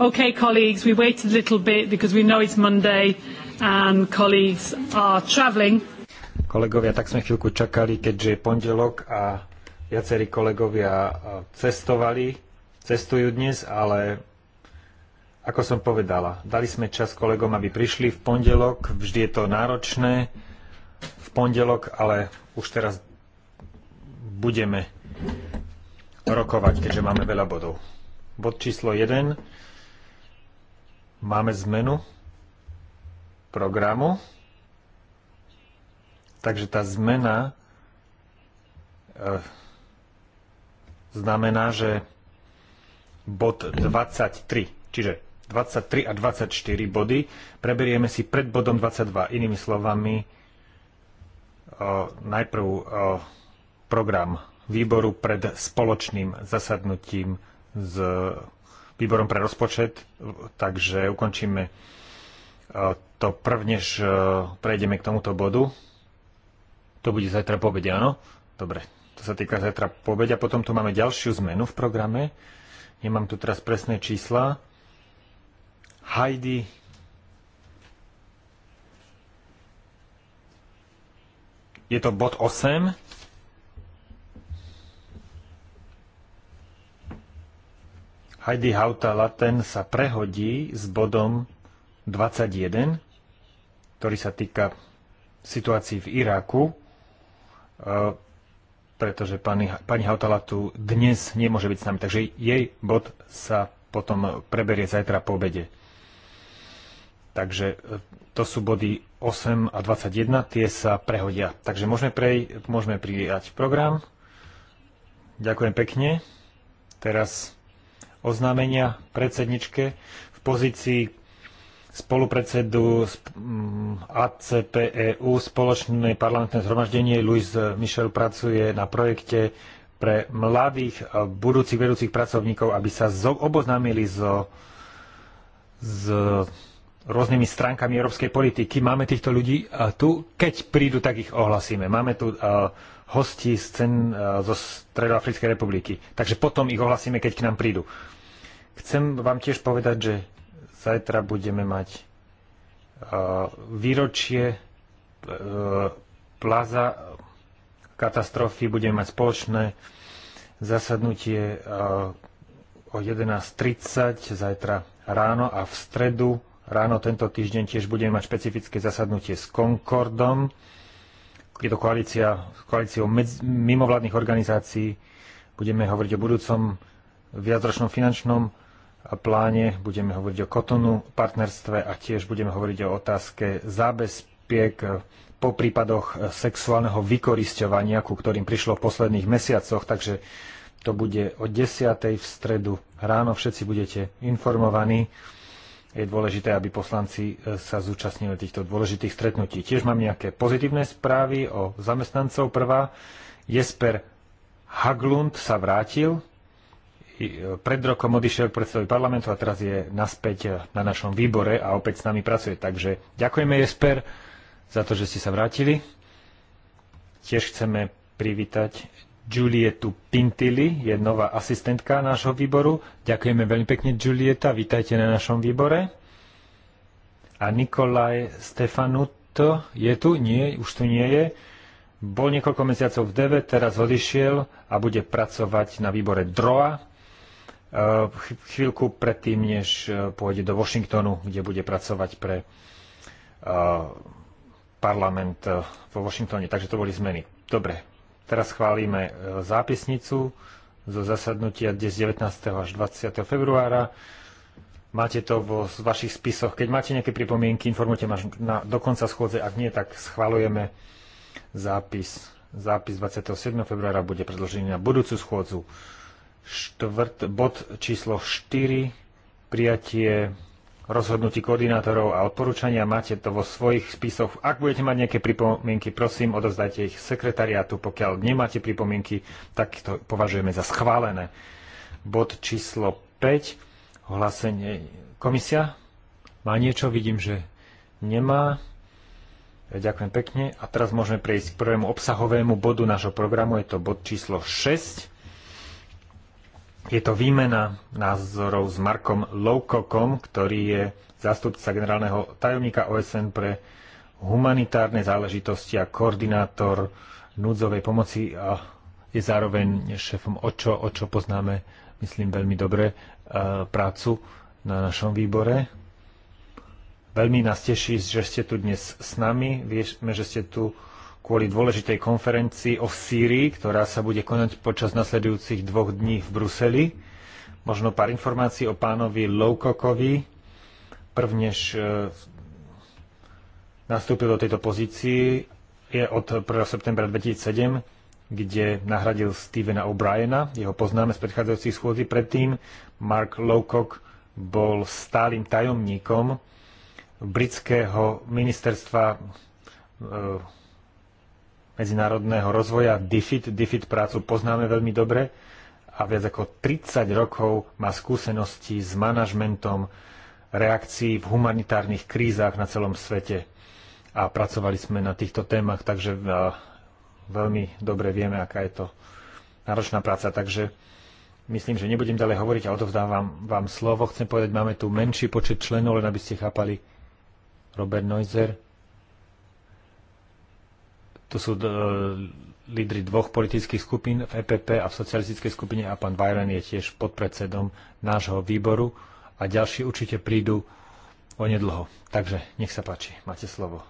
Okay, colleagues, we waited a little bit because we know it's Monday and colleagues are traveling. Kolegovia, tak sme chvíľku čakali, keďže je pondelok a viacerí kolegovia e, cestovali, cestujú dnes, ale ako som povedala, dali sme čas kolegom, aby prišli v pondelok, vždy je to náročné, pondelok, ale už teraz budeme rokovať, keďže máme veľa bodov. Bod číslo 1. Máme zmenu programu. Takže tá zmena e, znamená, že bod 23, čiže 23 a 24 body preberieme si pred bodom 22. Inými slovami, najprv program výboru pred spoločným zasadnutím s výborom pre rozpočet, takže ukončíme to prvnež prejdeme k tomuto bodu. To bude zajtra po obede, áno? Dobre, to sa týka zajtra po obede. A potom tu máme ďalšiu zmenu v programe. Nemám tu teraz presné čísla. Heidi Je to bod 8. Heidi Hautala ten sa prehodí s bodom 21, ktorý sa týka situácii v Iraku, e, pretože pani, pani Hautala tu dnes nemôže byť s nami, takže jej bod sa potom preberie zajtra po obede. Takže e, to sú body 8 a 21, tie sa prehodia. Takže môžeme, prej, môžeme prijať program. Ďakujem pekne. Teraz oznámenia predsedničke v pozícii spolupredsedu mm, ACPEU spoločné parlamentné zhromaždenie Luis Michel pracuje na projekte pre mladých budúcich vedúcich pracovníkov, aby sa oboznámili so, s rôznymi stránkami európskej politiky. Máme týchto ľudí e, tu. Keď prídu, tak ich ohlasíme. Máme tu e, hosti z cen e, zo Stredoafrickej republiky. Takže potom ich ohlasíme, keď k nám prídu. Chcem vám tiež povedať, že zajtra budeme mať výročie plaza katastrofy. Budeme mať spoločné zasadnutie o 11.30 zajtra ráno a v stredu Ráno tento týždeň tiež budeme mať špecifické zasadnutie s Concordom. Je to koalícia, koalíciou medz, mimovládnych organizácií. Budeme hovoriť o budúcom viacročnom finančnom pláne, budeme hovoriť o kotonu partnerstve a tiež budeme hovoriť o otázke zábezpiek po prípadoch sexuálneho vykorisťovania, ku ktorým prišlo v posledných mesiacoch, takže to bude o 10. v stredu ráno, všetci budete informovaní je dôležité, aby poslanci e, sa zúčastnili týchto dôležitých stretnutí. Tiež mám nejaké pozitívne správy o zamestnancov. Prvá, Jesper Haglund sa vrátil. E, pred rokom odišiel k predsedovi parlamentu a teraz je naspäť e, na našom výbore a opäť s nami pracuje. Takže ďakujeme Jesper za to, že ste sa vrátili. Tiež chceme privítať Julietu Pintili, je nová asistentka nášho výboru. Ďakujeme veľmi pekne, Julieta, vítajte na našom výbore. A Nikolaj Stefanuto je tu? Nie, už tu nie je. Bol niekoľko mesiacov v DV, teraz odišiel a bude pracovať na výbore DROA. E, chvíľku predtým, než e, pôjde do Washingtonu, kde bude pracovať pre e, parlament vo Washingtone. Takže to boli zmeny. Dobre, Teraz chválime e, zápisnicu zo zasadnutia dnes 19. až 20. februára. Máte to vo vašich spisoch. Keď máte nejaké pripomienky, informujte ma na, do konca schôdze. Ak nie, tak schválujeme zápis. Zápis 27. februára bude predložený na budúcu schôdzu. Štvrt, bod číslo 4, prijatie rozhodnutí koordinátorov a odporúčania. Máte to vo svojich spisoch. Ak budete mať nejaké pripomienky, prosím, odovzdajte ich sekretariátu. Pokiaľ nemáte pripomienky, tak to považujeme za schválené. Bod číslo 5. Hlásenie. Komisia má niečo? Vidím, že nemá. Ďakujem pekne. A teraz môžeme prejsť k prvému obsahovému bodu nášho programu. Je to bod číslo 6 je to výmena názorov s Markom Loukokom, ktorý je zástupca generálneho tajomníka OSN pre humanitárne záležitosti a koordinátor núdzovej pomoci a je zároveň šéfom OČO, o čo poznáme, myslím, veľmi dobre e, prácu na našom výbore. Veľmi nás teší, že ste tu dnes s nami. Vieme, že ste tu kvôli dôležitej konferencii o Sýrii, ktorá sa bude konať počas nasledujúcich dvoch dní v Bruseli. Možno pár informácií o pánovi Loukokovi, prvnež e, nastúpil do tejto pozícii, je od 1. septembra 2007 kde nahradil Stevena O'Briena, jeho poznáme z predchádzajúcich schôdzi. Predtým Mark Lowcock bol stálym tajomníkom britského ministerstva e, medzinárodného rozvoja, DFID. DFID prácu poznáme veľmi dobre a viac ako 30 rokov má skúsenosti s manažmentom reakcií v humanitárnych krízach na celom svete. A pracovali sme na týchto témach, takže veľmi dobre vieme, aká je to náročná práca. Takže myslím, že nebudem ďalej hovoriť a odovzdávam vám slovo. Chcem povedať, máme tu menší počet členov, len aby ste chápali. Robert Neuser, to sú e, lídry dvoch politických skupín v EPP a v socialistickej skupine a pán Vajlen je tiež podpredsedom nášho výboru a ďalší určite prídu onedlho. Takže nech sa páči, máte slovo.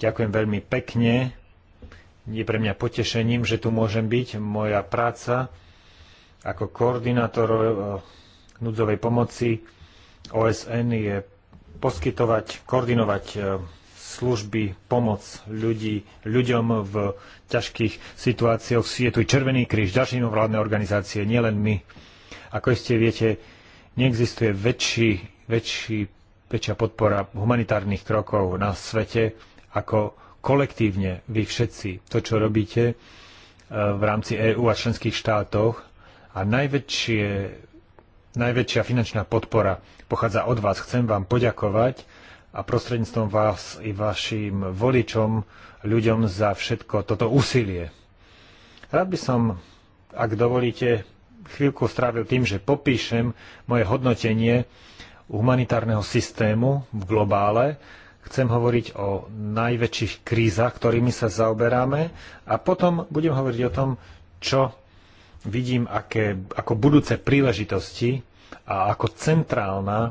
Ďakujem veľmi pekne. Je pre mňa potešením, že tu môžem byť. Moja práca ako koordinátor e, núdzovej pomoci OSN je poskytovať, koordinovať e, služby, pomoc ľudí, ľuďom v ťažkých situáciách. Je tu Červený kríž, ďalšie mimovládne organizácie, nielen my. Ako ste viete, neexistuje väčší, väčší, väčšia podpora humanitárnych krokov na svete ako kolektívne vy všetci to, čo robíte e, v rámci EÚ a členských štátoch a najväčšie, najväčšia finančná podpora pochádza od vás. Chcem vám poďakovať a prostredníctvom vás i vašim voličom, ľuďom za všetko toto úsilie. Rád by som, ak dovolíte, chvíľku strávil tým, že popíšem moje hodnotenie humanitárneho systému v globále, chcem hovoriť o najväčších krízach, ktorými sa zaoberáme a potom budem hovoriť o tom, čo vidím aké, ako budúce príležitosti a ako centrálna e,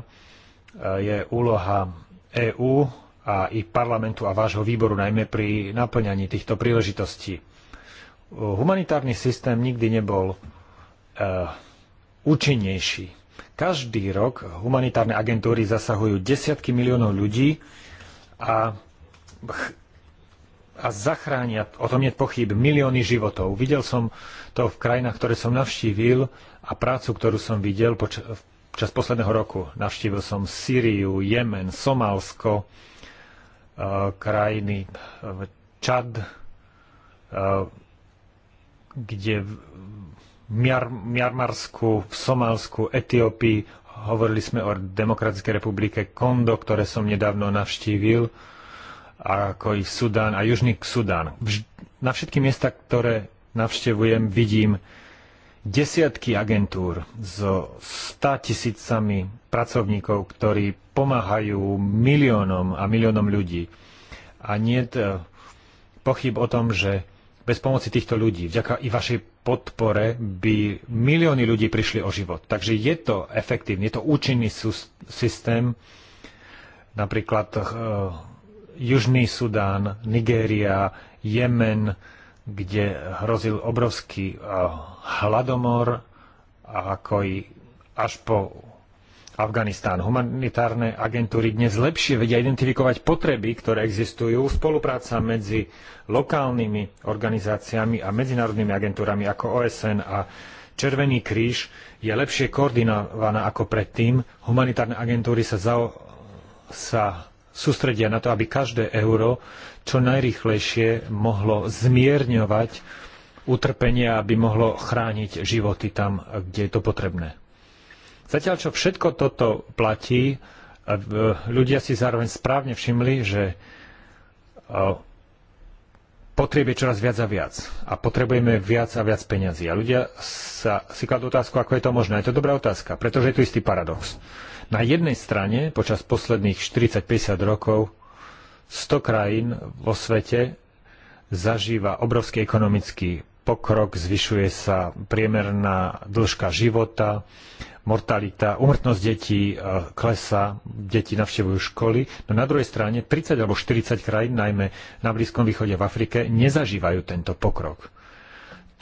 je úloha EÚ a i parlamentu a vášho výboru, najmä pri naplňaní týchto príležitostí. Humanitárny systém nikdy nebol e, účinnejší. Každý rok humanitárne agentúry zasahujú desiatky miliónov ľudí a, a zachránia, o tom je pochyb, milióny životov. Videl som to v krajinách, ktoré som navštívil a prácu, ktorú som videl poč- počas posledného roku. Navštívil som Sýriu, Jemen, Somálsko, e, krajiny e, Čad, e, kde v Miarmarsku, v Somálsku, Etiópii hovorili sme o Demokratickej republike Kondo, ktoré som nedávno navštívil, ako i Sudán a Južný Sudán. Na všetky miesta, ktoré navštevujem, vidím desiatky agentúr so 100 tisícami pracovníkov, ktorí pomáhajú miliónom a miliónom ľudí. A nie pochyb o tom, že bez pomoci týchto ľudí, vďaka i vašej podpore, by milióny ľudí prišli o život. Takže je to efektívny, je to účinný systém, napríklad uh, Južný Sudán, Nigéria, Jemen, kde hrozil obrovský eh, hladomor a ako i až po Afganistán. Humanitárne agentúry dnes lepšie vedia identifikovať potreby, ktoré existujú. Spolupráca medzi lokálnymi organizáciami a medzinárodnými agentúrami ako OSN a Červený kríž je lepšie koordinovaná ako predtým. Humanitárne agentúry sa, zao- sa sústredia na to, aby každé euro čo najrychlejšie mohlo zmierňovať utrpenie, aby mohlo chrániť životy tam, kde je to potrebné. Zatiaľ, čo všetko toto platí, e, ľudia si zároveň správne všimli, že e, potrieb je čoraz viac a viac a potrebujeme viac a viac peňazí. A ľudia sa, si kladú otázku, ako je to možné. Je to dobrá otázka, pretože je tu istý paradox. Na jednej strane počas posledných 40-50 rokov 100 krajín vo svete zažíva obrovský ekonomický pokrok, zvyšuje sa priemerná dĺžka života, mortalita, umrtnosť detí e, klesa, deti navštevujú školy. No na druhej strane 30 alebo 40 krajín, najmä na Blízkom východe v Afrike, nezažívajú tento pokrok.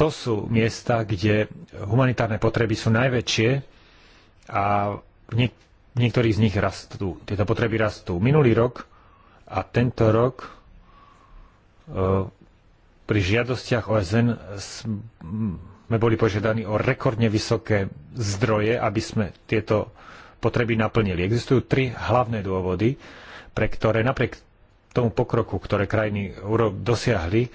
To sú miesta, kde humanitárne potreby sú najväčšie a v niektorých z nich rastú. Tieto potreby rastú. Minulý rok a tento rok e, pri žiadostiach OSN sme boli požiadaní o rekordne vysoké zdroje, aby sme tieto potreby naplnili. Existujú tri hlavné dôvody, pre ktoré napriek tomu pokroku, ktoré krajiny dosiahli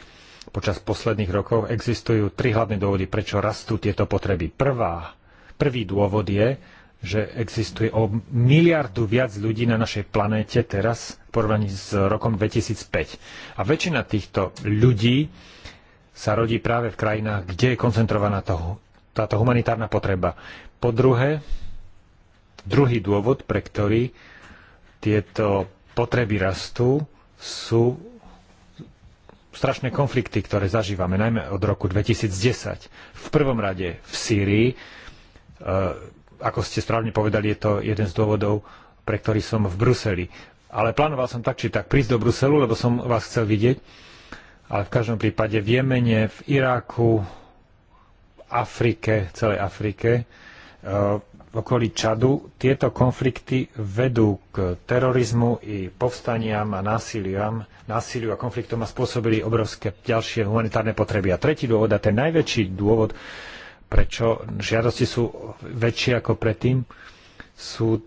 počas posledných rokov, existujú tri hlavné dôvody, prečo rastú tieto potreby. Prvá, prvý dôvod je, že existuje o miliardu viac ľudí na našej planéte teraz v porovnaní s rokom 2005. A väčšina týchto ľudí sa rodí práve v krajinách, kde je koncentrovaná toho, táto humanitárna potreba. Po druhé, druhý dôvod, pre ktorý tieto potreby rastú, sú strašné konflikty, ktoré zažívame, najmä od roku 2010. V prvom rade v Sýrii, e, ako ste správne povedali, je to jeden z dôvodov, pre ktorý som v Bruseli. Ale plánoval som tak, či tak prísť do Bruselu, lebo som vás chcel vidieť. Ale v každom prípade v Jemene, v Iráku, v Afrike, v celej Afrike, e, v okolí Čadu, tieto konflikty vedú k terorizmu i povstaniam a násiliam, násiliu a konfliktom a spôsobili obrovské ďalšie humanitárne potreby. A tretí dôvod, a ten najväčší dôvod, prečo žiadosti sú väčšie ako predtým, sú,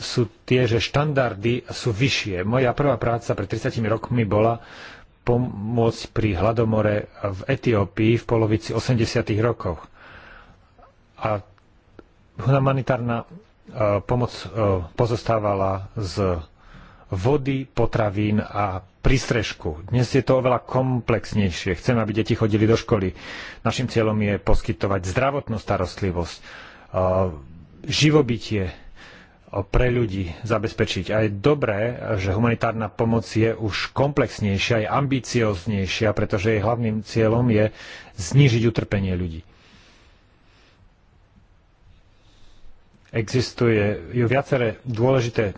sú tie, že štandardy sú vyššie. Moja prvá práca pred 30 rokmi bola pomôcť pri hladomore v Etiópii v polovici 80. rokov. A humanitárna e, pomoc e, pozostávala z vody, potravín a prístrežku. Dnes je to oveľa komplexnejšie. Chceme, aby deti chodili do školy. Našim cieľom je poskytovať zdravotnú starostlivosť, e, živobytie e, pre ľudí zabezpečiť. A je dobré, že humanitárna pomoc je už komplexnejšia, je ambicioznejšia, pretože jej hlavným cieľom je znížiť utrpenie ľudí. Existuje ju viaceré dôležité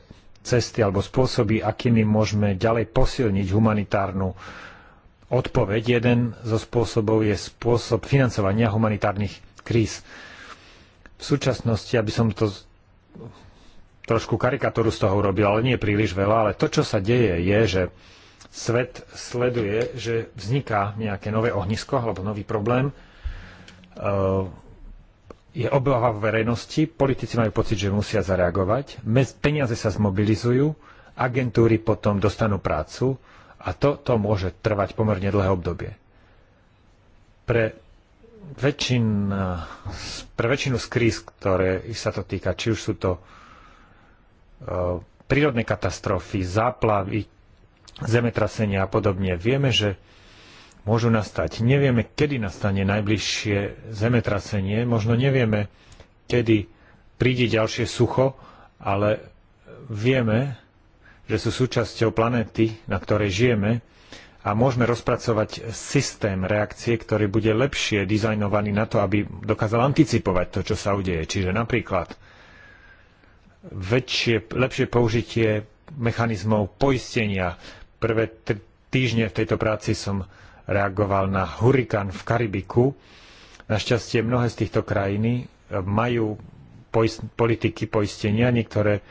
cesty alebo spôsoby, akými môžeme ďalej posilniť humanitárnu odpoveď. Jeden zo spôsobov je spôsob financovania humanitárnych kríz. V súčasnosti, aby som to trošku karikatúru z toho urobil, ale nie príliš veľa, ale to, čo sa deje, je, že svet sleduje, že vzniká nejaké nové ohnisko alebo nový problém. Ehm, je obava v verejnosti, politici majú pocit, že musia zareagovať, peniaze sa zmobilizujú, agentúry potom dostanú prácu a to, to môže trvať pomerne dlhé obdobie. Pre, väčšin, pre väčšinu z kríz, ktoré sa to týka, či už sú to e, prírodné katastrofy, záplavy, zemetrasenia a podobne, vieme, že môžu nastať. Nevieme, kedy nastane najbližšie zemetrasenie, možno nevieme, kedy príde ďalšie sucho, ale vieme, že sú súčasťou planéty, na ktorej žijeme a môžeme rozpracovať systém reakcie, ktorý bude lepšie dizajnovaný na to, aby dokázal anticipovať to, čo sa udeje. Čiže napríklad väčšie, lepšie použitie mechanizmov poistenia. Prvé týždne v tejto práci som reagoval na hurikán v Karibiku. Našťastie mnohé z týchto krajín e, majú poist- politiky poistenia, niektoré e,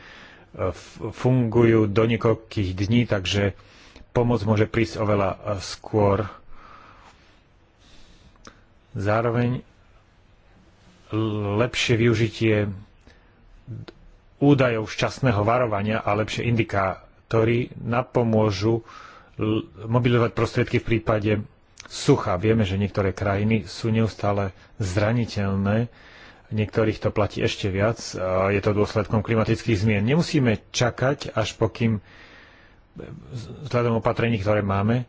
fungujú do niekoľkých dní, takže pomoc môže prísť oveľa e, skôr. Zároveň lepšie využitie údajov šťastného varovania a lepšie indikátory napomôžu mobilizovať prostriedky v prípade sucha. Vieme, že niektoré krajiny sú neustále zraniteľné, niektorých to platí ešte viac, je to dôsledkom klimatických zmien. Nemusíme čakať, až pokým vzhľadom opatrení, ktoré máme,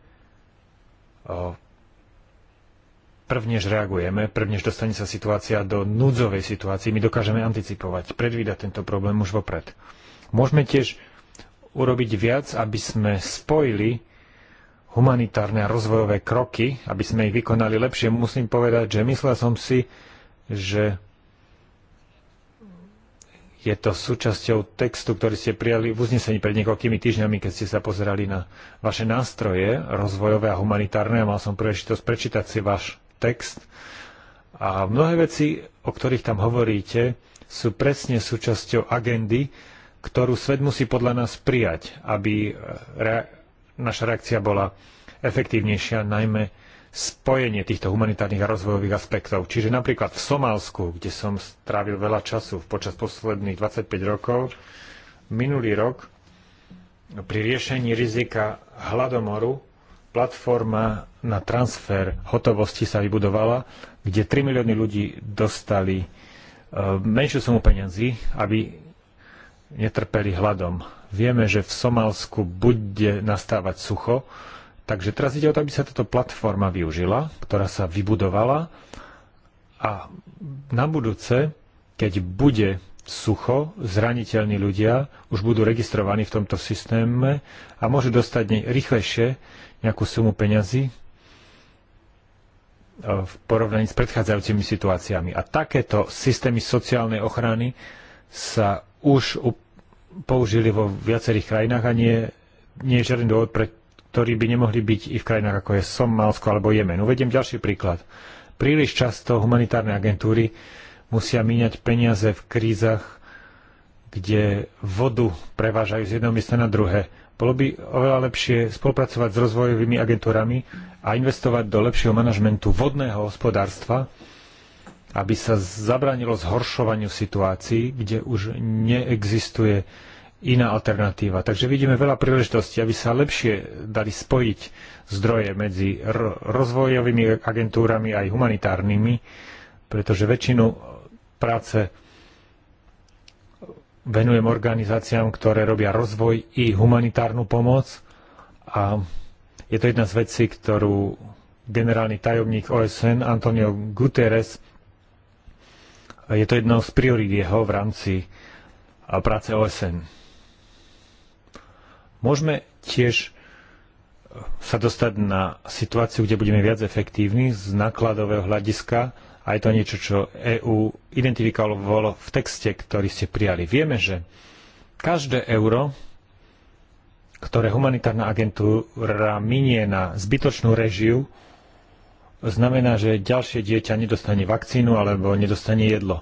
prvnež reagujeme, prvnež dostane sa situácia do núdzovej situácie, my dokážeme anticipovať, predvídať tento problém už vopred. Môžeme tiež urobiť viac, aby sme spojili humanitárne a rozvojové kroky, aby sme ich vykonali lepšie, musím povedať, že myslel som si, že je to súčasťou textu, ktorý ste prijali v uznesení pred niekoľkými týždňami, keď ste sa pozerali na vaše nástroje rozvojové a humanitárne. Mal som príležitosť prečítať si váš text. A mnohé veci, o ktorých tam hovoríte, sú presne súčasťou agendy, ktorú svet musí podľa nás prijať, aby naša reakcia bola efektívnejšia, najmä spojenie týchto humanitárnych a rozvojových aspektov. Čiže napríklad v Somálsku, kde som strávil veľa času počas posledných 25 rokov, minulý rok pri riešení rizika hladomoru platforma na transfer hotovosti sa vybudovala, kde 3 milióny ľudí dostali eh, menšiu sumu peňazí, aby netrpeli hladom Vieme, že v Somálsku bude nastávať sucho, takže teraz ide o to, aby sa táto platforma využila, ktorá sa vybudovala a na budúce, keď bude sucho, zraniteľní ľudia už budú registrovaní v tomto systéme a môžu dostať rýchlejšie nejakú sumu peňazí e, v porovnaní s predchádzajúcimi situáciami. A takéto systémy sociálnej ochrany sa už použili vo viacerých krajinách a nie, nie je žiadny dôvod, pre ktorý by nemohli byť i v krajinách ako je Somálsko alebo Jemen. Uvediem ďalší príklad. Príliš často humanitárne agentúry musia míňať peniaze v krízach, kde vodu prevážajú z jedného miesta na druhé. Bolo by oveľa lepšie spolupracovať s rozvojovými agentúrami a investovať do lepšieho manažmentu vodného hospodárstva, aby sa zabranilo zhoršovaniu situácií, kde už neexistuje iná alternatíva. Takže vidíme veľa príležitostí, aby sa lepšie dali spojiť zdroje medzi rozvojovými agentúrami aj humanitárnymi, pretože väčšinu práce venujem organizáciám, ktoré robia rozvoj i humanitárnu pomoc a je to jedna z vecí, ktorú generálny tajomník OSN Antonio Guterres je to jednou z priorít jeho v rámci práce OSN. Môžeme tiež e, sa dostať na situáciu, kde budeme viac efektívni z nákladového hľadiska a je to niečo, čo EÚ identifikovalo v texte, ktorý ste prijali. Vieme, že každé euro, ktoré humanitárna agentúra minie na zbytočnú režiu, znamená, že ďalšie dieťa nedostane vakcínu alebo nedostane jedlo.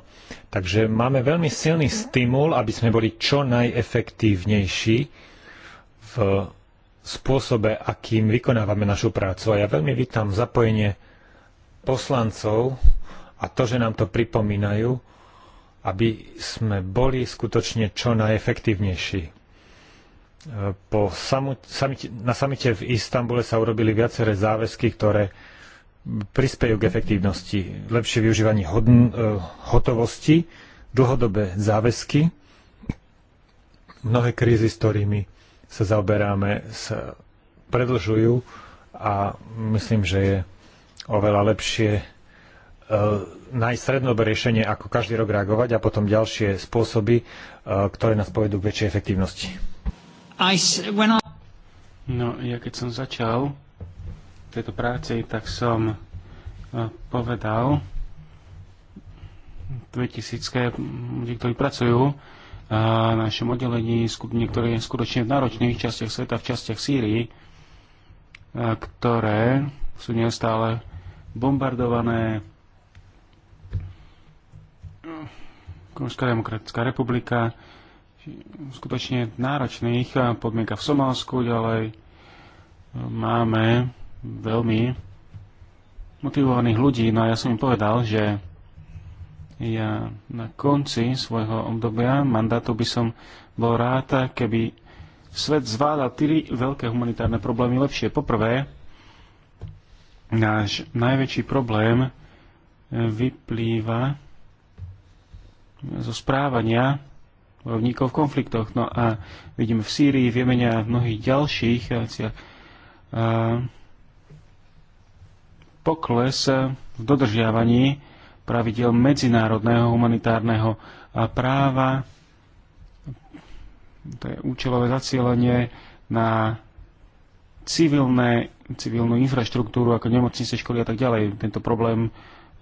Takže máme veľmi silný stimul, aby sme boli čo najefektívnejší v spôsobe, akým vykonávame našu prácu. A ja veľmi vítam zapojenie poslancov a to, že nám to pripomínajú, aby sme boli skutočne čo najefektívnejší. E, po samu, samite, na samite v Istambule sa urobili viaceré záväzky, ktoré prispejú k efektívnosti, lepšie využívanie hodn, e, hotovosti, dlhodobé záväzky. Mnohé krízy, s ktorými sa zaoberáme, sa predlžujú a myslím, že je oveľa lepšie e, nájsť strednodobé riešenie, ako každý rok reagovať a potom ďalšie spôsoby, e, ktoré nás povedú k väčšej efektívnosti. No, ja keď som začal tejto práci, tak som e, povedal tisícké ľudí, ktorí pracujú e, na našom oddelení, niektoré skutočne v náročných častiach sveta, v častiach Sýrii, e, ktoré sú neustále bombardované. Konžská demokratická republika, skutočne náročných podmienkach v Somálsku, ďalej máme veľmi motivovaných ľudí. No a ja som im povedal, že ja na konci svojho obdobia mandátu by som bol rád, keby svet zvládal tri veľké humanitárne problémy lepšie. Poprvé, náš najväčší problém vyplýva zo správania bojovníkov v konfliktoch. No a vidíme v Sýrii, v Jemene a v mnohých ďalších pokles v dodržiavaní pravidel medzinárodného humanitárneho práva. To je účelové zacielenie na civilné, civilnú infraštruktúru ako nemocnice, školy a tak ďalej. Tento problém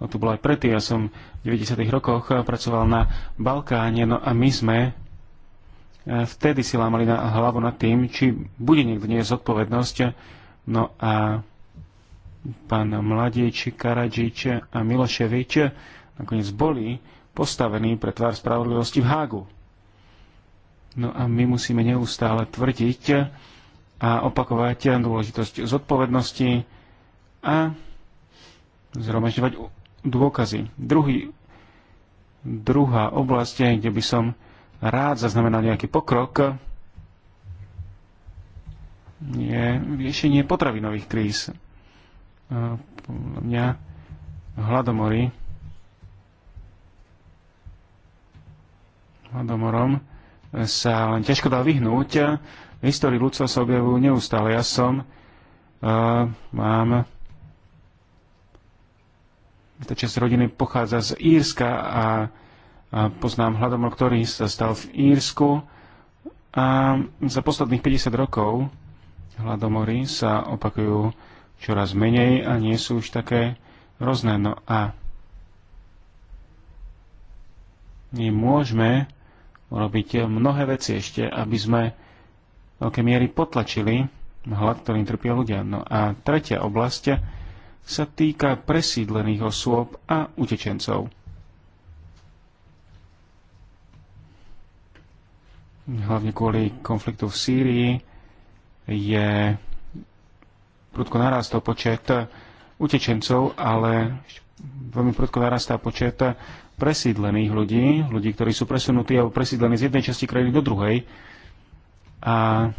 no, tu bol aj predtým. Ja som v 90. rokoch eh, pracoval na Balkáne no a my sme eh, vtedy si lámali na hlavu nad tým, či bude niekto nie zodpovednosť. Eh, no a pán Mladič, Karadžič a Miloševič nakoniec boli postavení pre tvár spravodlivosti v Hágu. No a my musíme neustále tvrdiť a opakovať dôležitosť zodpovednosti a zhromažďovať dôkazy. Druhý, druhá oblasť, kde by som rád zaznamenal nejaký pokrok, je riešenie potravinových kríz podľa mňa hladomory hladomorom sa len ťažko dá vyhnúť. V histórii ľudstva sa objavujú neustále. Ja som, uh, mám, tá časť rodiny pochádza z Írska a, a poznám hladomor, ktorý sa stal v Írsku. A za posledných 50 rokov hladomory sa opakujú čoraz menej a nie sú už také rôzne. No a my môžeme urobiť mnohé veci ešte, aby sme veľké miery potlačili hlad, ktorým trpia ľudia. No a tretia oblasť sa týka presídlených osôb a utečencov. Hlavne kvôli konfliktu v Sýrii je prudko narastol počet eh, utečencov, ale veľmi prudko narastá počet eh, presídlených ľudí, ľudí, ktorí sú presunutí alebo presídlení z jednej časti krajiny do druhej. A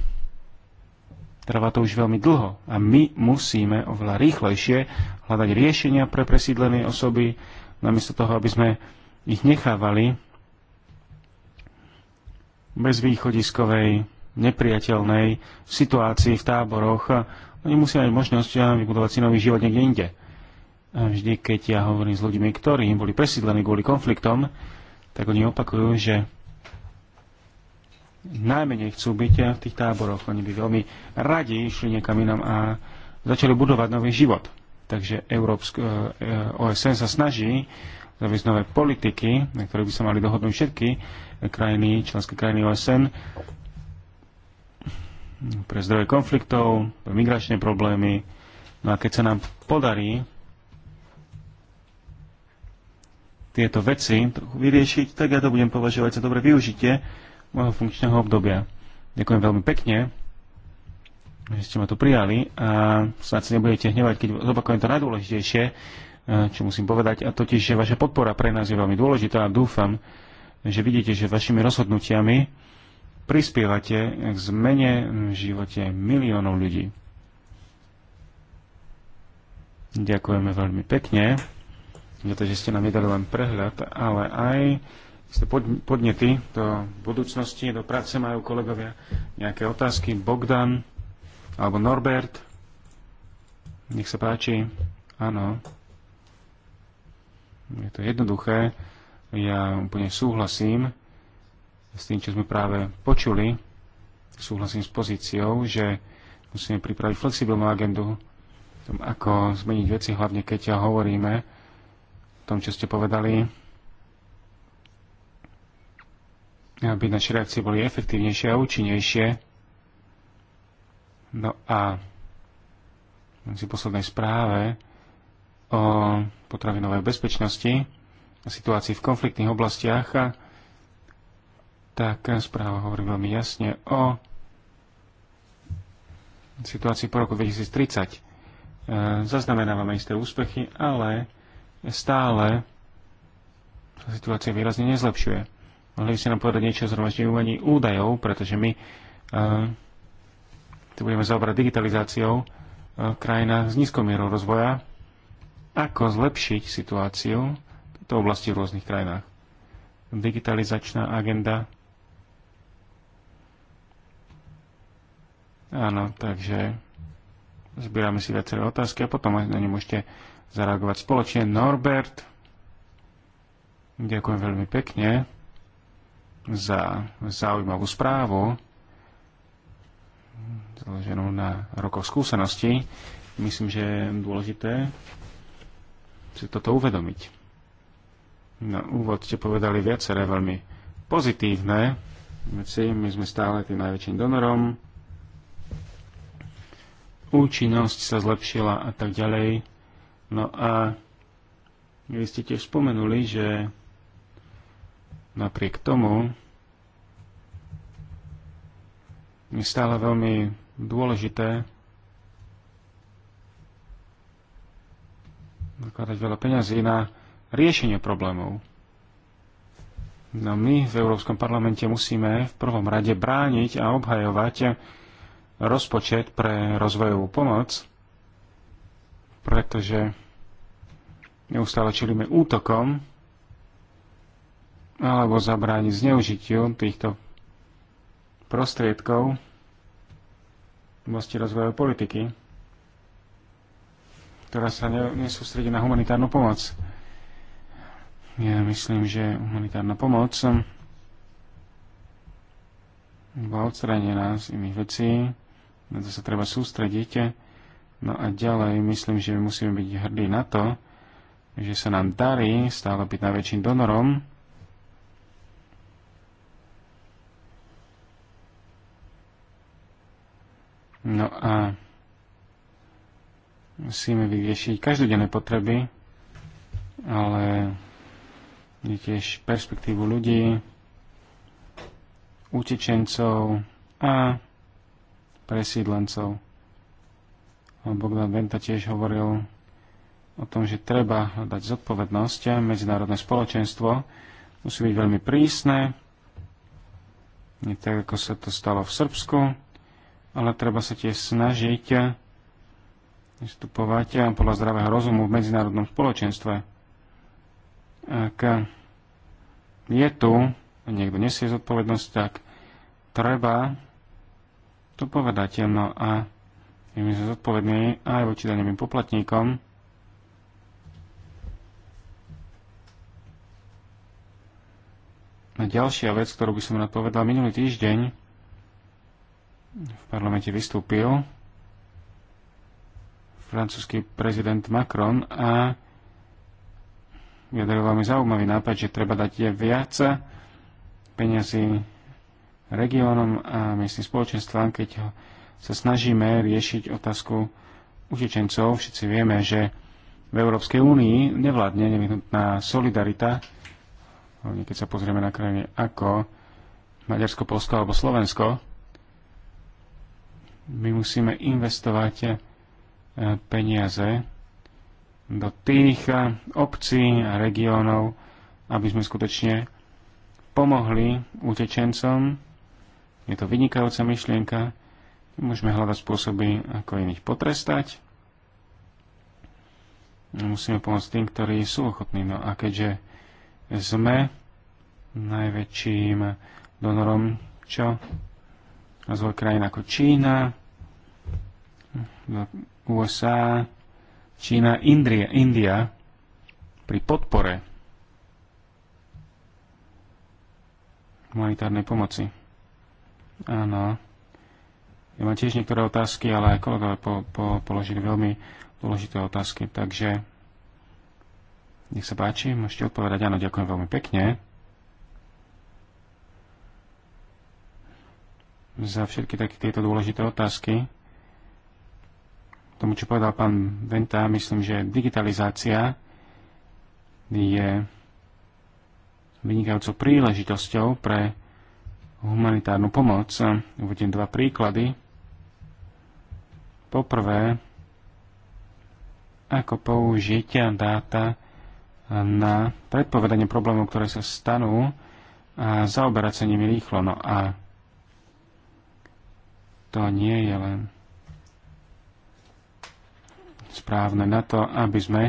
trvá to už veľmi dlho. A my musíme oveľa rýchlejšie hľadať riešenia pre presídlené osoby, namiesto toho, aby sme ich nechávali bez východiskovej, nepriateľnej situácii v táboroch oni musia mať možnosť vybudovať si nový život niekde inde. A vždy, keď ja hovorím s ľuďmi, ktorí boli presídlení kvôli konfliktom, tak oni opakujú, že najmenej chcú byť v tých táboroch. Oni by veľmi radi išli niekam inam a začali budovať nový život. Takže Európsk, e, e, OSN sa snaží zaviesť nové politiky, na ktoré by sa mali dohodnúť všetky krajiny, členské krajiny OSN, pre zdroje konfliktov, pre migračné problémy. No a keď sa nám podarí tieto veci trochu vyriešiť, tak ja to budem považovať za dobre využitie môjho funkčného obdobia. Ďakujem veľmi pekne, že ste ma tu prijali a sa nebudete hnevať, keď zopakujem to najdôležitejšie, eh, čo musím povedať, a totiž, že vaša podpora pre nás je veľmi dôležitá a dúfam, že vidíte, že vašimi rozhodnutiami prispievate k zmene v živote miliónov ľudí. Ďakujeme veľmi pekne za to, že ste nám vydali len prehľad, ale aj ste podnety do budúcnosti, do práce majú kolegovia nejaké otázky. Bogdan alebo Norbert. Nech sa páči. Áno. Je to jednoduché. Ja úplne súhlasím s tým, čo sme práve počuli, súhlasím s pozíciou, že musíme pripraviť flexibilnú agendu, tom, ako zmeniť veci, hlavne keď ja hovoríme o tom, čo ste povedali, aby naše reakcie boli efektívnejšie a účinnejšie. No a v poslednej správe o potravinovej bezpečnosti a situácii v konfliktných oblastiach a tak správa hovorí veľmi jasne o situácii po roku 2030. E, Zaznamenávame isté úspechy, ale stále sa situácia výrazne nezlepšuje. Mohli by ste nám povedať niečo o zhromažďovaní údajov, pretože my e, tu budeme zaobrať digitalizáciou v e, krajinách s nízkou mierou rozvoja, ako zlepšiť situáciu v tejto oblasti v rôznych krajinách. Digitalizačná agenda Áno, takže zbierame si viaceré otázky a potom na ne môžete zareagovať spoločne. Norbert, ďakujem veľmi pekne za zaujímavú správu, založenú na rokoch skúsenosti. Myslím, že je dôležité si toto uvedomiť. Na úvod ste povedali viaceré veľmi pozitívne veci. My sme stále tým najväčším donorom účinnosť sa zlepšila a tak ďalej. No a vy ste tiež spomenuli, že napriek tomu je stále veľmi dôležité nakladať veľa peňazí na riešenie problémov. No my v Európskom parlamente musíme v prvom rade brániť a obhajovať rozpočet pre rozvojovú pomoc, pretože neustále čelíme útokom alebo zabrániť zneužitiu týchto prostriedkov v oblasti rozvojovej politiky, ktorá sa nesústredí na humanitárnu pomoc. Ja myslím, že humanitárna pomoc bola odstranená z iných vecí na to sa treba sústrediť. No a ďalej myslím, že musíme byť hrdí na to, že sa nám darí stále byť najväčším donorom. No a musíme vyriešiť každodenné potreby, ale je tiež perspektívu ľudí, utečencov a presídlencov. Bogdan Venta tiež hovoril o tom, že treba dať zodpovednosť. Medzinárodné spoločenstvo musí byť veľmi prísne, nie tak, ako sa to stalo v Srbsku, ale treba sa tiež snažiť vystupovať podľa zdravého rozumu v medzinárodnom spoločenstve. Ak je tu, a niekto nesie zodpovednosť, tak treba to povedať. No a my sme zodpovední aj voči daňovým poplatníkom. A ďalšia vec, ktorú by som rád povedal, minulý týždeň v parlamente vystúpil francúzsky prezident Macron a vyjadril veľmi zaujímavý nápad, že treba dať viac peniazy regiónom a miestnym spoločenstvám, keď sa snažíme riešiť otázku utečencov. Všetci vieme, že v Európskej únii nevládne nevyhnutná solidarita, keď sa pozrieme na krajiny ako Maďarsko, Polsko alebo Slovensko. My musíme investovať eh, peniaze do tých eh, obcí a regiónov, aby sme skutočne pomohli utečencom, je to vynikajúca myšlienka. Môžeme hľadať spôsoby, ako iných potrestať. Musíme pomôcť tým, ktorí sú ochotní. No a keďže sme najväčším donorom, čo rozvoj krajín ako Čína, USA, Čína, Indria, India pri podpore humanitárnej pomoci. Áno. Ja mám tiež niektoré otázky, ale aj kolegové po, po, položili veľmi dôležité otázky. Takže nech sa páči, môžete odpovedať. Áno, ďakujem veľmi pekne. za všetky také tieto dôležité otázky. Tomu, čo povedal pán Venta, myslím, že digitalizácia je vynikajúcou príležitosťou pre humanitárnu pomoc. Uvediem dva príklady. Poprvé, ako použiť dáta na predpovedanie problémov, ktoré sa stanú a zaoberať sa nimi rýchlo. No a to nie je len správne na to, aby sme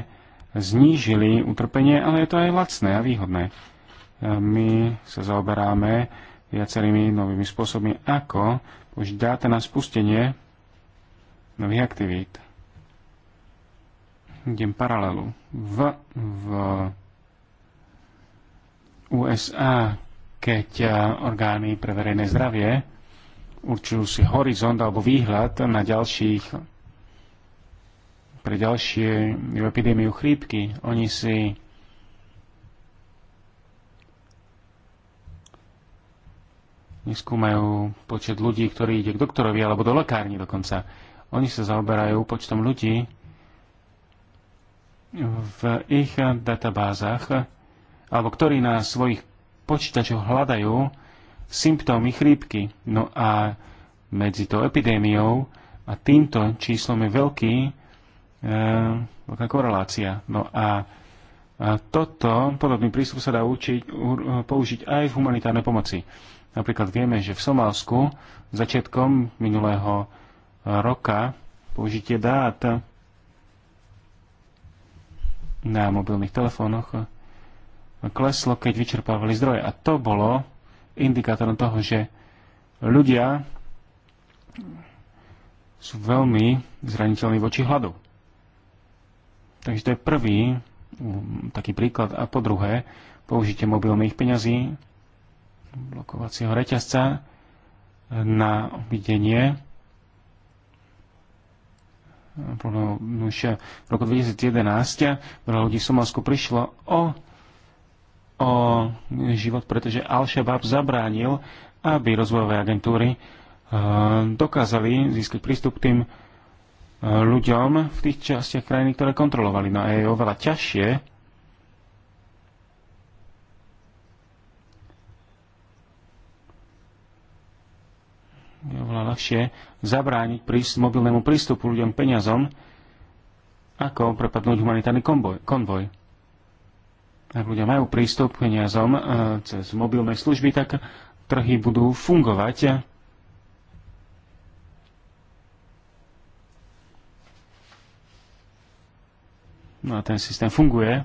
znížili utrpenie, ale je to aj lacné a výhodné. My sa zaoberáme viacerými novými spôsobmi, ako už dáta na spustenie nových aktivít. Idem paralelu. V, v USA, keď eh, orgány pre verejné zdravie určujú si horizont alebo výhľad na ďalších pre ďalšie epidémiu chrípky. Oni si neskúmajú počet ľudí, ktorí ide k doktorovi alebo do lekárni dokonca. Oni sa zaoberajú počtom ľudí v ich databázach, alebo ktorí na svojich počítačoch hľadajú symptómy chrípky. No a medzi tou epidémiou a týmto číslom je veľký, e, veľká korelácia. No a a toto, podobný prístup sa dá učiť, použiť aj v humanitárnej pomoci. Napríklad vieme, že v Somálsku začiatkom minulého e, roka použitie dát na mobilných telefónoch e, kleslo, keď vyčerpávali zdroje. A to bolo indikátorom toho, že ľudia sú veľmi zraniteľní voči hladu. Takže to je prvý taký príklad. A po druhé, použitie mobilných peňazí blokovacieho reťazca na videnie v roku 2011 veľa ľudí v Somálsku prišlo o, o život, pretože Al-Shabaab zabránil, aby rozvojové agentúry eh, dokázali získať prístup k tým eh, ľuďom v tých častiach krajiny, ktoré kontrolovali. No a je oveľa ťažšie je oveľa ľahšie zabrániť prísť mobilnému prístupu ľuďom peniazom, ako prepadnúť humanitárny konvoj. konvoj. Ak ľudia majú prístup peniazom e, cez mobilné služby, tak trhy budú fungovať. No a ten systém funguje,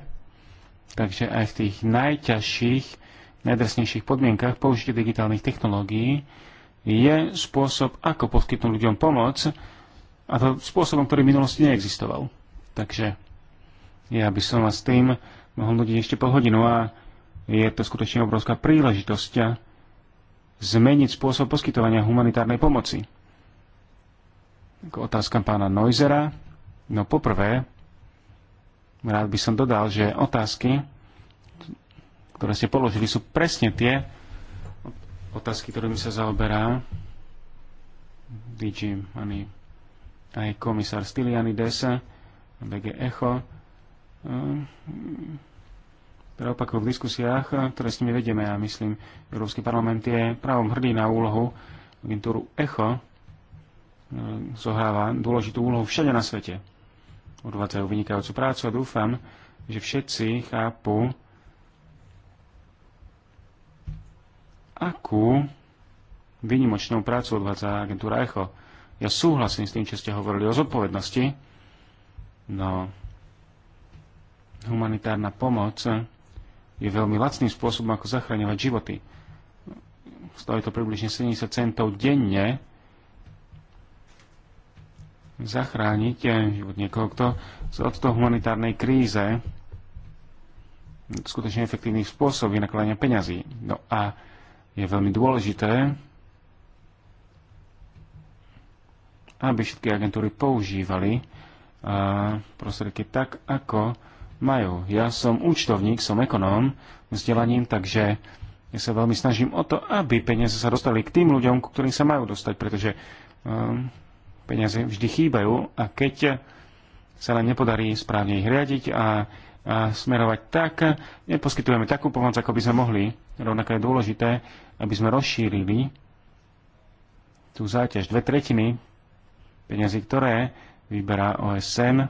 takže aj v tých najťažších, najdrsnejších podmienkach použitie digitálnych technológií je spôsob, ako poskytnúť ľuďom pomoc a to spôsobom, ktorý v minulosti neexistoval. Takže ja by som vás tým mohol nudiť ešte pol hodinu a je to skutočne obrovská príležitosť zmeniť spôsob poskytovania humanitárnej pomoci. K otázkam pána Neuzera. No poprvé, rád by som dodal, že otázky, ktoré ste položili, sú presne tie, otázky, ktorými sa zaoberá DG ani aj komisár Dese, BG Echo, Pre ehm, teda opakov v diskusiách, ktoré s nimi vedeme. Ja myslím, Európsky parlament je právom hrdý na úlohu agentúru Echo, ehm, zohráva dôležitú úlohu všade na svete. Odvádzajú vynikajúcu prácu a dúfam, že všetci chápu, akú výnimočnú prácu odvádza agentúra ECHO. Ja súhlasím s tým, čo ste hovorili o zodpovednosti. No, humanitárna pomoc je veľmi lacným spôsobom, ako zachraňovať životy. Stojí to približne 70 centov denne zachrániť život niekoho, kto sa od toho humanitárnej kríze skutočne efektívny spôsob vynakladania peňazí. No a je veľmi dôležité, aby všetky agentúry používali eh, prostriedky tak, ako majú. Ja som účtovník, som ekonóm vzdelaním, takže ja sa veľmi snažím o to, aby peniaze sa dostali k tým ľuďom, ku ktorým sa majú dostať, pretože eh, peniaze vždy chýbajú a keď sa nám nepodarí správne ich riadiť a, a smerovať tak, neposkytujeme takú pomoc, ako by sme mohli. Rovnako je dôležité, aby sme rozšírili tú záťaž. Dve tretiny peniazy, ktoré vyberá OSN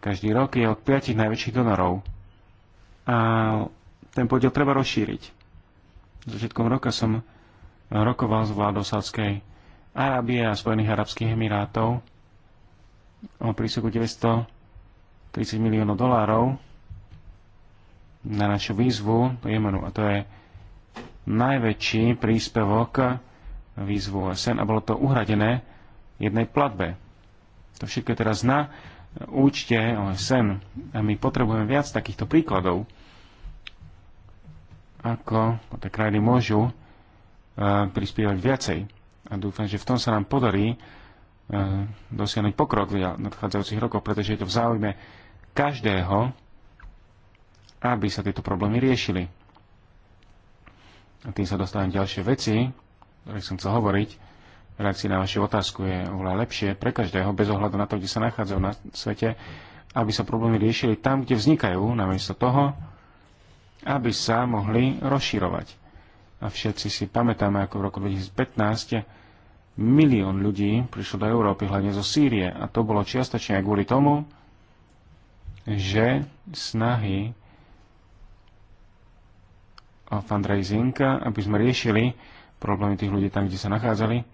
každý rok, je od piatich najväčších donorov. A ten podiel treba rozšíriť. Začiatkom roka som rokoval s vládou Sádskej Arábie a Spojených Arabských Emirátov o prísoku 930 miliónov dolárov na našu výzvu do Jemenu. A to je najväčší príspevok výzvu OSN a bolo to uhradené jednej platbe. To všetko je teraz na účte OSN a my potrebujeme viac takýchto príkladov, ako tie krajiny môžu e, prispievať viacej. A dúfam, že v tom sa nám podarí e, dosiahnuť pokrok v nadchádzajúcich rokoch, pretože je to v záujme každého, aby sa tieto problémy riešili. A tým sa dostávam ďalšie veci, ktoré som chcel hovoriť. Reakcia na vašu otázku je oveľa lepšie pre každého, bez ohľadu na to, kde sa nachádzajú na svete, aby sa problémy riešili tam, kde vznikajú, namiesto toho, aby sa mohli rozširovať. A všetci si pamätáme, ako v roku 2015 milión ľudí prišlo do Európy, hlavne zo Sýrie. A to bolo čiastočne aj kvôli tomu, že snahy fundraising, aby sme riešili problémy tých ľudí tam, kde sa nachádzali,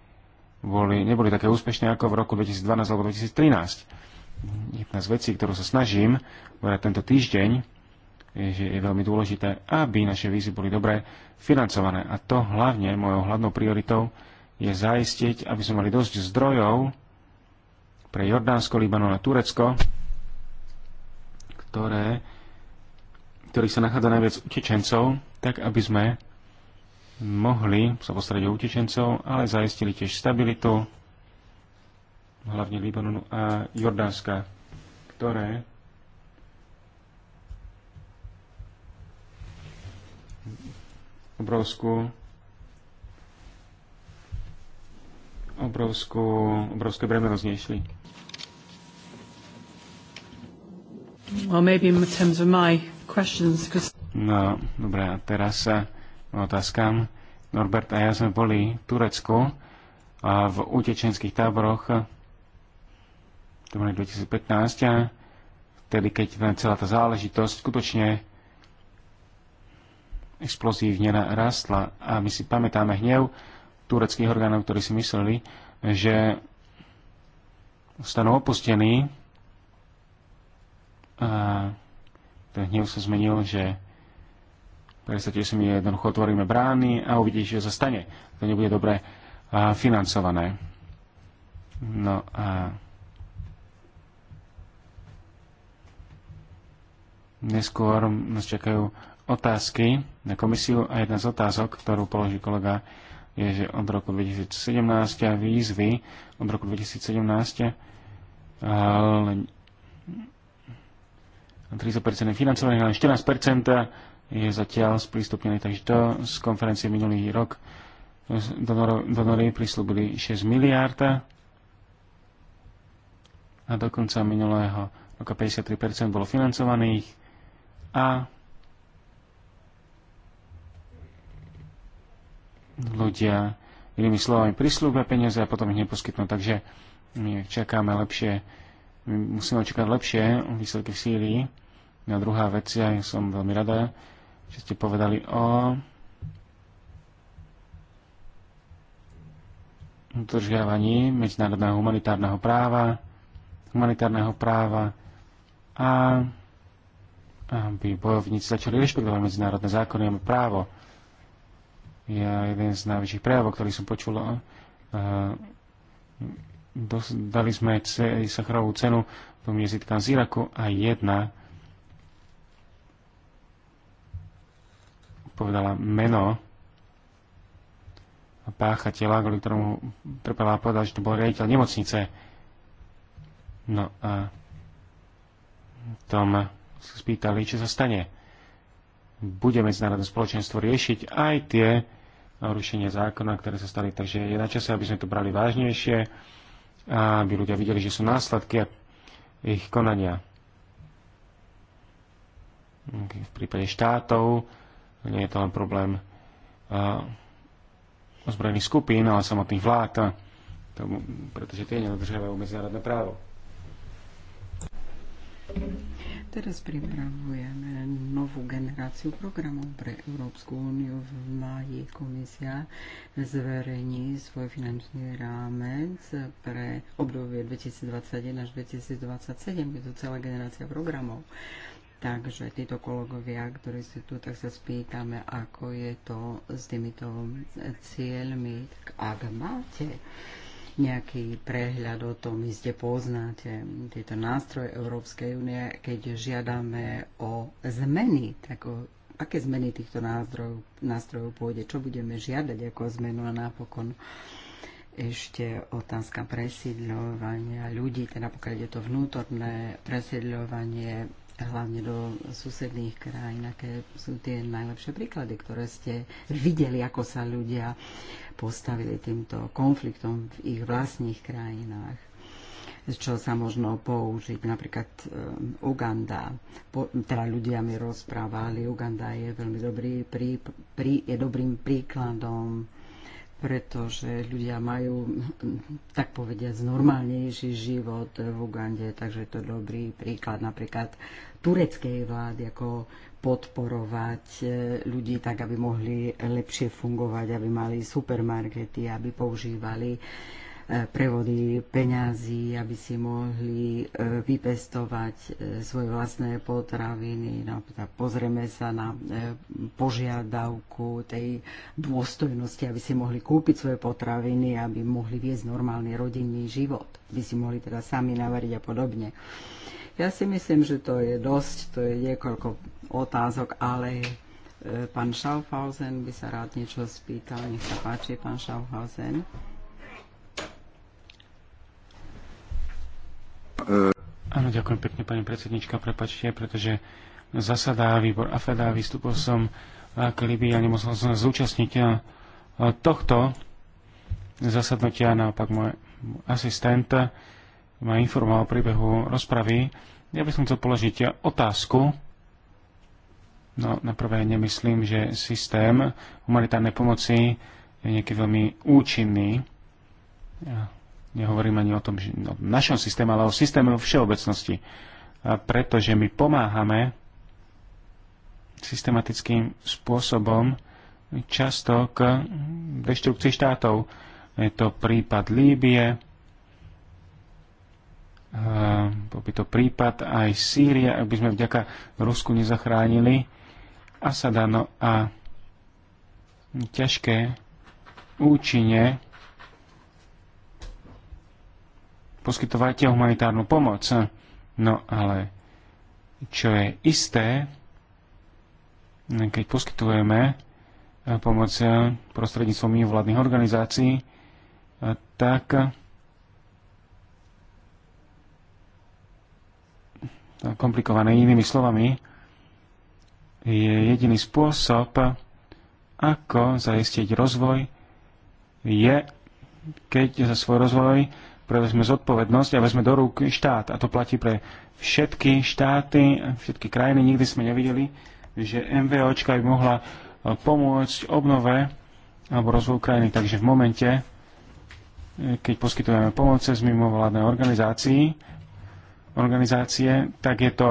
boli, neboli také úspešné ako v roku 2012 alebo 2013. Jedna z vecí, ktorú sa snažím povedať tento týždeň, je, že je veľmi dôležité, aby naše vízy boli dobre financované. A to hlavne mojou hlavnou prioritou je zaistiť, aby sme mali dosť zdrojov pre Jordánsko, Libanon a Turecko, ktoré ktorých sa nachádza najviac utečencov, tak aby sme mohli sa postrediť o utečencov, ale zaistili tiež stabilitu, hlavne Libanonu a Jordánska, ktoré obrovskú obrovskú, obrovské bremeno zniešli. Well, maybe in terms of my No, dobre, a teraz sa otázkam. Norbert a ja sme boli v Turecku a v utečenských táboroch to boli 2015 a vtedy, keď celá tá záležitosť skutočne explozívne rastla a my si pamätáme hnev tureckých orgánov, ktorí si mysleli, že stanú opustení a ten hnev sa zmenil, že predstavte si, mi jednoducho otvoríme brány a uvidí, že sa stane. To nebude dobre financované. No a neskôr nás čakajú otázky na komisiu a jedna z otázok, ktorú položí kolega, je, že od roku 2017 výzvy od roku 2017 30% financovaných, ale 14% je zatiaľ sprístupnené. Takže to z konferencie minulý rok donory prislúbili 6 miliárd a do konca minulého roka 53% bolo financovaných a ľudia inými slovami prislúbia peniaze a potom ich neposkytnú. Takže my čakáme lepšie, my musíme očakávať lepšie výsledky v Sýrii. A druhá vec, ja som veľmi rada, že ste povedali o udržiavaní medzinárodného humanitárneho práva, humanitárneho práva a aby bojovníci začali rešpektovať medzinárodné zákony a právo. Ja jeden z najväčších prejavov, ktorý som počul, uh, dali sme Sacharovú cenu tom jezitkám z Iraku a jedna povedala meno páchateľa, kvôli ktorému trpela a povedala, že to bol riaditeľ nemocnice. No a tom sa spýtali, čo sa stane. Bude medzinárodné spoločenstvo riešiť aj tie rušenie zákona, ktoré sa stali. Takže je na čase, aby sme to brali vážnejšie a aby ľudia videli, že sú následky ich konania. V prípade štátov nie je to len problém eh, ozbrojených skupín, ale samotných vlád, tomu, pretože tie nedodržiavajú medzinárodné právo. Teraz pripravujeme novú generáciu programov pre Európsku úniu. V máji komisia zverejní svoj finančný rámec pre obdobie 2021 až 2027. Je to celá generácia programov. Takže títo kolegovia, ktorí ste tu, tak sa spýtame, ako je to s týmito cieľmi. Tak ak máte nejaký prehľad o tom, iste poznáte tieto nástroje Európskej únie, keď žiadame o zmeny, tak o aké zmeny týchto nástrojov, nástrojov pôjde, čo budeme žiadať ako zmenu a napokon ešte otázka presídľovania ľudí, teda pokiaľ je to vnútorné presídľovanie hlavne do susedných krajín, aké sú tie najlepšie príklady, ktoré ste videli, ako sa ľudia postavili týmto konfliktom v ich vlastných krajinách čo sa možno použiť. Napríklad um, Uganda, po, teda ľudia mi rozprávali, Uganda je veľmi dobrý, prí, prí, je dobrým príkladom pretože ľudia majú, tak povediať, normálnejší život v Ugande, takže to je dobrý príklad napríklad tureckej vlády, ako podporovať eh, ľudí tak, aby mohli lepšie fungovať, aby mali supermarkety, aby používali uh, E, prevody peňazí, aby si mohli e, vypestovať e, svoje vlastné potraviny. No, teda pozrieme sa na požiadavku tej dôstojnosti, aby si mohli kúpiť svoje potraviny, aby mohli viesť normálny rodinný život, aby si mohli teda sami navariť a podobne. Ja si myslím, že to je dosť, to je niekoľko otázok, ale pán Schaufhausen by sa rád niečo spýtal. Nech sa páči, pán Schaufhausen. Áno, ďakujem pekne, pani predsednička, prepačte, pretože zasadá výbor AFEDA, vystúpil som k Libii a nemusel som zúčastniť eh, tohto zasadnutia, naopak môj asistent ma informoval o príbehu rozpravy. Ja by som chcel položiť otázku. No, na prvé nemyslím, že systém humanitárnej pomoci je nejaký veľmi účinný nehovorím ani o tom že, o našom systéme, ale o systéme vo všeobecnosti. A pretože my pomáhame systematickým spôsobom často k deštrukcii štátov. Je to prípad Líbie, bol by to prípad aj Sýrie, ak by sme vďaka Rusku nezachránili Asadano no a ťažké účinne Poskytovate humanitárnu pomoc. No ale čo je isté, keď poskytujeme eh, pomoc eh, prostredníctvom mimovládnych organizácií, eh, tak komplikované inými slovami, je jediný spôsob, ako zaistiť rozvoj, je, keď za svoj rozvoj prevezme zodpovednosť a vezme do rúk štát. A to platí pre všetky štáty, všetky krajiny. Nikdy sme nevideli, že MVOčka by mohla e, pomôcť obnove alebo rozvoju krajiny. Takže v momente, e, keď poskytujeme pomoc cez mimovládne organizácii, organizácie, tak je to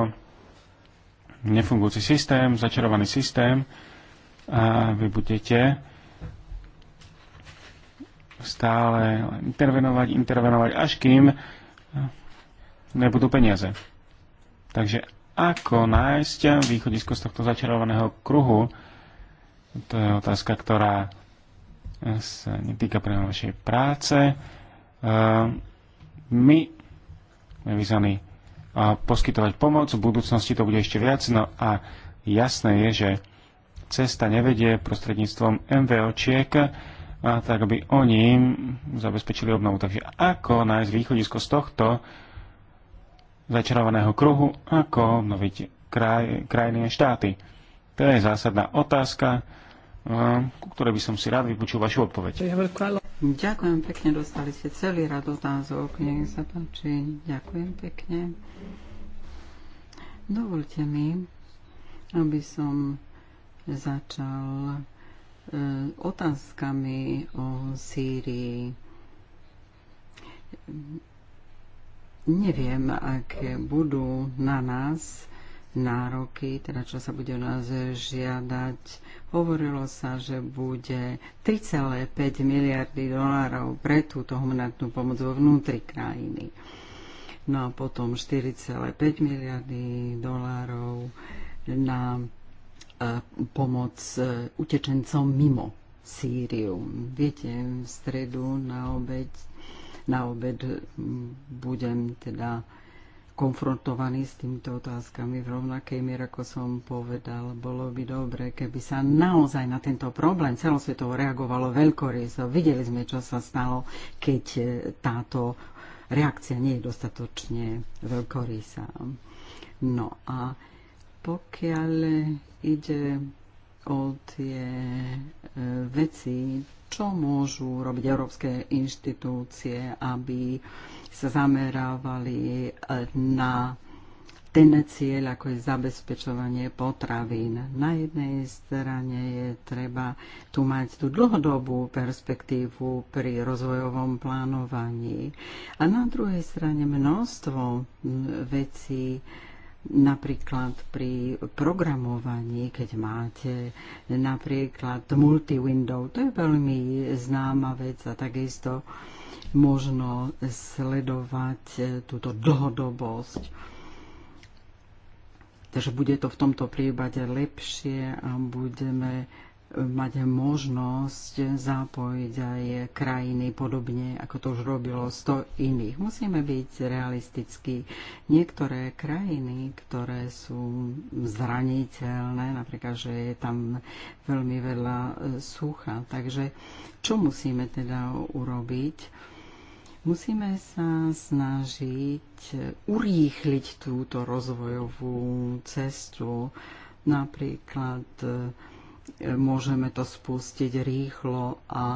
nefungujúci systém, začarovaný systém a vy budete stále intervenovať, intervenovať, až kým nebudú peniaze. Takže ako nájsť východisko z tohto začarovaného kruhu, to je otázka, ktorá sa netýka pre vašej práce. Ehm, my sme vyzvaní poskytovať pomoc, v budúcnosti to bude ešte viac, no a jasné je, že cesta nevedie prostredníctvom MVOčiek, a tak aby oni zabezpečili obnovu. Takže ako nájsť východisko z tohto začarovaného kruhu, ako obnoviť kraj, krajiny a štáty? To je zásadná otázka, ku ktorej by som si rád vypočul vašu odpoveď. Ďakujem pekne, dostali ste celý rad otázok, nech sa páči. Ďakujem pekne. Dovolte mi, aby som začal Eh, otázkami o Sýrii. Neviem, aké budú na nás nároky, teda čo sa bude nás žiadať. Hovorilo sa, že bude 3,5 miliardy dolárov pre túto humanitnú pomoc vo vnútri krajiny. No a potom 4,5 miliardy dolárov na pomoc e, utečencom mimo Sýriu. Viete, v stredu na obed, na obed budem teda konfrontovaný s týmito otázkami v rovnakej miere, ako som povedal, bolo by dobre, keby sa naozaj na tento problém celosvetovo reagovalo veľkoryso. Videli sme, čo sa stalo, keď e, táto reakcia nie je dostatočne veľkorysá. No a pokiaľ ide o tie e, veci, čo môžu robiť európske inštitúcie, aby sa zamerávali e, na ten cieľ, ako je zabezpečovanie potravín. Na jednej strane je treba tu mať tú dlhodobú perspektívu pri rozvojovom plánovaní a na druhej strane množstvo vecí, napríklad pri programovaní, keď máte napríklad multi-window, to je veľmi známa vec a takisto možno sledovať eh, túto dlhodobosť. Takže bude to v tomto prípade lepšie a budeme mať možnosť zapojiť aj krajiny podobne, ako to už robilo 100 iných. Musíme byť realistickí. Niektoré krajiny, ktoré sú zraniteľné, napríklad, že je tam veľmi veľa sucha. Takže čo musíme teda urobiť? Musíme sa snažiť urýchliť túto rozvojovú cestu, napríklad môžeme to spustiť rýchlo a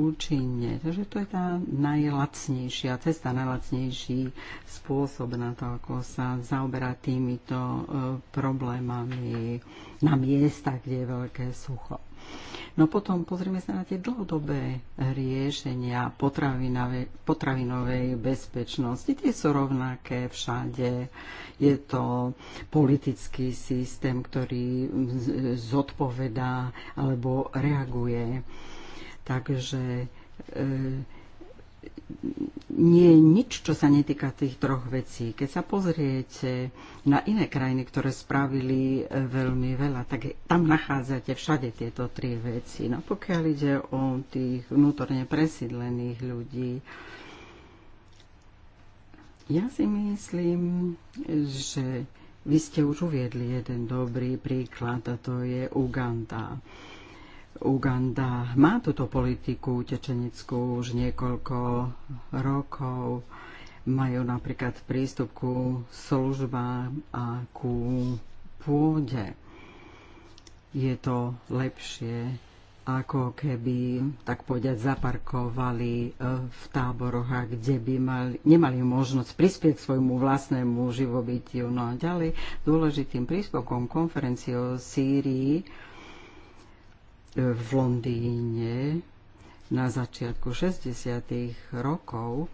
účinne. Takže to je tá najlacnejšia cesta, najlacnejší spôsob na to, ako sa zaoberá týmito e, problémami na miesta, kde je veľké sucho. No potom pozrieme sa na tie dlhodobé riešenia potravinovej bezpečnosti. Tie sú rovnaké všade. Je to politický systém, ktorý zodpovedá alebo reaguje. Takže e, nie je nič, čo sa netýka tých troch vecí. Keď sa pozriete na iné krajiny, ktoré spravili e, veľmi veľa, tak tam nachádzate všade tieto tri veci. No pokiaľ ide o tých vnútorne presídlených ľudí, ja si myslím, že vy ste už uviedli jeden dobrý príklad a to je Uganda. Uganda má túto politiku utečenickú už niekoľko rokov. Majú napríklad prístup ku službám a ku pôde. Je to lepšie, ako keby, tak povedať, zaparkovali e, v táboroch, kde by mali, nemali možnosť prispieť svojmu vlastnému živobytiu. No a ďalej dôležitým príspevkom konferencie o Sýrii v Londýne na začiatku 60. rokov.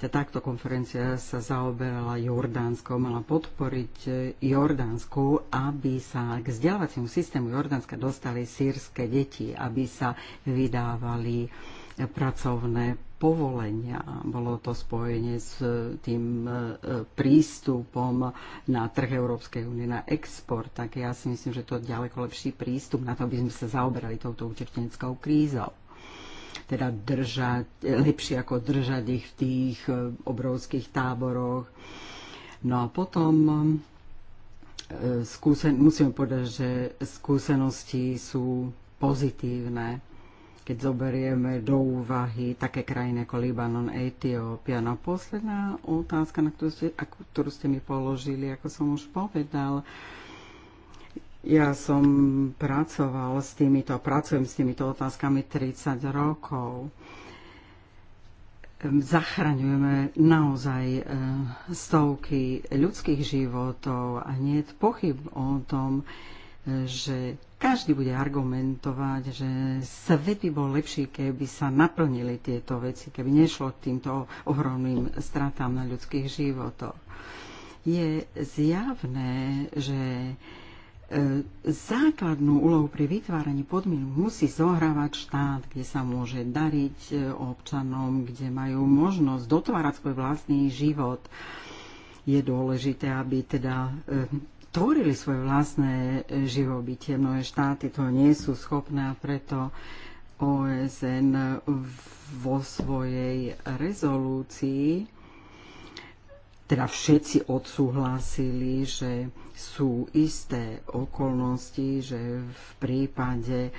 Takto konferencia sa zaoberala Jordánskou, mala podporiť Jordánsku, aby sa k vzdelávaciemu systému Jordánska dostali sírske deti, aby sa vydávali pracovné povolenia. Bolo to spojenie s tým e, prístupom na trh Európskej únie na export. Tak ja si myslím, že to je ďaleko lepší prístup na to, aby sme sa zaoberali touto utečeneckou krízou teda držať, lepšie ako držať ich v tých e, obrovských táboroch. No a potom e, skúsen, musíme povedať, že skúsenosti sú pozitívne keď zoberieme do úvahy také krajiny ako Libanon, Etiópia. No a posledná otázka, na ktorú ste, ktorú ste mi položili, ako som už povedal, ja som pracoval s týmito, pracujem s týmito otázkami 30 rokov. Zachraňujeme naozaj e, stovky ľudských životov a nie je pochyb o tom, že každý bude argumentovať, že svet by bol lepší, keby sa naplnili tieto veci, keby nešlo k týmto ohromným stratám na ľudských životoch. Je zjavné, že e, základnú úlohu pri vytváraní podmienok musí zohrávať štát, kde sa môže dariť e, občanom, kde majú možnosť dotvárať svoj vlastný život. Je dôležité, aby teda e, tvorili svoje vlastné e, živobytie. Mnohé štáty toho nie sú schopné a preto OSN vo svojej rezolúcii teda všetci odsúhlasili, že sú isté okolnosti, že v prípade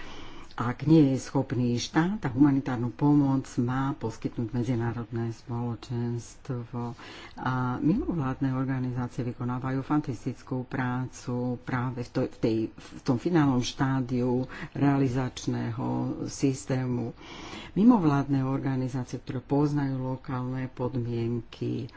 ak nie je schopný štát a humanitárnu pomoc má poskytnúť medzinárodné spoločenstvo. A mimovládne organizácie vykonávajú fantastickú prácu práve v, to, v, tej, v tom finálnom štádiu realizačného systému. Mimovládne organizácie, ktoré poznajú lokálne podmienky,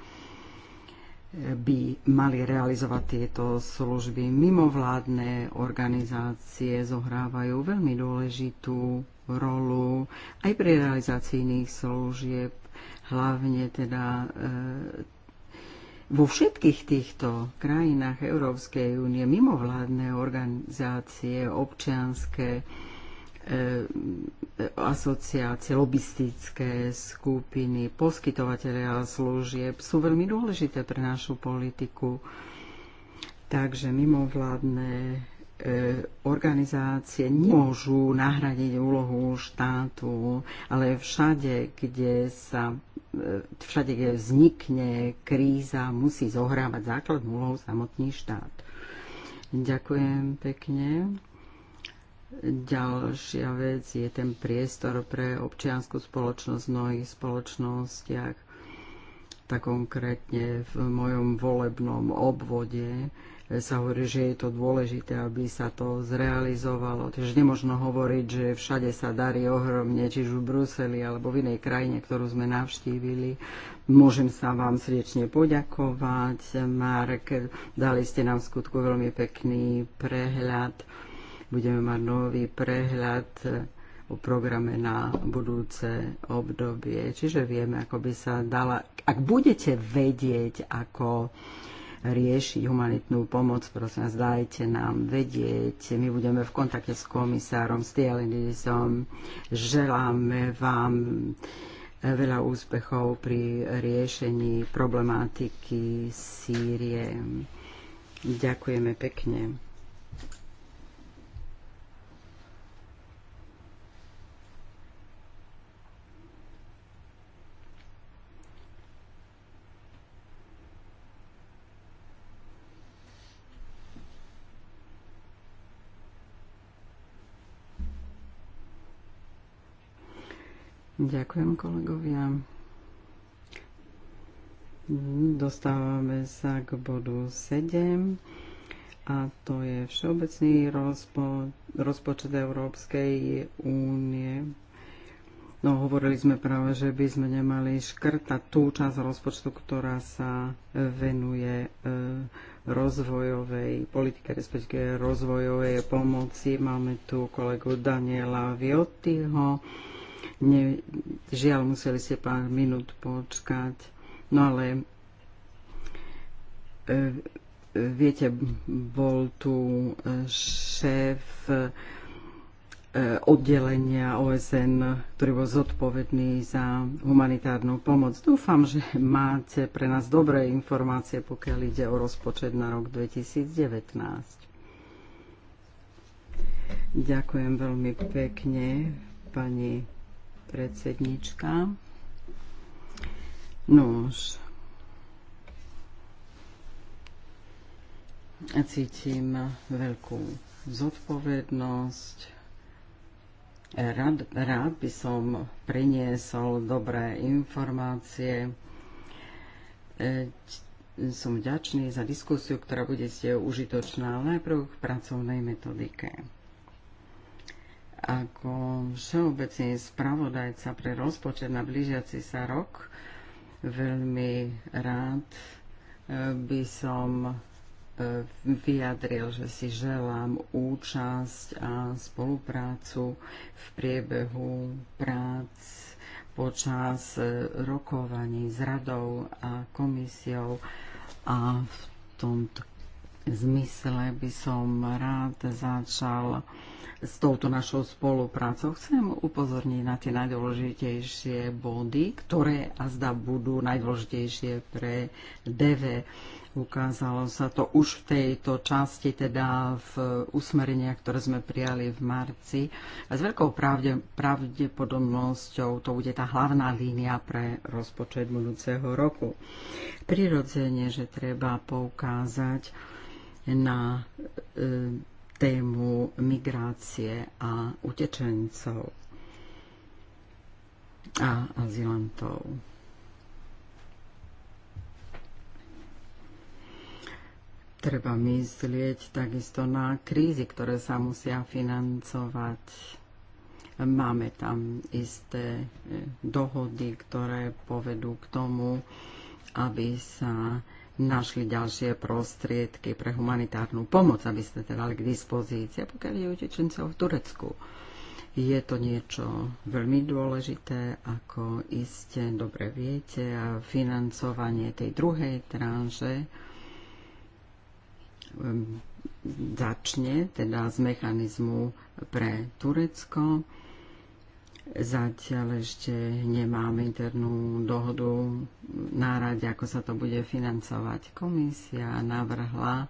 by mali realizovať tieto služby. Mimovládne organizácie zohrávajú veľmi dôležitú rolu aj pri realizácii iných služieb, hlavne teda e, vo všetkých týchto krajinách Európskej únie mimovládne organizácie, občianské Eh, asociácie, lobistické skupiny, poskytovateľia služieb sú veľmi dôležité pre našu politiku. Takže mimovládne eh, organizácie nemôžu nahradiť úlohu štátu, ale všade, kde sa eh, všade, kde vznikne kríza, musí zohrávať základnú úlohu samotný štát. Ďakujem pekne. Ďalšia vec je ten priestor pre občianskú spoločnosť v mnohých spoločnostiach, tak konkrétne v mojom volebnom obvode sa hovorí, že je to dôležité, aby sa to zrealizovalo. Takže nemožno hovoriť, že všade sa darí ohromne, či v Bruseli alebo v inej krajine, ktorú sme navštívili. Môžem sa vám srdečne poďakovať, Marek. Dali ste nám v skutku veľmi pekný prehľad budeme mať nový prehľad eh, o programe na budúce obdobie. Čiže vieme, ako by sa dala... Ak budete vedieť, ako riešiť humanitnú pomoc, prosím vás, dajte nám vedieť. My budeme v kontakte s komisárom Stielinisom. Želáme vám eh, veľa úspechov pri riešení problematiky Sýrie. Ďakujeme pekne. Ďakujem kolegovia. Dostávame sa k bodu 7 a to je Všeobecný rozpo, rozpočet Európskej únie. No, hovorili sme práve, že by sme nemali škrtať tú časť rozpočtu, ktorá sa venuje e, rozvojovej politike, respektíve rozvojovej pomoci. Máme tu kolegu Daniela Viotyho Ne, žiaľ, museli ste pár minút počkať. No ale e, e viete, bol tu e, šéf e, oddelenia OSN, ktorý bol zodpovedný za humanitárnu pomoc. Dúfam, že máte pre nás dobré informácie, pokiaľ ide o rozpočet na rok 2019. Ďakujem veľmi pekne, pani predsednička. Nuž. Cítim veľkú zodpovednosť. Rád, rád by som priniesol dobré informácie. E, som vďačný za diskusiu, ktorá bude ste užitočná najprv k pracovnej metodike. Ako všeobecný spravodajca pre rozpočet na blížiaci sa rok veľmi rád e, by som e, vyjadril, že si želám účasť a spoluprácu v priebehu prác počas e, rokovaní s radou a komisiou a v tomto zmysle by som rád začal s touto našou spoluprácou. Chcem upozorniť na tie najdôležitejšie body, ktoré a zda budú najdôležitejšie pre DV. Ukázalo sa to už v tejto časti, teda v usmereniach, ktoré sme prijali v marci. A s veľkou pravde, pravdepodobnosťou to bude tá hlavná línia pre rozpočet budúceho roku. Prirodzene, že treba poukázať na e, tému migrácie a utečencov a azilantov. Treba myslieť takisto na krízy, ktoré sa musia financovať. Máme tam isté eh, dohody, ktoré povedú k tomu, aby sa našli ďalšie prostriedky pre humanitárnu pomoc, aby ste teda dali k dispozícii, pokiaľ je utečencov v Turecku. Je to niečo veľmi dôležité, ako iste dobre viete, a financovanie tej druhej tranže ehm, začne teda z mechanizmu pre Turecko Zatiaľ ešte nemám internú dohodu na rade, ako sa to bude financovať. Komisia navrhla,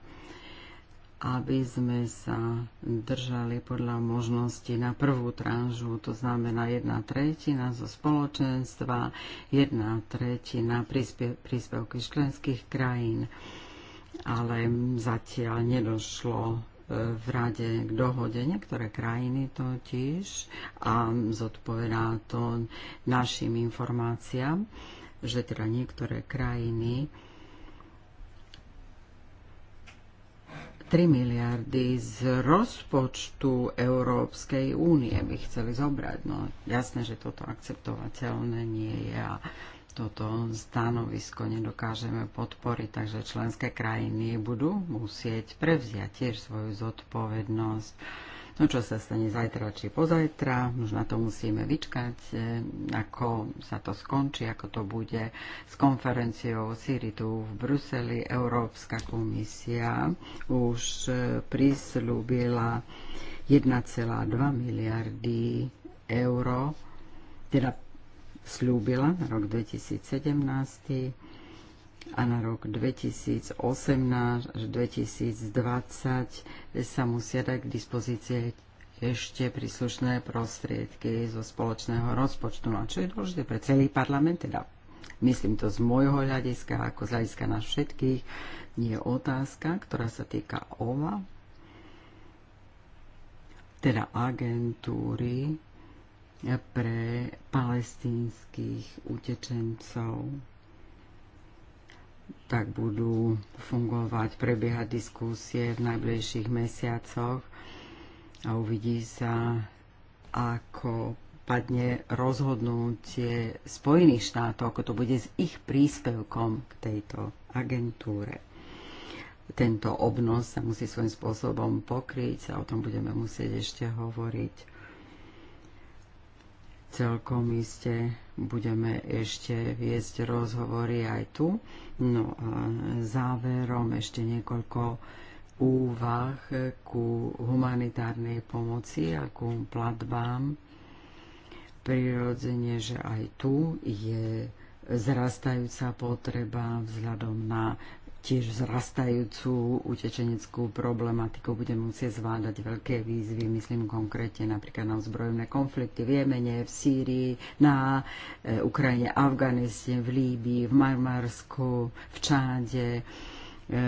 aby sme sa držali podľa možnosti na prvú tranžu, to znamená jedna tretina zo spoločenstva, jedna tretina príspevky členských krajín. Ale zatiaľ nedošlo v rade k dohode. Niektoré krajiny totiž, a zodpovedá to našim informáciám, že teda niektoré krajiny 3 miliardy z rozpočtu Európskej únie by chceli zobrať. No jasné, že toto akceptovateľné nie je a toto stanovisko nedokážeme podporiť, takže členské krajiny budú musieť prevziať tiež svoju zodpovednosť. No čo sa stane zajtra či pozajtra, už na to musíme vyčkať, e, ako sa to skončí, ako to bude s konferenciou Siritu v Bruseli. Európska komisia už e, prislúbila 1,2 miliardy eur, teda slúbila na rok 2017 a na rok 2018 až 2020 sa musia dať k dispozície ešte príslušné prostriedky zo spoločného rozpočtu. No a čo je dôležité pre celý parlament, teda myslím to z môjho hľadiska, ako z hľadiska nás všetkých, je otázka, ktorá sa týka OVA, teda agentúry pre palestínskych utečencov. Tak budú fungovať, prebiehať diskusie v najbližších mesiacoch a uvidí sa, ako padne rozhodnutie Spojených štátov, ako to bude s ich príspevkom k tejto agentúre. Tento obnos sa musí svojím spôsobom pokryť a o tom budeme musieť ešte hovoriť celkom iste budeme ešte viesť rozhovory aj tu. No a záverom ešte niekoľko úvah ku humanitárnej pomoci a ku platbám. Prirodzene, že aj tu je zrastajúca potreba vzhľadom na tiež zrastajúcu utečeneckú problematiku bude musieť zvládať veľké výzvy, myslím konkrétne napríklad na zbrojné konflikty v Jemene, v Sýrii, na e, Ukrajine, Afganistane, v Líbii, v Marmarsku, v Čáde, e,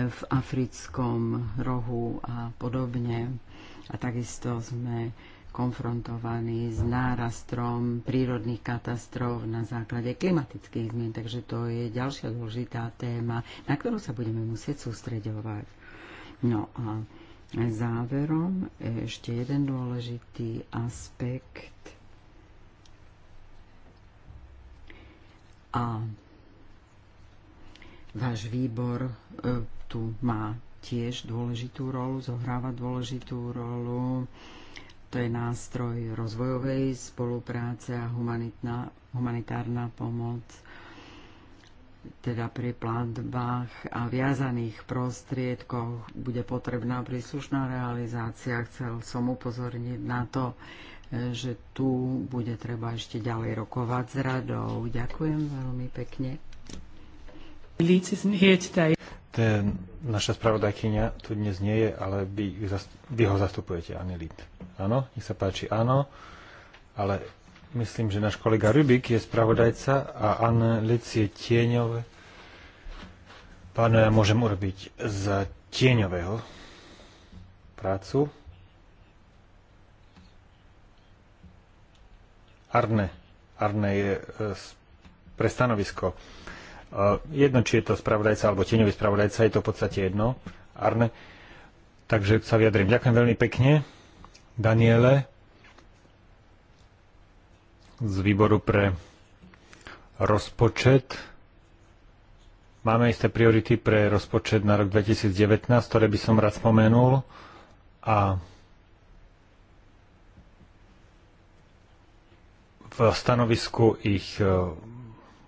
v africkom rohu a podobne. A takisto sme konfrontovaní s nárastrom prírodných katastrof na základe klimatických zmien, takže to je ďalšia dôležitá téma, na ktorú sa budeme musieť sústreďovať. No a záverom ešte jeden dôležitý aspekt. A váš výbor e, tu má tiež dôležitú rolu, zohráva dôležitú rolu to je nástroj rozvojovej spolupráce a humanitárna pomoc teda pri platbách a viazaných prostriedkoch bude potrebná príslušná realizácia. Chcel som upozorniť na to, že tu bude treba ešte ďalej rokovať s radou. Ďakujem veľmi pekne. Ten, naša spravodajkynia tu dnes nie je, ale vy, vy ho zastupujete, Anne Lid. Áno, nech sa páči, áno, ale myslím, že náš kolega Rubik je spravodajca a Anne Lid je tieňové. Páno, ja môžem urobiť za tieňového prácu. Arne. Arne je eh, pre stanovisko. Eh, jedno, či je to spravodajca alebo tieňový spravodajca, je to v podstate jedno. Arne. Takže sa vyjadrím. Ďakujem veľmi pekne. Daniele z výboru pre rozpočet. Máme isté priority pre rozpočet na rok 2019, ktoré by som rád spomenul. A v stanovisku ich eh,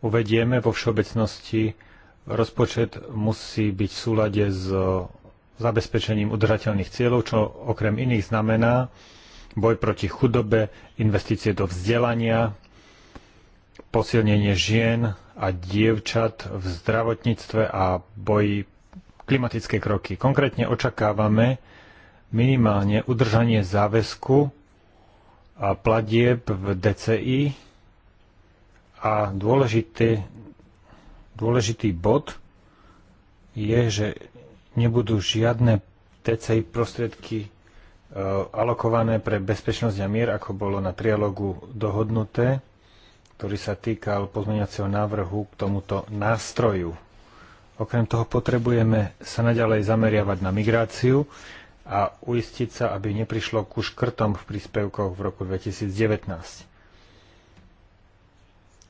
uvedieme vo všeobecnosti, rozpočet musí byť v súlade s zabezpečením udržateľných cieľov, čo okrem iných znamená boj proti chudobe, investície do vzdelania, posilnenie žien a dievčat v zdravotníctve a boj klimatické kroky. Konkrétne očakávame minimálne udržanie záväzku a platieb v DCI a dôležitý, dôležitý bod je, že nebudú žiadne TCI prostriedky e, alokované pre bezpečnosť a mier, ako bolo na trialogu dohodnuté, ktorý sa týkal pozmeňacieho návrhu k tomuto nástroju. Okrem toho potrebujeme sa naďalej zameriavať na migráciu a uistiť sa, aby neprišlo ku škrtom v príspevkoch v roku 2019.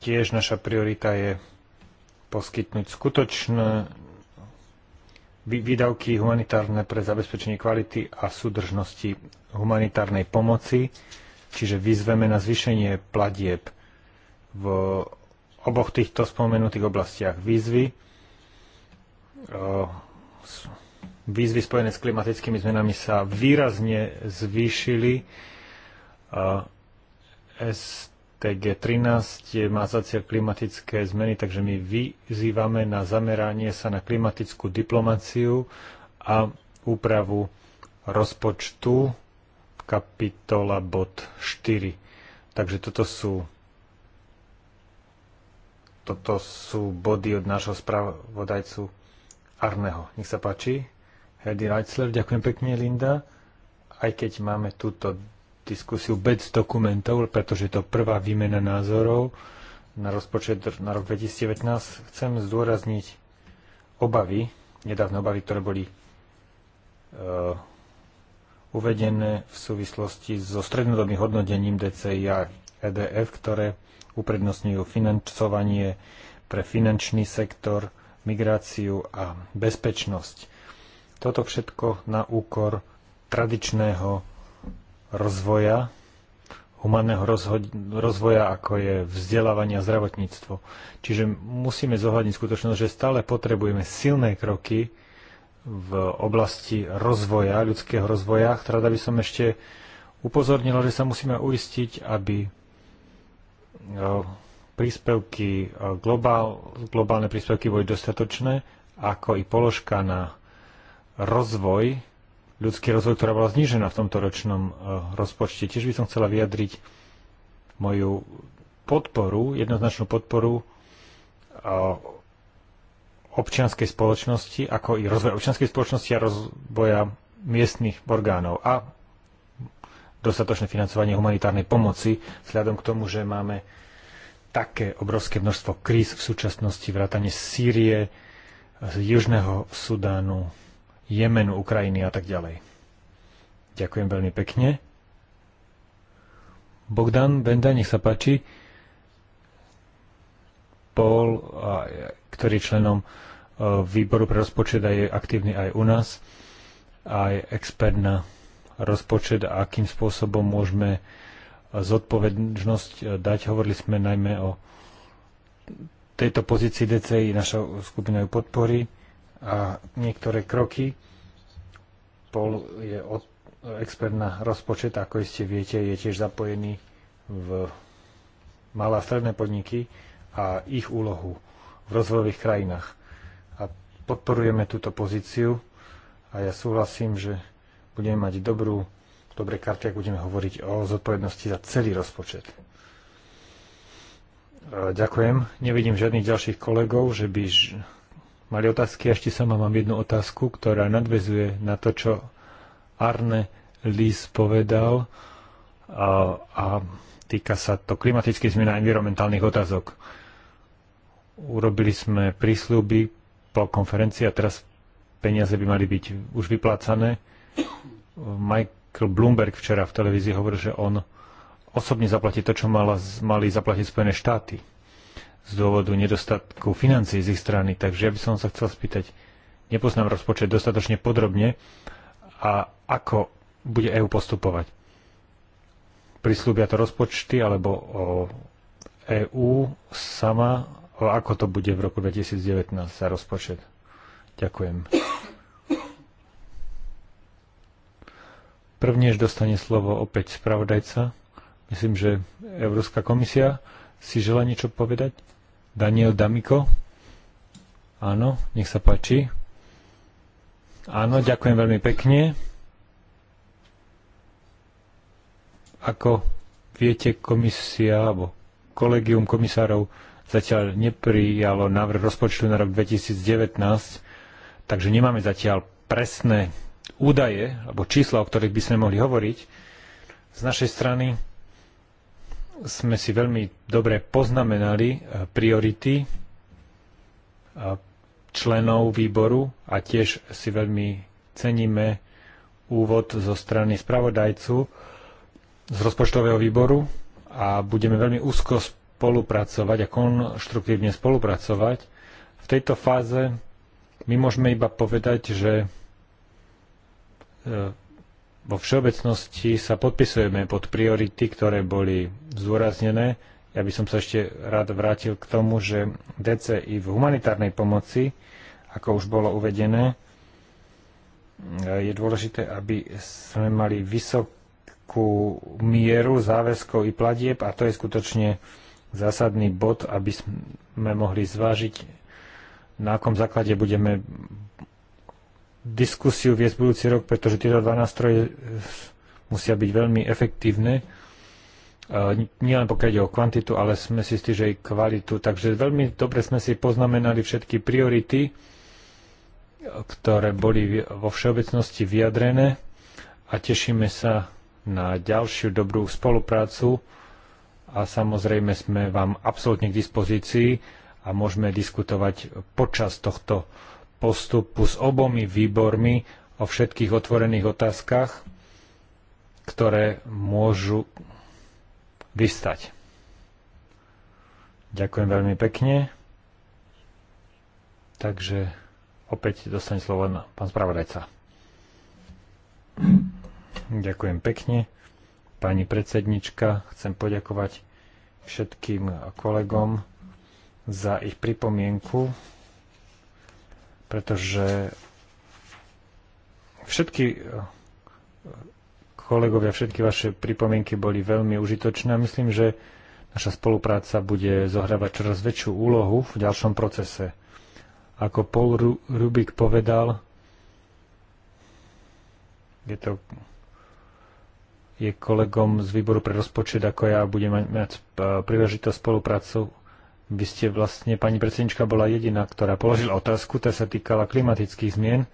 Tiež naša priorita je poskytnúť skutočné výdavky humanitárne pre zabezpečenie kvality a súdržnosti humanitárnej pomoci, čiže vyzveme na zvýšenie platieb v oboch týchto spomenutých oblastiach výzvy. Výzvy spojené s klimatickými zmenami sa výrazne zvýšili. S TG13 má za cieľ klimatické zmeny, takže my vyzývame na zameranie sa na klimatickú diplomáciu a úpravu rozpočtu kapitola bod 4. Takže toto sú toto sú body od nášho spravodajcu Arneho. Nech sa páči. Hedy Reitzler, ďakujem pekne, Linda. Aj keď máme túto diskusiu bez dokumentov, pretože je to prvá výmena názorov na rozpočet na rok 2019. Chcem zdôrazniť obavy, nedávne obavy, ktoré boli e, uvedené v súvislosti so strednodobým hodnotením DCI a EDF, ktoré uprednostňujú financovanie pre finančný sektor, migráciu a bezpečnosť. Toto všetko na úkor tradičného rozvoja, humanného rozvoja, ako je vzdelávanie a zdravotníctvo. Čiže musíme zohľadniť skutočnosť, že stále potrebujeme silné kroky v oblasti rozvoja, ľudského rozvoja. Teda by som ešte upozornila, že sa musíme uistiť, aby e, príspevky, e, globál, globálne príspevky boli dostatočné, ako i položka na rozvoj ľudský rozvoj, ktorá bola znížená v tomto ročnom eh, rozpočte. Tiež by som chcela vyjadriť moju podporu, jednoznačnú podporu eh, občianskej spoločnosti, ako i rozvoj občianskej spoločnosti a rozvoja miestnych orgánov a dostatočné financovanie humanitárnej pomoci, vzhľadom k tomu, že máme také obrovské množstvo kríz v súčasnosti, vrátane Sýrie, z Južného Sudánu, Jemenu, Ukrajiny a tak ďalej. Ďakujem veľmi pekne. Bogdan Benda, nech sa páči, bol, ktorý je členom e, výboru pre rozpočet a je aktívny aj u nás, a je expert na rozpočet a akým spôsobom môžeme zodpovednosť e, dať. Hovorili sme najmä o tejto pozícii DCI, naša skupina ju podporí a niektoré kroky. Pol je od, expert na rozpočet, ako iste viete, je tiež zapojený v malé a stredné podniky a ich úlohu v rozvojových krajinách. A podporujeme túto pozíciu a ja súhlasím, že budeme mať dobrú, dobré karty, ak budeme hovoriť o zodpovednosti za celý rozpočet. Ďakujem. Nevidím žiadnych ďalších kolegov, že by mali otázky. Ešte sama mám jednu otázku, ktorá nadvezuje na to, čo Arne Lis povedal a, a týka sa to klimatických zmien a environmentálnych otázok. Urobili sme prísľuby po konferencii a teraz peniaze by mali byť už vyplácané. Michael Bloomberg včera v televízii hovoril, že on osobne zaplatí to, čo mala, mali zaplatiť Spojené štáty z dôvodu nedostatku financií z ich strany. Takže ja by som sa chcel spýtať, nepoznám rozpočet dostatočne podrobne a ako bude EÚ postupovať. Prislúbia to rozpočty alebo o EÚ sama, o ako to bude v roku 2019 za rozpočet. Ďakujem. Prvnež dostane slovo opäť spravodajca. Myslím, že Európska komisia si žela niečo povedať. Daniel Damiko. Áno, nech sa páči. Áno, ďakujem veľmi pekne. Ako viete, komisia alebo kolegium komisárov zatiaľ neprijalo návrh rozpočtu na rok 2019, takže nemáme zatiaľ presné údaje alebo čísla, o ktorých by sme mohli hovoriť. Z našej strany sme si veľmi dobre poznamenali e, priority e, členov výboru a tiež si veľmi ceníme úvod zo strany spravodajcu z rozpočtového výboru a budeme veľmi úzko spolupracovať a konštruktívne spolupracovať. V tejto fáze my môžeme iba povedať, že e, vo všeobecnosti sa podpisujeme pod priority, ktoré boli zdôraznené. Ja by som sa ešte rád vrátil k tomu, že DCI v humanitárnej pomoci, ako už bolo uvedené, je dôležité, aby sme mali vysokú mieru záväzkov i platieb a to je skutočne zásadný bod, aby sme mohli zvážiť, na akom základe budeme diskusiu viesť budúci rok, pretože tieto dva nástroje eh, musia byť veľmi efektívne. Nielen pokiaľ ide o kvantitu, ale sme si istí, že aj kvalitu. Takže veľmi dobre sme si poznamenali všetky priority, ktoré boli vo všeobecnosti vyjadrené a tešíme sa na ďalšiu dobrú spoluprácu a samozrejme sme vám absolútne k dispozícii a môžeme diskutovať počas tohto postupu s obomi výbormi o všetkých otvorených otázkach, ktoré môžu vystať. Ďakujem veľmi pekne. Takže opäť dostane slovo na pán spravodajca. Ďakujem pekne. Pani predsednička, chcem poďakovať všetkým kolegom za ich pripomienku pretože všetky eh, kolegovia, všetky vaše pripomienky boli veľmi užitočné a myslím, že naša spolupráca bude zohrávať čoraz väčšiu úlohu v ďalšom procese. Ako Paul Rubik povedal, je to je kolegom z výboru pre rozpočet, ako ja budem mať eh, príležitosť spoluprácu vy ste vlastne, pani predsednička, bola jediná, ktorá položila otázku, tá sa týkala klimatických zmien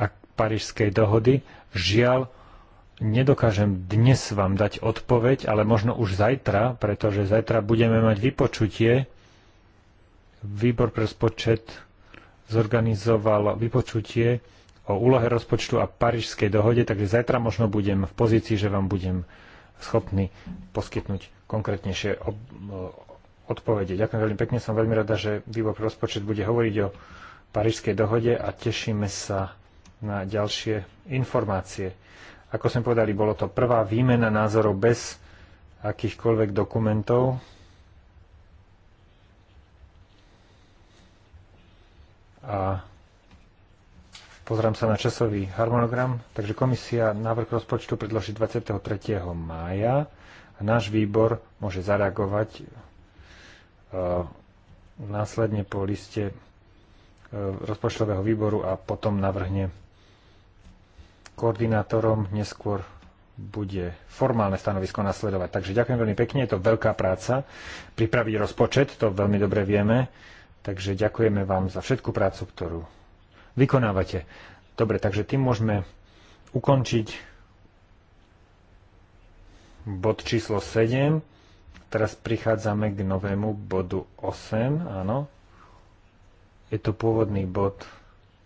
a Parížskej dohody. Žiaľ, nedokážem dnes vám dať odpoveď, ale možno už zajtra, pretože zajtra budeme mať vypočutie. Výbor pre rozpočet zorganizoval vypočutie o úlohe rozpočtu a Parížskej dohode, takže zajtra možno budem v pozícii, že vám budem schopný poskytnúť konkrétnejšie ob- odpovede. Ďakujem veľmi pekne, som veľmi rada, že výbor pre rozpočet bude hovoriť o Parížskej dohode a tešíme sa na ďalšie informácie. Ako sme povedali, bolo to prvá výmena názorov bez akýchkoľvek dokumentov. A pozrám sa na časový harmonogram. Takže komisia návrh rozpočtu predloží 23. mája a náš výbor môže zareagovať E, následne po liste e, rozpočtového výboru a potom navrhne koordinátorom. Neskôr bude formálne stanovisko nasledovať. Takže ďakujem veľmi pekne, je to veľká práca. Pripraviť rozpočet, to veľmi dobre vieme. Takže ďakujeme vám za všetku prácu, ktorú vykonávate. Dobre, takže tým môžeme ukončiť bod číslo 7. Teraz prichádzame k novému bodu 8, áno. Je to pôvodný bod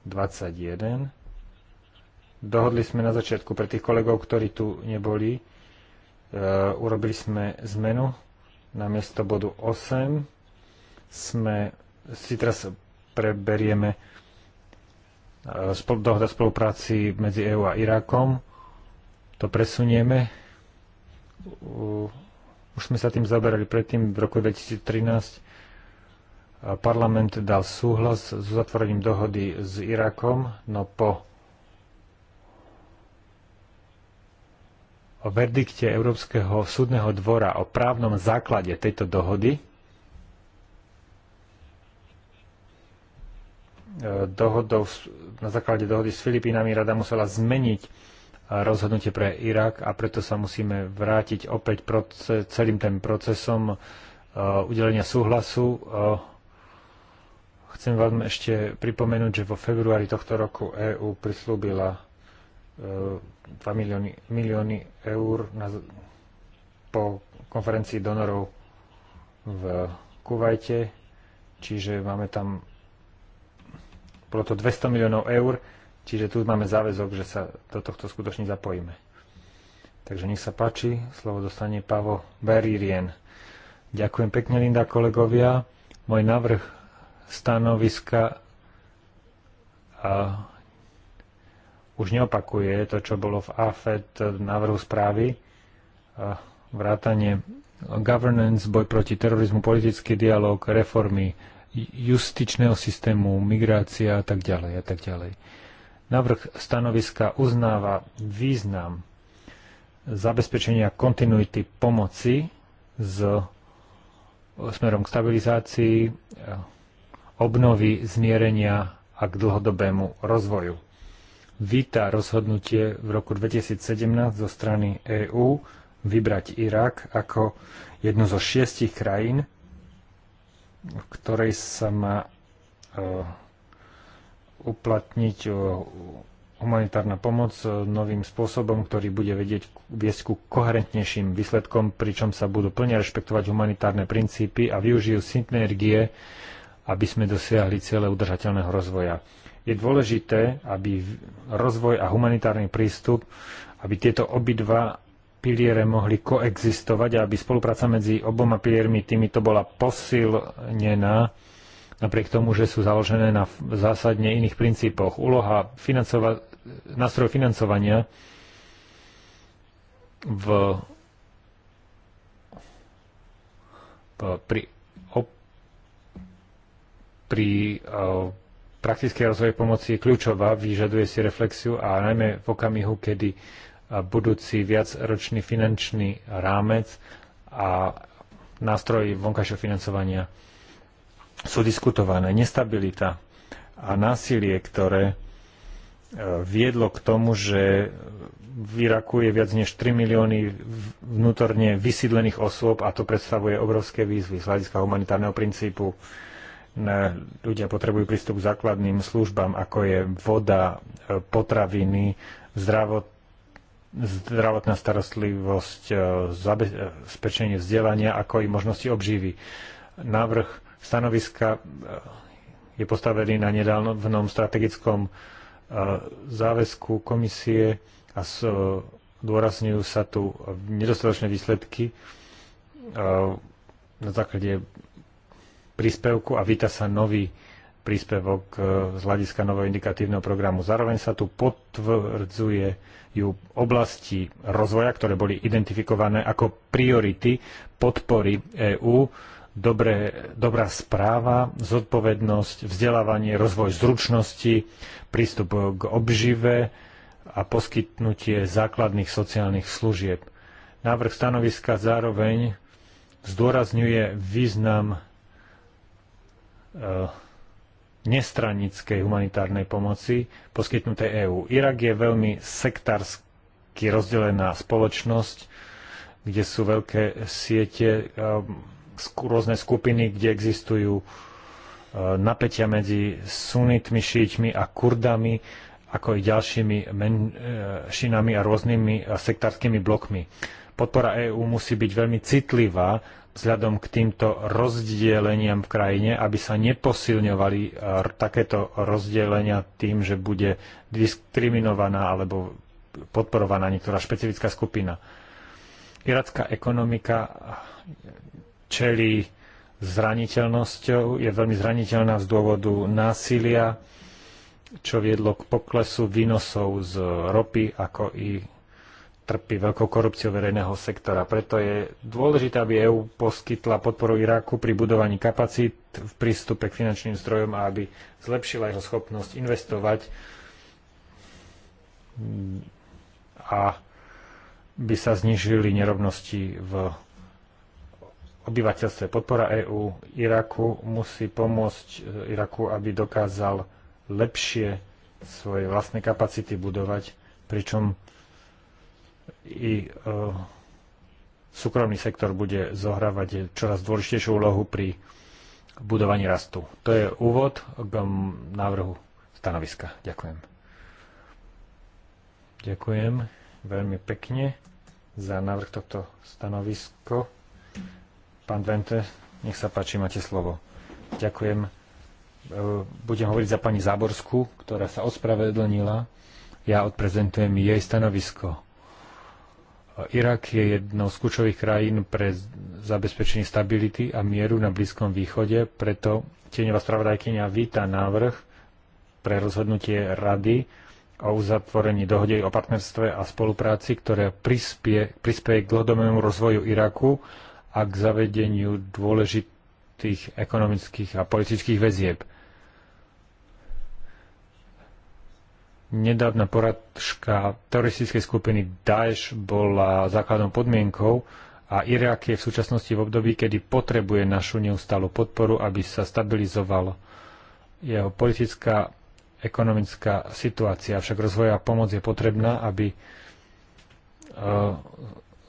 21. Dohodli sme na začiatku pre tých kolegov, ktorí tu neboli. E, urobili sme zmenu. Na miesto bodu 8 sme si teraz preberieme e, dohoda spolupráci medzi EÚ a Irakom. To presunieme už sme sa tým zaberali predtým v roku 2013. Parlament dal súhlas s uzatvorením dohody s Irakom, no po o verdikte Európskeho súdneho dvora o právnom základe tejto dohody e, dohodov, na základe dohody s Filipínami rada musela zmeniť rozhodnutie pre Irak a preto sa musíme vrátiť opäť proces, celým tým procesom uh, udelenia súhlasu. Uh, chcem vám ešte pripomenúť, že vo februári tohto roku EÚ prislúbila 2 uh, milióny, milióny eur na, po konferencii donorov v Kuvajte, čiže máme tam bolo to 200 miliónov eur Čiže tu máme záväzok, že sa do tohto skutočne zapojíme. Takže nech sa páči, slovo dostane Pavo Beririen. Ďakujem pekne, Linda, kolegovia. Môj návrh stanoviska a už neopakuje to, čo bolo v AFED návrhu správy. A vrátanie governance, boj proti terorizmu, politický dialog, reformy justičného systému, migrácia a tak ďalej a tak ďalej. Navrh stanoviska uznáva význam zabezpečenia kontinuity pomoci s smerom k stabilizácii, obnovy, zmierenia a k dlhodobému rozvoju. Víta rozhodnutie v roku 2017 zo strany EÚ vybrať Irak ako jednu zo šiestich krajín, v ktorej sa má e, uplatniť e, humanitárna pomoc e, novým spôsobom, ktorý bude vedieť viesť ku koherentnejším výsledkom, pričom sa budú plne rešpektovať humanitárne princípy a využijú synergie, aby sme dosiahli ciele udržateľného rozvoja. Je dôležité, aby rozvoj a humanitárny prístup, aby tieto obidva piliere mohli koexistovať a aby spolupráca medzi oboma piliermi týmito bola posilnená napriek tomu, že sú založené na zásadne iných princípoch. Úloha financova- nástroj financovania v, v pri, op, pri o, praktickej rozvojovej pomoci je kľúčová, vyžaduje si reflexiu a najmä v okamihu, kedy budúci viacročný finančný rámec a nástroj vonkajšieho financovania sú diskutované. Nestabilita a násilie, ktoré e, viedlo k tomu, že v Iraku je viac než 3 milióny vnútorne vysídlených osôb a to predstavuje obrovské výzvy z hľadiska humanitárneho princípu. Ľudia potrebujú prístup k základným službám, ako je voda, e, potraviny, zdravot, zdravotná starostlivosť, e, zabezpečenie vzdelania, ako i možnosti obživy. Návrh stanoviska e, je postavený na nedávnom strategickom e, záväzku komisie a e, dôrazňujú sa tu nedostatočné výsledky na základe príspevku a víta sa nový príspevok z hľadiska nového indikatívneho programu. Zároveň sa tu potvrdzuje ju oblasti rozvoja, ktoré boli identifikované ako priority podpory EÚ dobré, dobrá správa, zodpovednosť, vzdelávanie, rozvoj zručnosti, prístup k obžive a poskytnutie základných sociálnych služieb. Návrh stanoviska zároveň zdôrazňuje význam e, nestranickej humanitárnej pomoci poskytnutej EÚ. Irak je veľmi sektársky rozdelená spoločnosť, kde sú veľké siete e, rôzne skupiny, kde existujú e, napätia medzi sunitmi, šíťmi a kurdami, ako i ďalšími menšinami e, a rôznymi e, sektárskymi blokmi. Podpora EÚ musí byť veľmi citlivá vzhľadom k týmto rozdieleniam v krajine, aby sa neposilňovali takéto rozdielenia tým, že bude diskriminovaná alebo podporovaná niektorá špecifická skupina. Iracká ekonomika čelí zraniteľnosťou, je veľmi zraniteľná z dôvodu násilia, čo viedlo k poklesu výnosov z ropy, ako i trpí veľkou korupciou verejného sektora. Preto je dôležité, aby EÚ poskytla podporu Iraku pri budovaní kapacít v prístupe k finančným zdrojom a aby zlepšila jeho schopnosť investovať a by sa znižili nerovnosti v obyvateľstve. Podpora EÚ Iraku musí pomôcť e, Iraku, aby dokázal lepšie svoje vlastné kapacity budovať, pričom i e, súkromný sektor bude zohrávať čoraz dôležitejšiu úlohu pri budovaní rastu. To je úvod k návrhu stanoviska. Ďakujem. Ďakujem veľmi pekne za návrh tohto stanovisko. Pán Bente, nech sa páči, máte slovo. Ďakujem. E, budem hovoriť za pani Záborskú, ktorá sa ospravedlnila. Ja odprezentujem jej stanovisko. E, Irak je jednou z kľúčových krajín pre zabezpečenie stability a mieru na Blízkom východe, preto tieňová spravodajkynia víta návrh pre rozhodnutie Rady o uzatvorení dohody o partnerstve a spolupráci, ktoré prispie, prispie k dlhodobému rozvoju Iraku a k zavedeniu dôležitých ekonomických a politických väzieb. Nedávna poradka teroristickej skupiny Daesh bola základnou podmienkou a Irak je v súčasnosti v období, kedy potrebuje našu neustálu podporu, aby sa stabilizoval jeho politická, ekonomická situácia. Avšak rozvoja pomoc je potrebná, aby eh,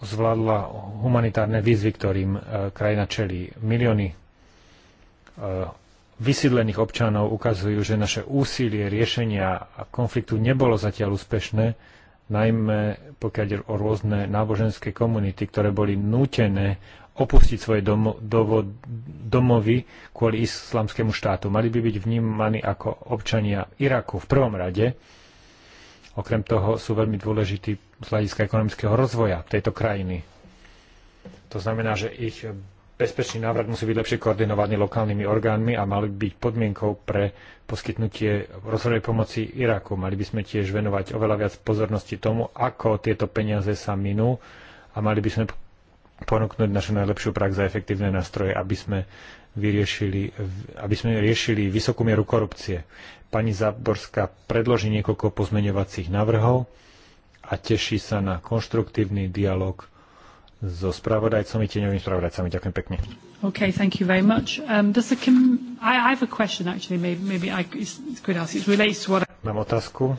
zvládla humanitárne výzvy, ktorým e, krajina čelí. Milióny e, vysídlených občanov ukazujú, že naše úsilie riešenia konfliktu nebolo zatiaľ úspešné, najmä pokiaľ je o rôzne náboženské komunity, ktoré boli nútené opustiť svoje domo, dovo, domovy kvôli islamskému štátu. Mali by byť vnímaní ako občania Iraku v prvom rade, Okrem toho sú veľmi dôležití z hľadiska ekonomického rozvoja tejto krajiny. To znamená, že ich bezpečný návrat musí byť lepšie koordinovaný lokálnymi orgánmi a mali byť podmienkou pre poskytnutie rozvojovej pomoci Iraku. Mali by sme tiež venovať oveľa viac pozornosti tomu, ako tieto peniaze sa minú a mali by sme ponúknuť našu najlepšiu prax za efektívne nástroje, aby sme vyriešili, aby sme riešili vysokú mieru korupcie. Pani Zaborská predloží niekoľko pozmeňovacích návrhov a teší sa na konštruktívny dialog so spravodajcami, tieňovými spravodajcami. Ďakujem pekne. Okay, thank you very much. Um, does the com- I, I have a question actually, maybe, maybe I could ask. It relates to what... Mám otázku,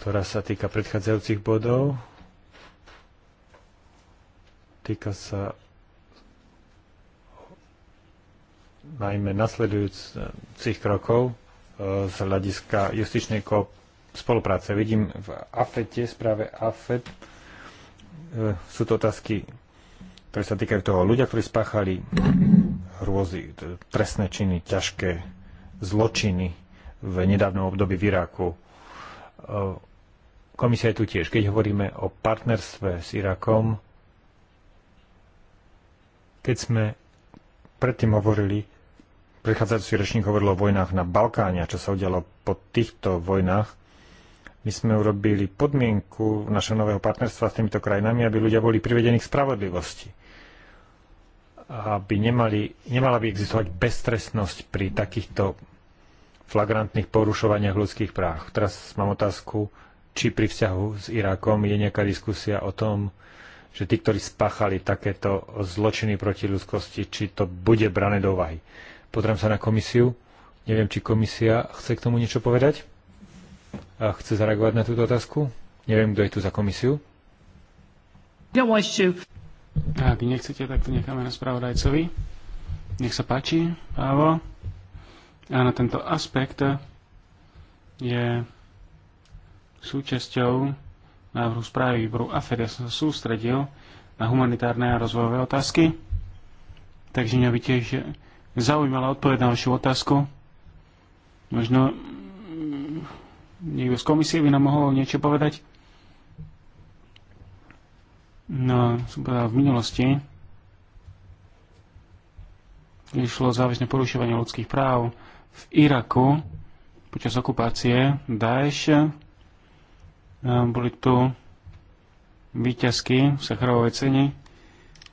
ktorá sa týka predchádzajúcich bodov. Týka sa najmä nasledujúcich krokov z hľadiska justičnej spolupráce. Vidím v AFETe, správe AFET, e, sú to otázky, ktoré sa týkajú toho ľudia, ktorí spáchali hrôzy, trestné činy, ťažké zločiny v nedávnom období v Iráku. E, komisia je tu tiež. Keď hovoríme o partnerstve s Irakom, keď sme predtým hovorili predchádzajúci rečník hovoril o vojnách na Balkáne a čo sa udialo po týchto vojnách. My sme urobili podmienku našeho nového partnerstva s týmito krajinami, aby ľudia boli privedení k spravodlivosti. Aby nemali, nemala by existovať beztrestnosť pri takýchto flagrantných porušovaniach ľudských práv. Teraz mám otázku, či pri vzťahu s Irakom je nejaká diskusia o tom, že tí, ktorí spáchali takéto zločiny proti ľudskosti, či to bude brané do uvahy. Podrám sa na komisiu. Neviem, či komisia chce k tomu niečo povedať. A chce zareagovať na túto otázku. Neviem, kto je tu za komisiu. Ak nechcete, tak to necháme na spravodajcovi. Nech sa páči, Pávo. A na tento aspekt je súčasťou návrhu správy výboru AFED. Ja som sa sústredil na humanitárne a rozvojové otázky. Takže mňa by tiež zaujímala odpoveď na vašu otázku. Možno mm, niekto z komisie by nám mohol niečo povedať. No, som povedal, v minulosti išlo závažné porušovanie ľudských práv v Iraku počas okupácie Daesh. Boli tu výťazky v Sacharovej cene.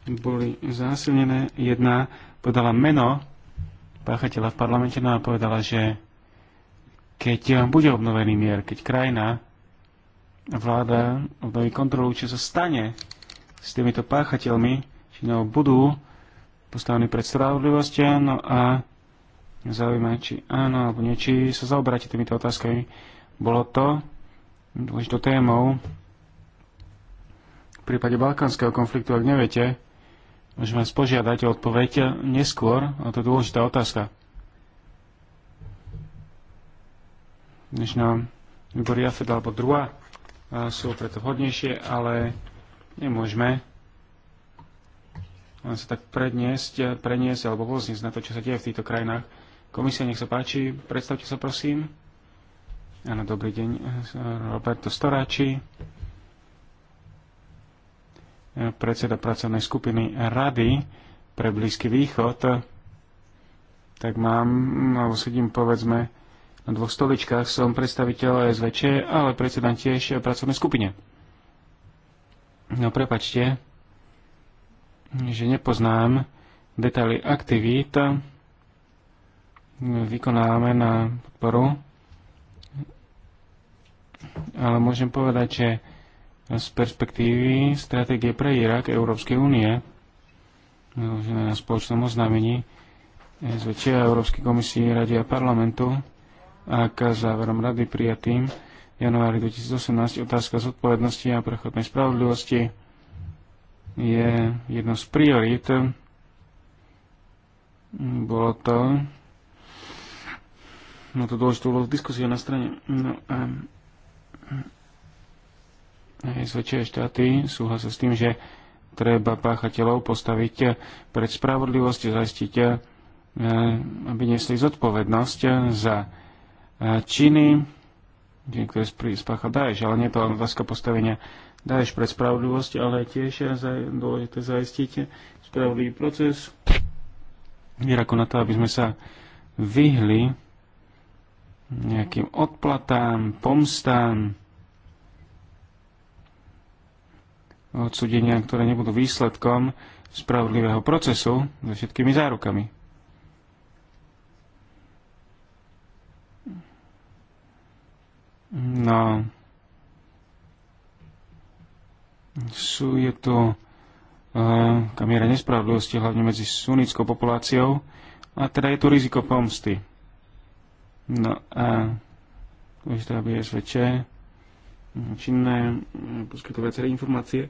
Boli zásilnené. Jedna podala meno páchateľa v parlamente, nám no povedala, že keď bude obnovený mier, keď krajina, vláda obnoví kontrolu, čo sa stane s týmito páchateľmi, či no budú postavení pred spravodlivosť, no a zaujíma, či áno alebo nie, či sa zaoberáte týmito otázkami. Bolo to dôležitou témou v prípade balkánskeho konfliktu, ak neviete, Môžem vás požiadať o odpoveď neskôr, a to je dôležitá otázka. Dnešná výbor Jafed alebo druhá sú preto vhodnejšie, ale nemôžeme sa tak predniesť, preniesť alebo pozniesť na to, čo sa deje v týchto krajinách. Komisia, nech sa páči, predstavte sa prosím. Áno, dobrý deň, Roberto Storáči predseda pracovnej skupiny Rady pre Blízky východ, tak mám, alebo sedím povedzme na dvoch stoličkách, som predstaviteľ SVČ, ale predseda tiež pracovnej skupine. No prepačte, že nepoznám detaily aktivít, vykonávame na podporu, ale môžem povedať, že z perspektívy stratégie pre Irak Európskej únie, na spoločnom oznámení zväčšia Európskej komisii Rady a parlamentu a k záverom rady prijatým v januári 2018 otázka zodpovednosti a prechodnej spravodlivosti je jedno z priorít. Bolo to no to dôležitú úlohu diskusie na strane no, um, Zväčšie štáty súhlasia s tým, že treba páchateľov postaviť pred spravodlivosť, zaistiť, eh, aby nesli zodpovednosť za eh, činy, ktoré spáchal Daesh, ale nie to len otázka postavenia Daesh pred spravodlivosť, ale tiež dôležité zaistiť spravodlivý proces, ako na to, aby sme sa vyhli nejakým odplatám, pomstám, odsudenia, ktoré nebudú výsledkom spravodlivého procesu so všetkými zárukami. No, sú, je tu uh, eh, kamiera nespravodlivosti, hlavne medzi sunnickou populáciou, a teda je tu riziko pomsty. No a dôležité, aby SVČ mm, činné mm, poskytuje viaceré informácie,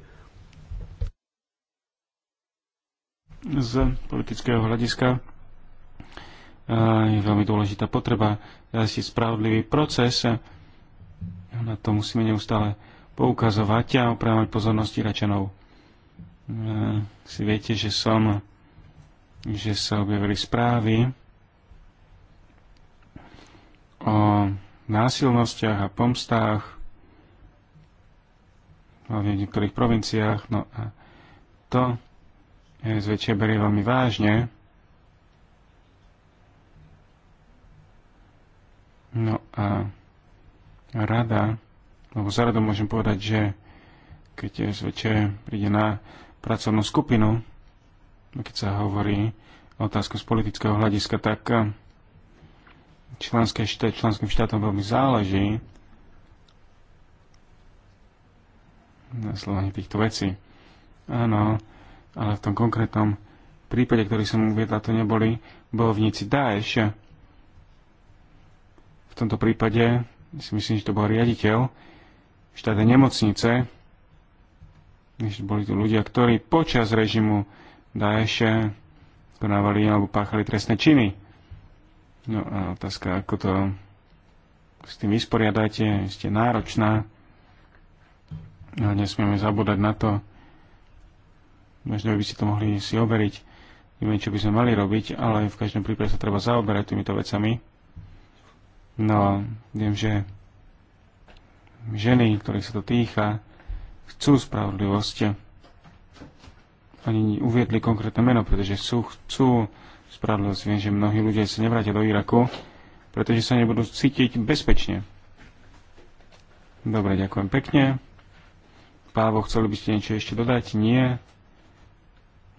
z politického hľadiska eh, je veľmi dôležitá potreba zajistiť eh, spravodlivý proces. Na to musíme neustále poukazovať a oprávať pozornosti račanov. Eh, si viete, že som že sa objavili správy o násilnostiach a pomstách hlavne v niektorých provinciách. No a to SVČ berie veľmi vážne. No a rada, lebo za radu môžem povedať, že keď SVČ príde na pracovnú skupinu, keď sa hovorí o otázku z politického hľadiska, tak eh, členské štát, členským štátom veľmi záleží na slovení týchto vecí. Áno, ale v tom konkrétnom prípade, ktorý som uviedla, to neboli bojovníci Daesh. V tomto prípade si myslím, že to bol riaditeľ štátnej nemocnice, že boli tu ľudia, ktorí počas režimu Daeš konávali alebo páchali trestné činy. No a otázka, ako to s tým vysporiadáte, ste náročná. No, nesmieme zabúdať na to, Možno by si to mohli si overiť. Neviem, čo by sme mali robiť, ale v každom prípade sa treba zaoberať týmito vecami. No, viem, že ženy, ktorých sa to týka, chcú spravodlivosť. Oni uviedli konkrétne meno, pretože sú, chcú spravodlivosť. Viem, že mnohí ľudia sa nevrátia do Iraku, pretože sa nebudú cítiť bezpečne. Dobre, ďakujem pekne. Pávo, chceli by ste niečo ešte dodať? Nie.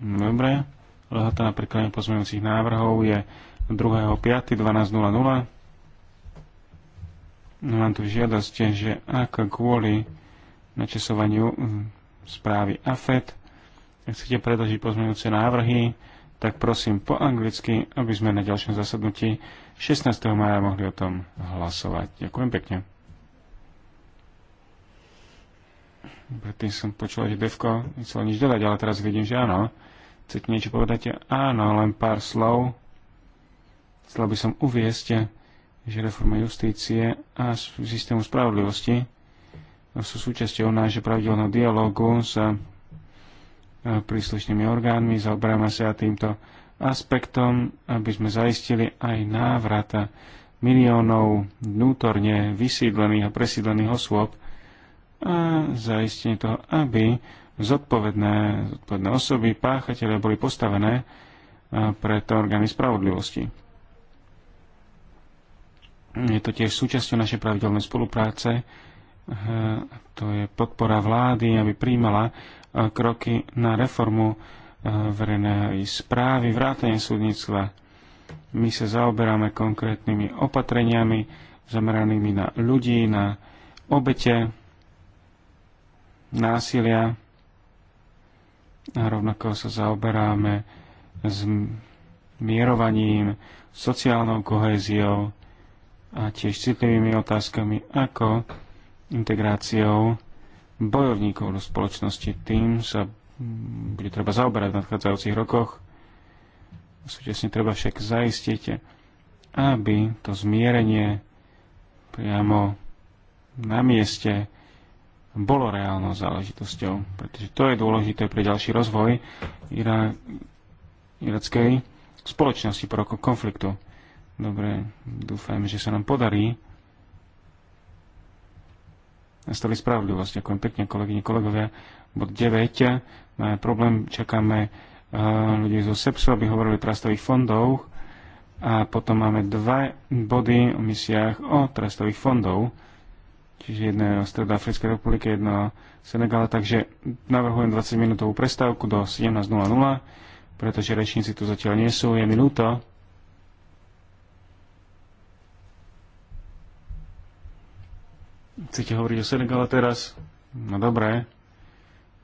Dobre. Lehota na prekladanie pozmeňujúcich návrhov je 2.5.12.00. Mám tu žiadosť, že ak kvôli načasovaniu hm, správy AFED chcete predložiť pozmeňujúce návrhy, tak prosím po anglicky, aby sme na ďalšom zasadnutí 16. maja mohli o tom hlasovať. Ďakujem pekne. predtým som počul, že Devko nechcel nič dodať, ale teraz vidím, že áno. Chcete niečo povedať? Áno, len pár slov. Chcel by som uviesť, že reforma justície a systému spravodlivosti sú súčasťou nášho pravidelného dialógu s e, príslušnými orgánmi. Zaoberáme sa týmto aspektom, aby sme zaistili aj návrat miliónov vnútorne vysídlených a presídlených osôb a zaistenie toho, aby zodpovedné, zodpovedné osoby, páchatelia boli postavené to orgány spravodlivosti. Je to tiež súčasťou našej pravidelnej spolupráce. To je podpora vlády, aby príjmala kroky na reformu verejnej správy, vrátanie súdnictva. My sa zaoberáme konkrétnymi opatreniami zameranými na ľudí, na obete, násilia. A rovnako sa zaoberáme s mierovaním, sociálnou kohéziou a tiež citlivými otázkami ako integráciou bojovníkov do spoločnosti. Tým sa bude treba zaoberať v nadchádzajúcich rokoch. Súčasne treba však zaistiť, aby to zmierenie priamo na mieste bolo reálnou záležitosťou, pretože to je dôležité pre ďalší rozvoj ira- irackej spoločnosti po roku konfliktu. Dobre, dúfajme, že sa nám podarí nastali spravodlivosť. Ďakujem pekne, kolegyne, kolegovia. Bod 9. Máme problém, čakáme eh, ľudí zo SEPSu, aby hovorili o trastových fondoch. A potom máme dva body o misiách o trastových fondov. Čiže jedna je o Stredoafrickej republike, jedna o Senegale, takže navrhujem 20 minútovú prestávku do 17.00, pretože rečníci tu zatiaľ nie sú, je minúta. Chcete hovoriť o Senegale teraz? No dobré.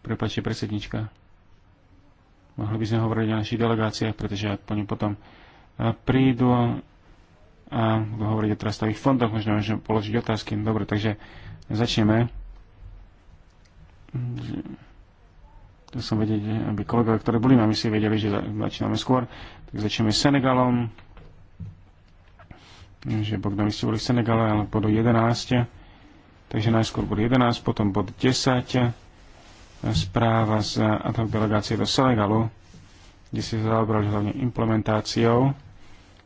Prepačte, predsednička. Mohli by sme hovoriť o našich delegáciách, pretože ja po potom prídu a budú hovoriť o trastových fondoch, možno môžeme položiť otázky. Dobre, takže začneme. To som vedieť, aby kolegovia, ktorí boli na misii, vedeli, že začíname skôr. Tak začneme s Senegalom. Že Bogdan, na ste boli v Senegale, ale bodu 11. Takže najskôr bod 11, potom bod 10. Správa z ad delegácie do Senegalu, kde si zaobrali hlavne implementáciou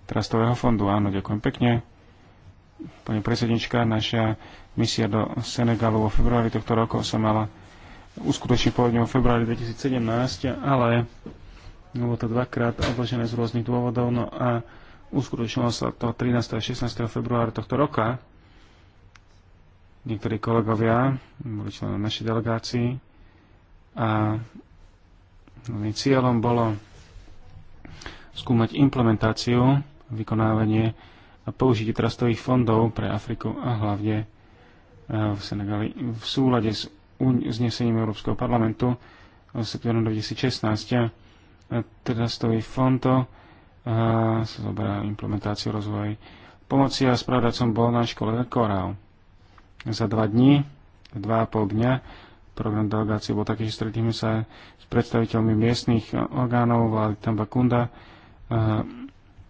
trastového fondu. Áno, ďakujem pekne. Pani predsednička, naša misia do Senegalu vo februári tohto roku sa mala uskutočniť pôvodne vo februári 2017, ale bolo to dvakrát odložené z rôznych dôvodov, no a uskutočnilo sa to 13. a 16. februára tohto roka. Niektorí kolegovia boli členom našej delegácii a cieľom bolo skúmať implementáciu vykonávanie a použitie trastových fondov pre Afriku a hlavne eh, v Senegali v súlade s uznesením Európskeho parlamentu v septembrom 2016. Eh, Trastový fondo eh, sa zoberá implementáciu rozvoj pomoci a správdacom bol na škole Korál. Za dva dní, dva a pol dňa, program delegácie bol taký, že stretíme sa s predstaviteľmi miestnych orgánov vlády Tambakunda,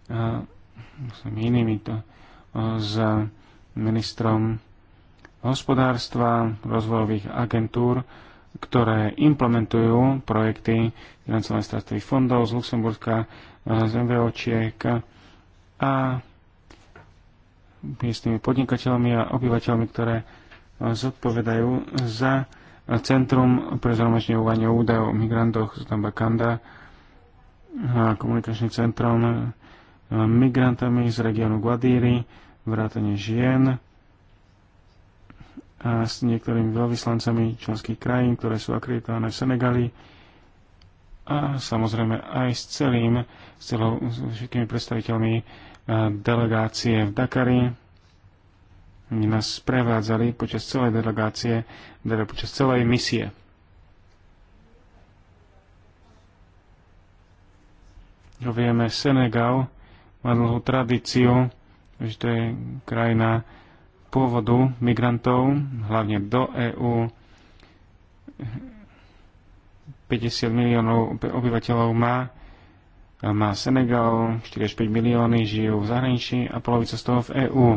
s inými to, s ministrom hospodárstva, rozvojových agentúr, ktoré implementujú projekty financovaných strastových fondov z Luxemburska, z MVOčiek a miestnymi podnikateľmi a obyvateľmi, ktoré zodpovedajú za Centrum pre zhromažďovanie údajov o migrantoch z Tambakanda a komunikačným centrom migrantami z regiónu Guadíry, vrátane žien a s niektorými veľvyslancami členských krajín, ktoré sú akreditované v Senegali a samozrejme aj s celým, s celou, s všetkými predstaviteľmi e, delegácie v Dakari. Oni nás sprevádzali počas celej delegácie, teda počas celej misie. Čo vieme, Senegal má dlhú tradíciu, že to je krajina pôvodu migrantov, hlavne do EÚ. 50 miliónov obyvateľov má, má Senegal, 45 milióny žijú v zahraničí a polovica z toho v EÚ.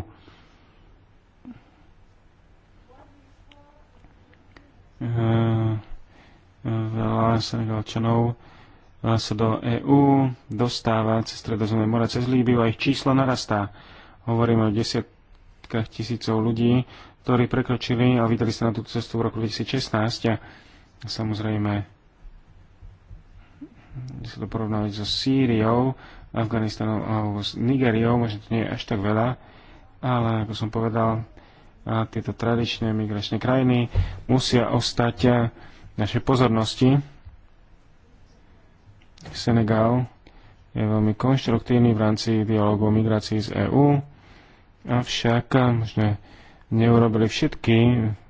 Ehm, veľa Senegalčanov sa do EÚ dostáva cez Stredozemné more, cez Líbiu a ich číslo narastá. Hovoríme o desiatkách tisícov ľudí, ktorí prekročili a vydali sa na túto cestu v roku 2016 a samozrejme sa to porovnávať so Sýriou, Afganistanom alebo s Nigeriou, možno to nie je až tak veľa, ale ako som povedal, a tieto tradičné migračné krajiny musia ostať našej pozornosti Senegal je veľmi konštruktívny v rámci dialogu o migrácii z EÚ, avšak eh, možno neurobili všetky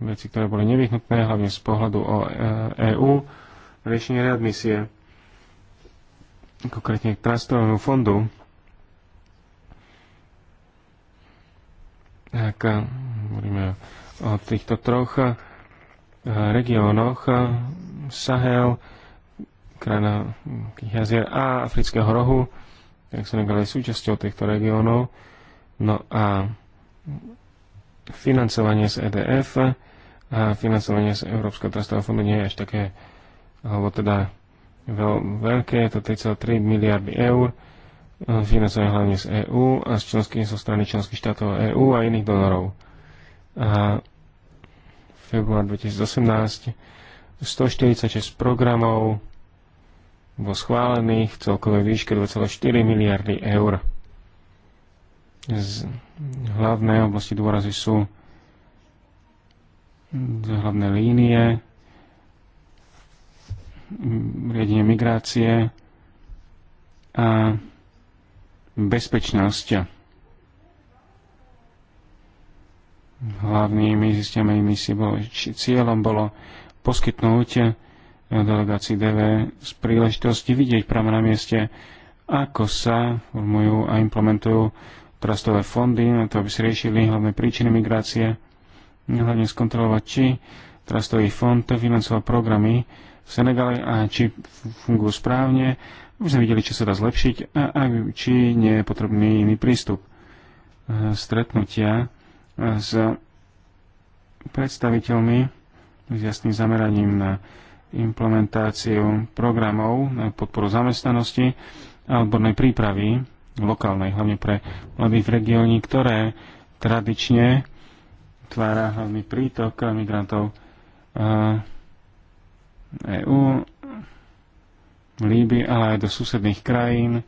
veci, ktoré boli nevyhnutné, hlavne z pohľadu o EÚ, eh, e riešenie readmisie, konkrétne k trastovému fondu. Tak eh, hovoríme o týchto troch regiónoch, Sahel, krajina jazier a Afrického rohu, tak Senegal je súčasťou týchto regiónov. No a financovanie z EDF a financovanie z Európskeho trastového fondu nie je až také, alebo teda veľ, veľké, je to 3,3 miliardy eur, e, financovanie hlavne z EÚ a z členských, zo strany členských štátov EÚ a iných donorov. A február 2018 146 programov vo schválených v celkovej výške 2,4 miliardy eur. Z hlavné oblasti dôrazy sú hlavné línie, riadenie migrácie a bezpečnosť. Hlavnými zistiami misie bolo, či cieľom bolo poskytnúť delegácii DV z príležitosti vidieť práve na mieste, ako sa formujú a implementujú trastové fondy na to, aby si riešili hlavné príčiny migrácie, hlavne skontrolovať, či trastový fond financoval programy v Senegale a či fungujú správne, aby sme videli, čo sa dá zlepšiť a, a či nie je potrebný iný prístup. Stretnutia s predstaviteľmi s jasným zameraním na implementáciu programov na podporu zamestnanosti a odbornej prípravy lokálnej, hlavne pre mladých regióni, ktoré tradične tvára hlavný prítok migrantov EÚ, eh, e Líby, ale aj do susedných krajín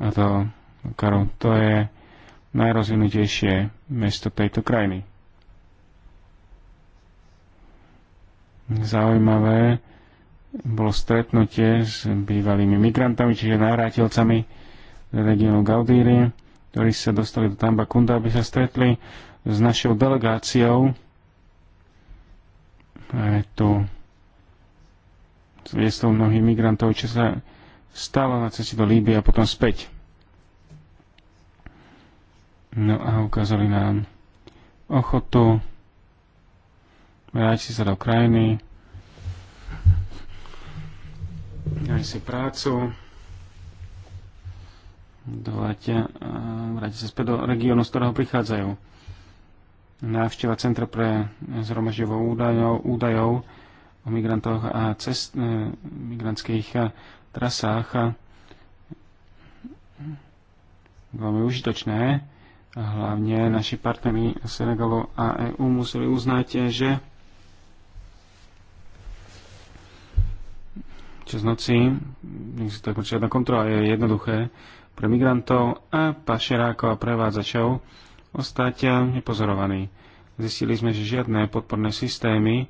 a do Karov. To je najrozvinutejšie mesto tejto krajiny. Zaujímavé bolo stretnutie s bývalými migrantami, čiže navrátilcami z regionu Gaudíry, ktorí sa dostali do Tambakunda, aby sa stretli s našou delegáciou. Je tu vieslo mnohých migrantov, čo sa stalo na ceste do Líbie a potom späť. No a ukázali nám ochotu vrátiť sa do krajiny, Daj si prácu, dovoláte eh, vrátiť sa späť do regiónu, z ktorého prichádzajú. Návšteva Centra pre zhromažďovou údajov, údajov o migrantoch a cest, e, migrantských eh, trasách veľmi užitočné. Hlavne naši partnery Senegalu a EU museli uznať, že čas noci, nech si to určite kontrola je jednoduché pre migrantov a pašerákov a prevádzačov ostať nepozorovaní. Zistili sme, že žiadne podporné systémy e,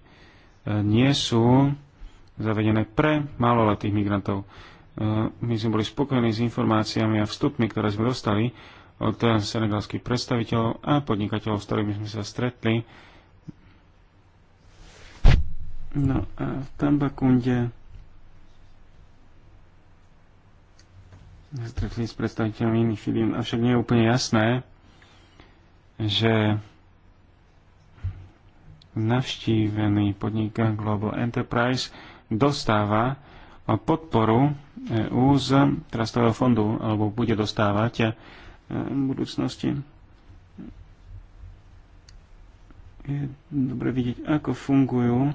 nie sú zavedené pre maloletých migrantov. E, my sme boli spokojní s informáciami a vstupmi, ktoré sme dostali od senegalských predstaviteľov a podnikateľov, s ktorými sme sa stretli. No a v Tambakunde stretli s predstaviteľmi iných firiem, avšak nie je úplne jasné, že navštívený podnik Global Enterprise dostáva podporu EU z Trastového fondu, alebo bude dostávať e, v budúcnosti. Je dobre vidieť, ako fungujú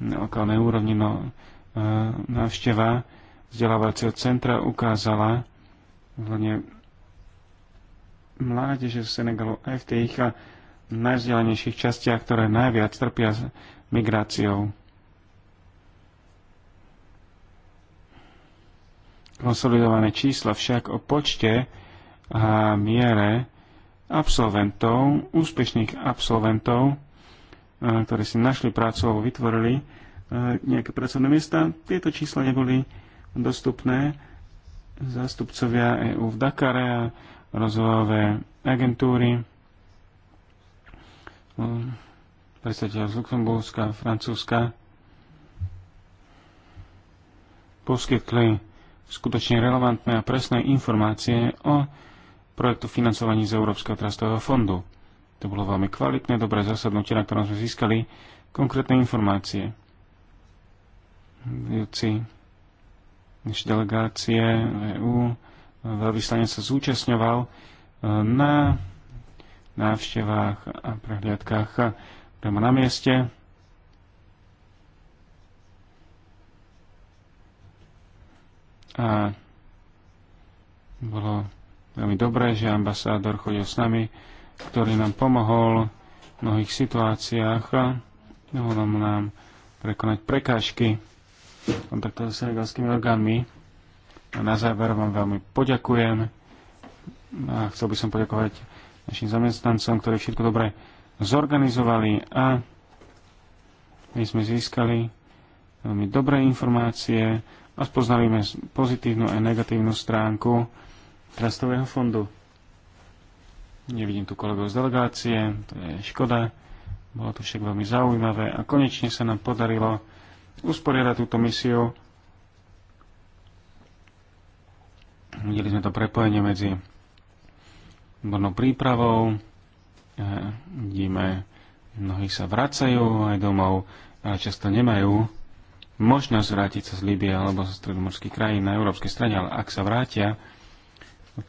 na lokálnej úrovni no, e, návšteva vzdelávacieho centra ukázala hlavne mládeže v Senegalu aj v tých najvzdelanejších častiach, ktoré najviac trpia s migráciou. Konsolidované čísla však o počte a miere absolventov, úspešných absolventov, ktorí si našli prácu alebo vytvorili nejaké pracovné miesta, tieto čísla neboli dostupné. Zástupcovia EÚ v Dakare a rozvojové agentúry, predstaviteľ z Luxemburska, Francúzska, poskytli skutočne relevantné a presné informácie o projektu financovaní z Európskeho trastového fondu. To bolo veľmi kvalitné, dobré zasadnutie, na ktorom sme získali konkrétne informácie. Vedúci než delegácie EÚ e, veľvyslanec sa zúčastňoval e, na návštevách a prehliadkách e, priamo na mieste. A bolo veľmi dobré, že ambasádor chodil s nami, ktorý nám pomohol v mnohých situáciách a mohol nám prekonať prekážky kontaktov s senegalskými orgánmi. A na záver vám veľmi poďakujem a chcel by som poďakovať našim zamestnancom, ktorí všetko dobre zorganizovali a my sme získali veľmi dobré informácie a spoznali sme pozitívnu a negatívnu stránku Trastového fondu. Nevidím tu kolegov z delegácie, to je škoda. Bolo to však veľmi zaujímavé a konečne sa nám podarilo usporiadať túto misiu. Videli sme to prepojenie medzi odbornou prípravou, eh, vidíme, mnohí sa vracajú aj domov, ale eh, často nemajú možnosť vrátiť sa z Líbie alebo zo stredomorských krajín na európskej strane, ale ak sa vrátia,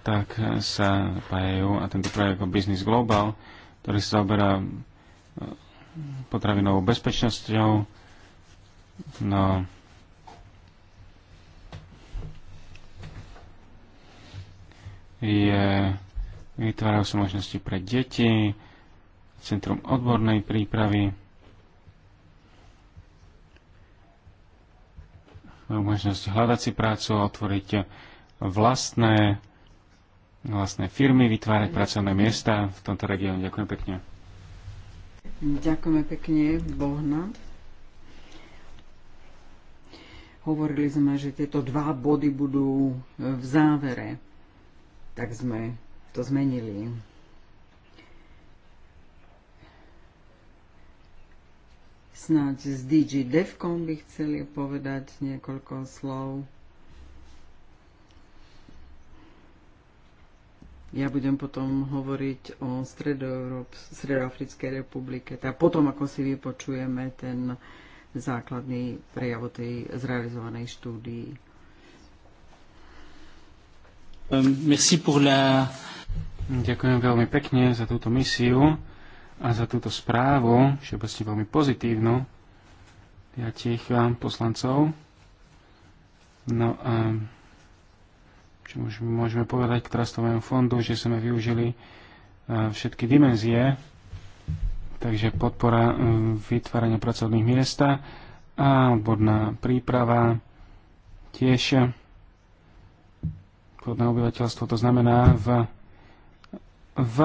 tak sa pájajú a tento projekt ako Business Global, ktorý sa zaoberá eh, potravinovou bezpečnosťou, No, je, vytvárajú sa možnosti pre deti, Centrum odbornej prípravy, možnosť hľadať si prácu, otvoriť vlastné, vlastné firmy, vytvárať pracovné miesta v tomto regióne. Ďakujem pekne. Ďakujeme pekne, Bohna. Hovorili sme, že tieto dva body budú e, v závere. Tak sme to zmenili. Snáď z DG Devkom by chceli povedať niekoľko slov. Ja budem potom hovoriť o Stredoafrickej republike, Tak potom ako si vypočujeme ten uh, základný prejav tej zrealizovanej štúdii. Um, merci pour la... Ďakujem veľmi pekne za túto misiu a za túto správu, všeobecne veľmi pozitívnu vám um, poslancov. No a um, čo môžeme povedať k trastovému fondu, že sme využili uh, všetky dimenzie Takže podpora e, vytvárania pracovných miest a odborná príprava tiež pôvodné obyvateľstvo. To znamená v, v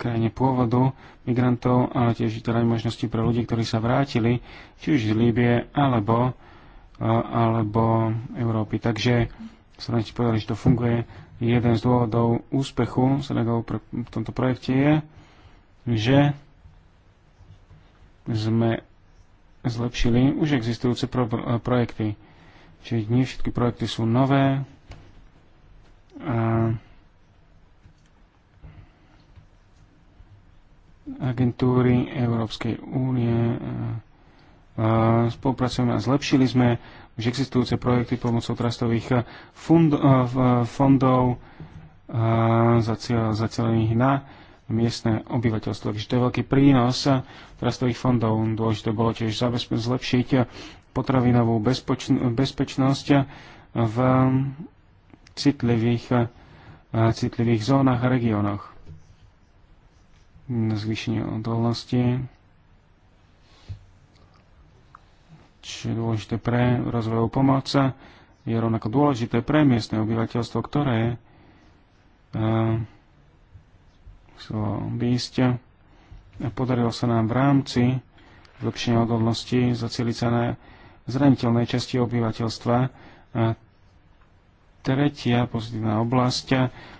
krajine pôvodu migrantov, ale tiež teda možnosti pre ľudí, ktorí sa vrátili, či už z Líbie alebo, e, alebo Európy. Takže som nám povedal, že to funguje. Jeden z dôvodov úspechu Senegalu v tomto projekte je, že sme zlepšili už existujúce pro, eh, projekty. Čiže nie všetky projekty sú nové. A agentúry Európskej únie eh, eh, spolupracujeme a zlepšili sme už existujúce projekty pomocou trastových fond, fondov zacielených na miestne obyvateľstvo. Takže to je veľký prínos trastových fondov. Dôležité bolo tiež zlepšiť potravinovú bezpečnosť v citlivých, citlivých zónach a regiónoch. Zvýšenie odolnosti, čo je dôležité pre rozvojovú pomoc, je rovnako dôležité pre miestne obyvateľstvo, ktoré eh, výjsť. Eh, podarilo sa nám v rámci zlepšenia odolnosti zacieliť sa na zraniteľnej časti obyvateľstva. A tretia pozitívna oblasť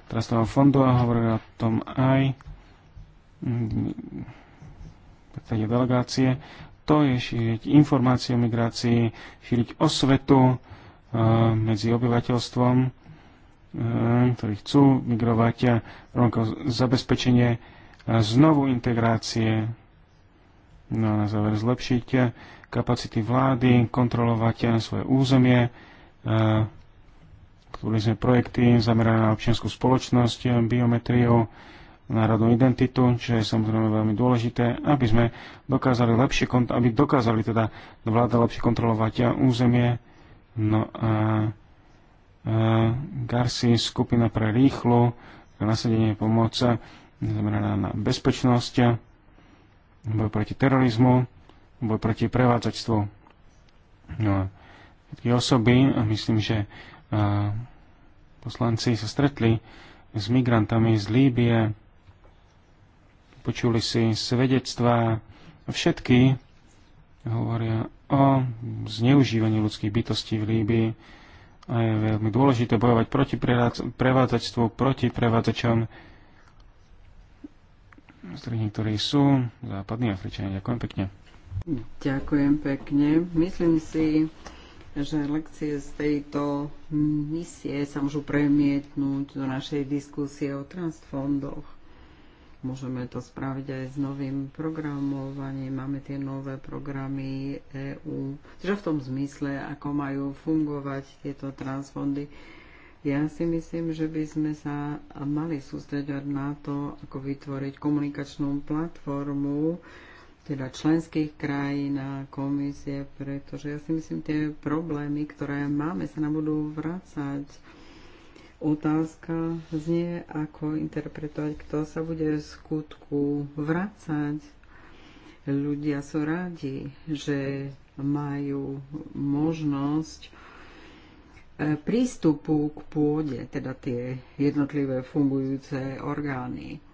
trastového fondu a hovorí o tom aj mm, predstaviteľ delegácie, to je šíriť informácie o migrácii, šíriť osvetu eh, medzi obyvateľstvom, Eh, ktorí chcú migrovať, eh, rovnako zabezpečenie eh, znovu integrácie, no a na záver zlepšiť kapacity vlády, kontrolovať svoje územie, ktorý sme projekty zamerané na občianskú spoločnosť, biometriu, národnú identitu, čo je samozrejme veľmi dôležité, aby sme dokázali lepšie, aby dokázali teda vláda lepšie kontrolovať územie, no a Eh, Garci, skupina pre rýchlu, pre nasadenie pomoci, znamená na bezpečnosť, boj proti terorizmu, boj proti prevádzačstvu. No a všetky osoby, a myslím, že a, eh, poslanci sa stretli s migrantami z Líbie, počuli si svedectvá, všetky hovoria o zneužívaní ľudských bytostí v Líbii, a je veľmi dôležité bojovať proti prevádzačstvu, proti prevádzačom, z ktorí sú západní Afričania. Ďakujem pekne. Ďakujem pekne. Myslím si, že lekcie z tejto misie sa môžu premietnúť do našej diskusie o transfondoch. Môžeme to spraviť aj s novým programovaním. Máme tie nové programy EÚ. že v tom zmysle, ako majú fungovať tieto transfondy. Ja si myslím, že by sme sa mali sústreďovať na to, ako vytvoriť komunikačnú platformu teda členských krajín a komisie, pretože ja si myslím, tie problémy, ktoré máme, sa nám budú vrácať Otázka znie, ako interpretovať, kto sa bude v skutku vracať. Ľudia sú radi, že majú možnosť e, prístupu k pôde, teda tie jednotlivé fungujúce orgány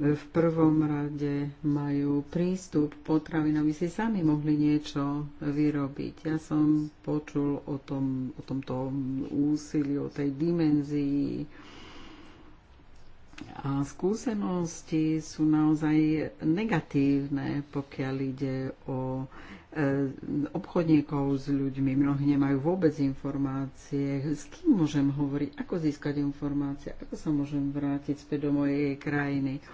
v prvom rade majú prístup potravin, aby si sami mohli niečo vyrobiť. Ja som počul o, tom, o tomto úsilí, o tej dimenzii a skúsenosti sú naozaj negatívne, pokiaľ ide o E, obchodníkov s ľuďmi, mnohí nemajú vôbec informácie, s kým môžem hovoriť, ako získať informácie, ako sa môžem vrátiť späť do mojej krajiny.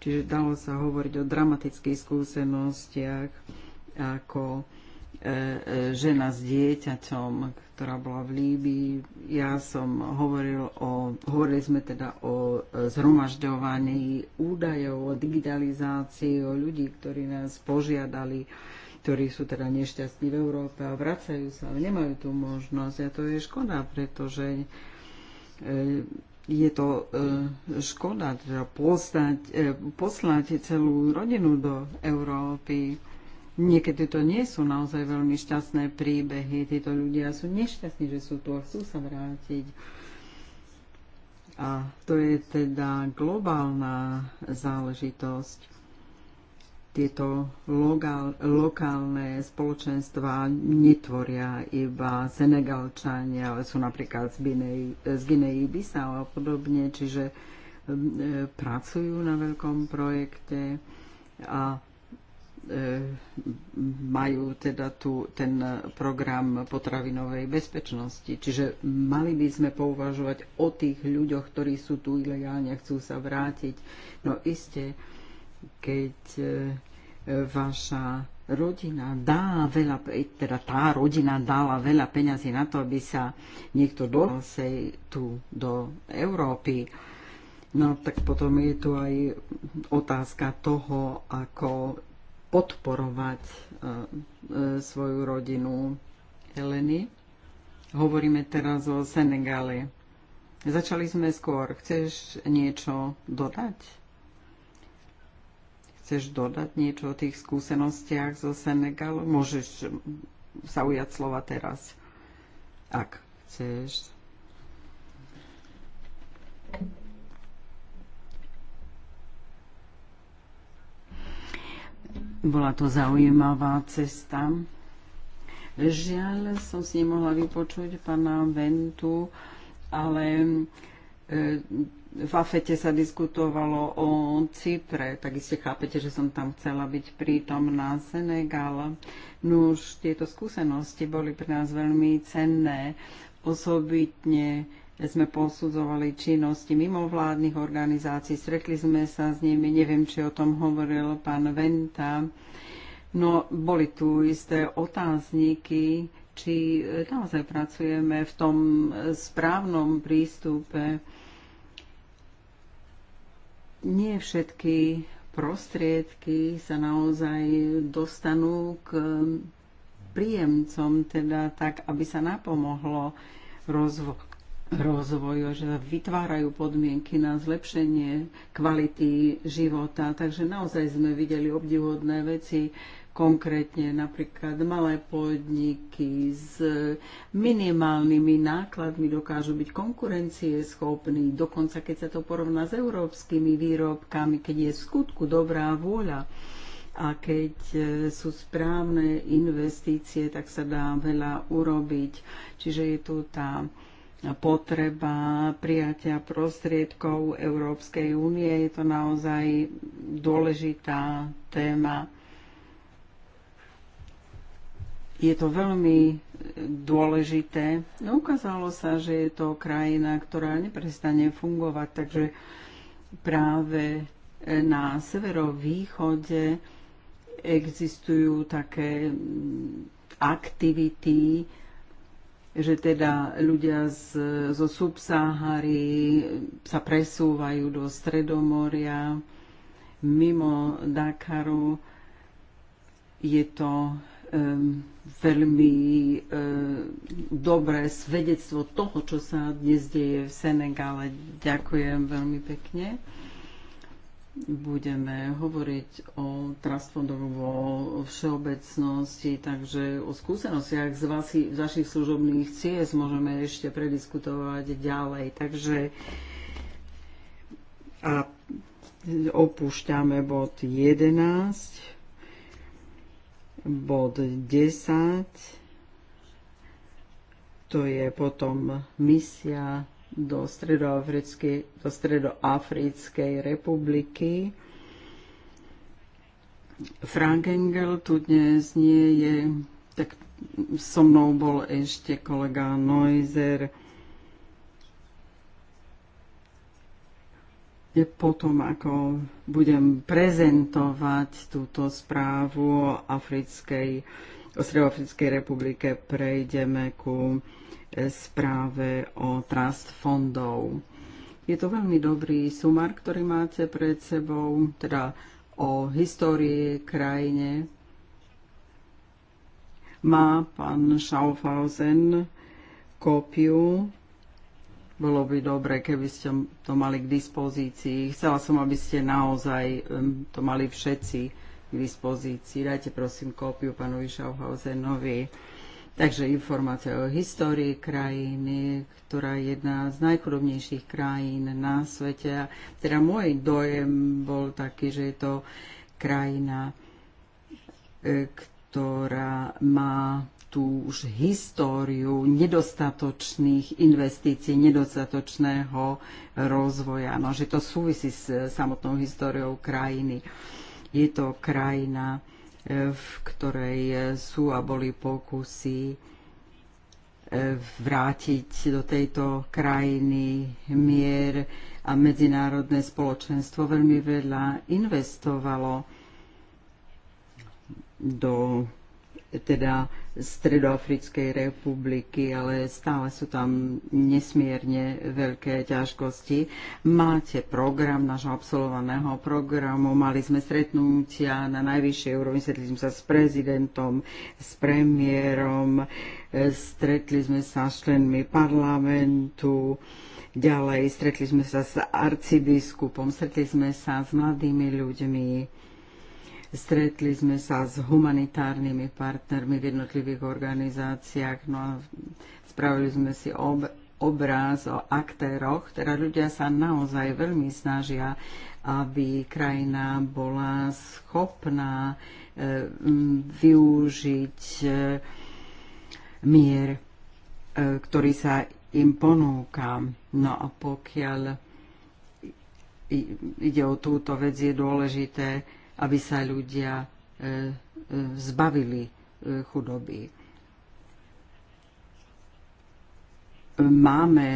Čiže dalo sa hovoriť o dramatických skúsenostiach, ako e, e, žena s dieťaťom, ktorá bola v Líbii. Ja som hovoril o, hovorili sme teda o zhromažďovaní údajov, o digitalizácii, o ľudí, ktorí nás požiadali ktorí sú teda nešťastní v Európe a vracajú sa, ale nemajú tú možnosť. A to je škoda, pretože e, je to e, škoda teda poslať, e, poslať celú rodinu do Európy. Niekedy to nie sú naozaj veľmi šťastné príbehy. Títo ľudia sú nešťastní, že sú tu a chcú sa vrátiť. A to je teda globálna záležitosť tieto logál, lokálne spoločenstva netvoria iba Senegalčania, ale sú napríklad z, Binej, z Bissau a podobne, čiže um, e, pracujú na veľkom projekte a e, majú teda tu ten program potravinovej bezpečnosti. Čiže mali by sme pouvažovať o tých ľuďoch, ktorí sú tu ilegálne, chcú sa vrátiť. No iste, keď e, vaša rodina dá veľa, teda tá rodina dala veľa peňazí na to, aby sa niekto dostal tu do Európy. No tak potom je tu aj otázka toho, ako podporovať e, e, svoju rodinu Heleny. Hovoríme teraz o Senegale. Začali sme skôr. Chceš niečo dodať? Chceš dodať niečo o tých skúsenostiach zo Senegalu? Môžeš sa ujať slova teraz, ak chceš. Bola to zaujímavá cesta. Žiaľ, som si nemohla vypočuť pána Ventu, ale e, v Afete sa diskutovalo o Cypre, tak iste chápete, že som tam chcela byť prítomná Senegal. No už tieto skúsenosti boli pre nás veľmi cenné. Osobitne sme posudzovali činnosti mimovládnych organizácií, stretli sme sa s nimi, neviem, či o tom hovoril pán Venta. No, boli tu isté otázniky, či naozaj pracujeme v tom správnom prístupe nie všetky prostriedky sa naozaj dostanú k príjemcom, teda tak, aby sa napomohlo rozvo- rozvoju, že vytvárajú podmienky na zlepšenie kvality života. Takže naozaj sme videli obdivodné veci konkrétne napríklad malé podniky s minimálnymi nákladmi dokážu byť konkurencieschopní, dokonca keď sa to porovná s európskymi výrobkami, keď je v skutku dobrá vôľa a keď e, sú správne investície, tak sa dá veľa urobiť. Čiže je tu tá potreba prijatia prostriedkov Európskej únie. Je to naozaj dôležitá téma je to veľmi dôležité. No, ukázalo sa, že je to krajina, ktorá neprestane fungovať, takže práve e, na severovýchode existujú také mm, aktivity, že teda ľudia z, zo subsáhary e, sa presúvajú do Stredomoria, mimo Dakaru. Je to veľmi e, dobré svedectvo toho, čo sa dnes deje v Senegále. Ďakujem veľmi pekne. Budeme hovoriť o transfondovom vo všeobecnosti, takže o skúsenostiach z, vasi, z vašich služobných ciest môžeme ešte prediskutovať ďalej. Takže a opúšťame bod 11 bod 10, to je potom misia do do Stredoafrickej republiky. Frank Engel tu dnes nie je, tak so mnou bol ešte kolega Neuser, potom, ako budem prezentovať túto správu o Africkej, o Stredoafrickej republike, prejdeme ku e, správe o trust fondov. Je to veľmi dobrý sumár, ktorý máte pred sebou, teda o histórii krajine. Má pán Schaufhausen kópiu bolo by dobre, keby ste to mali k dispozícii. Chcela som, aby ste naozaj to mali všetci k dispozícii. Dajte prosím kópiu pánovi Schaufhausenovi. Takže informácia o histórii krajiny, ktorá je jedna z najchudobnejších krajín na svete. Teda môj dojem bol taký, že je to krajina, e, ktorá má tú už históriu nedostatočných investícií, nedostatočného rozvoja. No, že to súvisí s e, samotnou históriou krajiny. Je to krajina, e, v ktorej e, sú a boli pokusy vrátiť do tejto krajiny mier a medzinárodné spoločenstvo veľmi veľa investovalo do teda Stredoafrickej republiky, ale stále sú tam nesmierne veľké ťažkosti. Máte program nášho absolvovaného programu, mali sme stretnutia na najvyššej úrovni, stretli sme sa s prezidentom, s premiérom, e, stretli sme sa s členmi parlamentu, ďalej stretli sme sa s arcibiskupom, stretli sme sa s mladými ľuďmi, Stretli sme sa s humanitárnymi partnermi v jednotlivých organizáciách, no a spravili sme si ob, obraz o aktéroch, teda ľudia sa naozaj veľmi snažia, aby krajina bola schopná e, m, využiť e, mier, e, ktorý sa im ponúka. No a pokiaľ ide o túto vec, je dôležité aby sa ľudia e, e, zbavili e, chudoby. Máme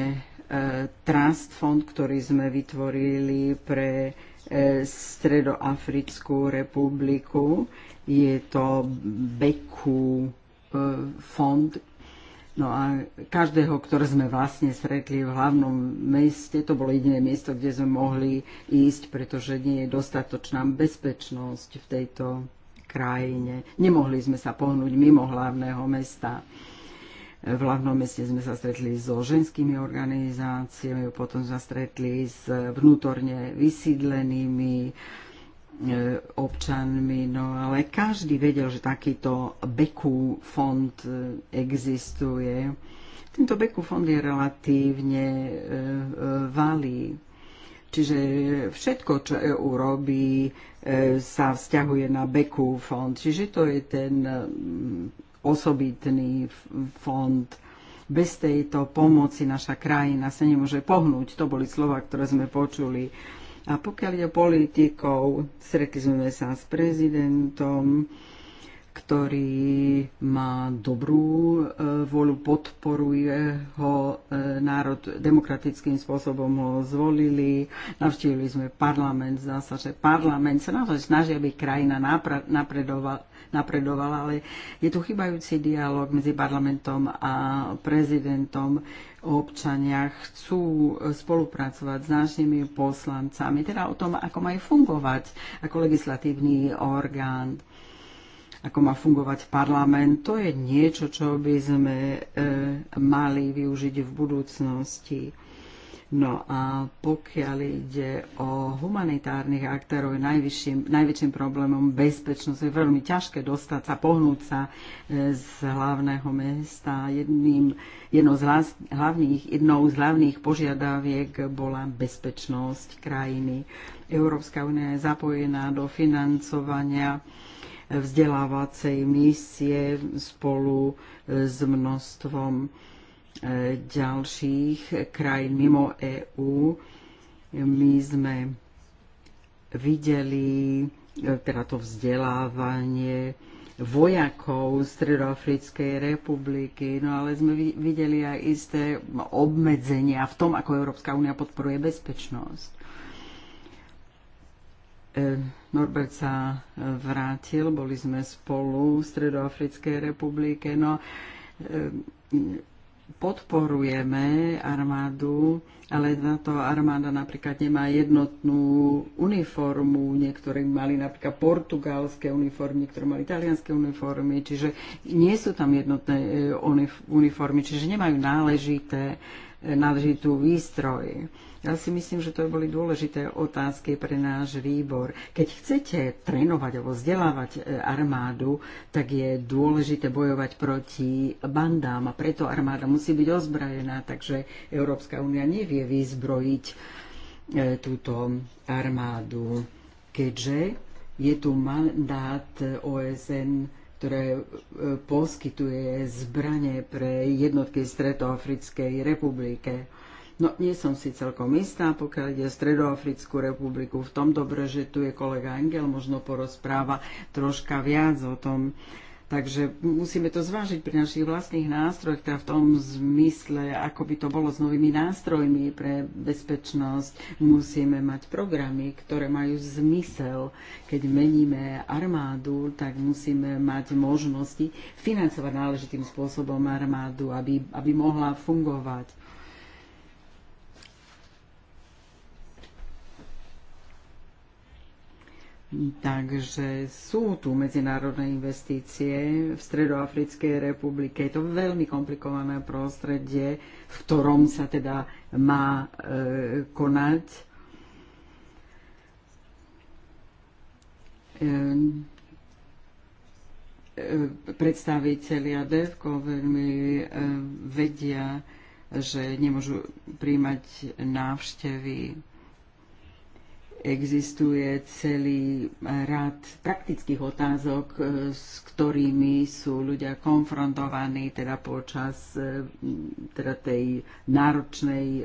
Trust fund, ktorý sme vytvorili pre Stredoafrickú republiku. Je to Beku fond, No a každého, ktoré sme vlastne stretli v hlavnom meste, to bolo jediné miesto, kde sme mohli ísť, pretože nie je dostatočná bezpečnosť v tejto krajine. Nemohli sme sa pohnúť mimo hlavného mesta. V hlavnom meste sme sa stretli so ženskými organizáciami, potom sa stretli s vnútorne vysídlenými E, občanmi, no ale každý vedel, že takýto Beku fond e, existuje. Tento Beku fond je relatívne e, valý. Čiže všetko, čo EU robí, sa vzťahuje na Beku fond. Čiže to je ten osobitný fond. Bez tejto pomoci naša krajina sa nemôže pohnúť. To boli slova, ktoré sme počuli a pokiaľ ide o politikov, stretli sme sa s prezidentom, ktorý má dobrú e, volu, podporuje ho e, národ demokratickým spôsobom ho zvolili. Navštívili sme parlament, zdá sa, že parlament sa naozaj snaží, aby krajina napredovala napredovala, ale je tu chybajúci dialog medzi parlamentom a prezidentom. Občania chcú spolupracovať s našimi poslancami, teda o tom, ako majú fungovať ako legislatívny orgán ako má fungovať parlament, to je niečo, čo by sme e, mali využiť v budúcnosti No a pokiaľ ide o humanitárnych aktérov, najvyšším, najväčším problémom bezpečnosť je veľmi ťažké dostať sa, pohnúť sa e, z hlavného mesta. Jedným, jednou z hlavných, jednou z hlavných požiadaviek bola bezpečnosť krajiny. Európska únia je zapojená do financovania vzdelávacej misie spolu e, s množstvom E, ďalších krajín mimo EÚ. My sme videli e, teda to vzdelávanie vojakov Stredoafrickej republiky, no ale sme videli aj isté obmedzenia v tom, ako Európska únia podporuje bezpečnosť. E, Norbert sa vrátil, boli sme spolu v Stredoafrickej republike, no podporujeme armádu, ale táto armáda napríklad nemá jednotnú uniformu. Niektorí mali napríklad portugalské uniformy, niektorí mali italianské uniformy, čiže nie sú tam jednotné e, uniformy, čiže nemajú náležité, e, náležitú výstroj. Ja si myslím, že to boli dôležité otázky pre náš výbor. Keď chcete trénovať alebo vzdelávať e, armádu, tak je dôležité bojovať proti bandám a preto armáda musí byť ozbrojená, takže Európska únia nevie vyzbrojiť e, túto armádu, keďže je tu mandát OSN, ktoré e, poskytuje zbranie pre jednotky Stretoafrickej republike No, nie som si celkom istá, pokiaľ ide Stredoafrickú republiku. V tom dobre, že tu je kolega Engel, možno porozpráva troška viac o tom. Takže musíme to zvážiť pri našich vlastných nástrojoch, teda v tom zmysle, ako by to bolo s novými nástrojmi pre bezpečnosť. Musíme mať programy, ktoré majú zmysel. Keď meníme armádu, tak musíme mať možnosti financovať náležitým spôsobom armádu, aby, aby mohla fungovať Takže sú tu medzinárodné investície v Stredoafrickej republike. Je to veľmi komplikované prostredie, v ktorom sa teda má e, konať. E, e predstavitelia DEVKO veľmi e, vedia, že nemôžu príjmať návštevy Existuje celý rad praktických otázok, e, s ktorými sú ľudia konfrontovaní teda počas e, teda tej náročnej e,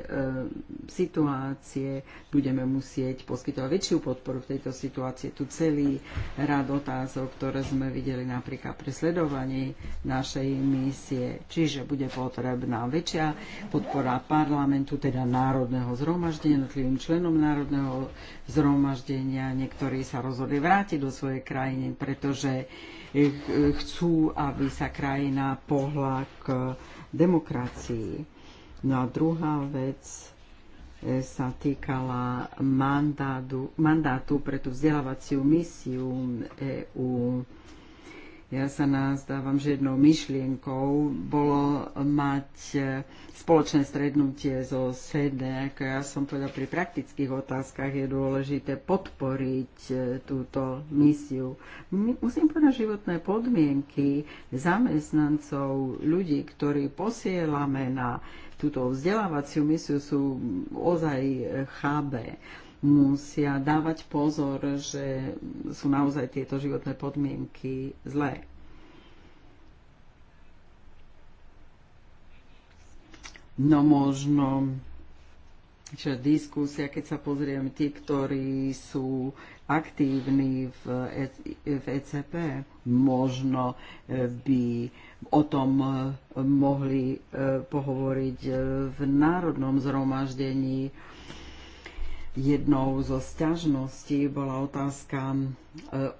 situácie. Budeme musieť poskytovať väčšiu podporu v tejto situácii. Tu celý rad otázok, ktoré sme videli napríklad pri sledovaní našej misie. Čiže bude potrebná väčšia podpora parlamentu, teda národného zhromaždenia, jednotlivým členom národného zhromaždenia. Niektorí sa rozhodli vrátiť do svojej krajiny, pretože chcú, aby sa krajina pohla k demokracii. No a druhá vec e, sa týkala mandátu, mandátu pre tú vzdelávaciu misiu EU. Ja sa názdávam, že jednou myšlienkou bolo mať e, spoločné strednutie zo SEDE, ako ja som povedal, pri praktických otázkach je dôležité podporiť e, túto misiu. Musím povedať, životné podmienky zamestnancov, ľudí, ktorí posielame na túto vzdelávaciu misiu sú ozaj e, chábe musia dávať pozor, že sú naozaj tieto životné podmienky zlé. No možno, že diskusia, keď sa pozrieme tí, ktorí sú aktívni v, e, v ECP, možno e, by o tom e, mohli e, pohovoriť v národnom zhromaždení Jednou zo sťažností bola otázka e,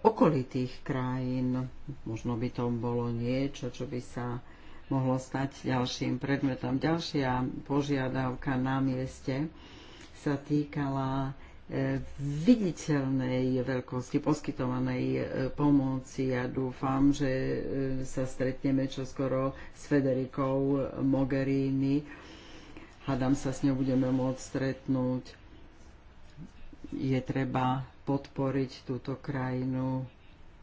okolitých krajín. Možno by to bolo niečo, čo by sa mohlo stať ďalším predmetom. Ďalšia požiadavka na mieste sa týkala e, viditeľnej veľkosti poskytovanej e, pomoci. Ja dúfam, že sa stretneme čoskoro s Federikou Mogherini. Hádam sa s ňou budeme môcť stretnúť je treba podporiť túto krajinu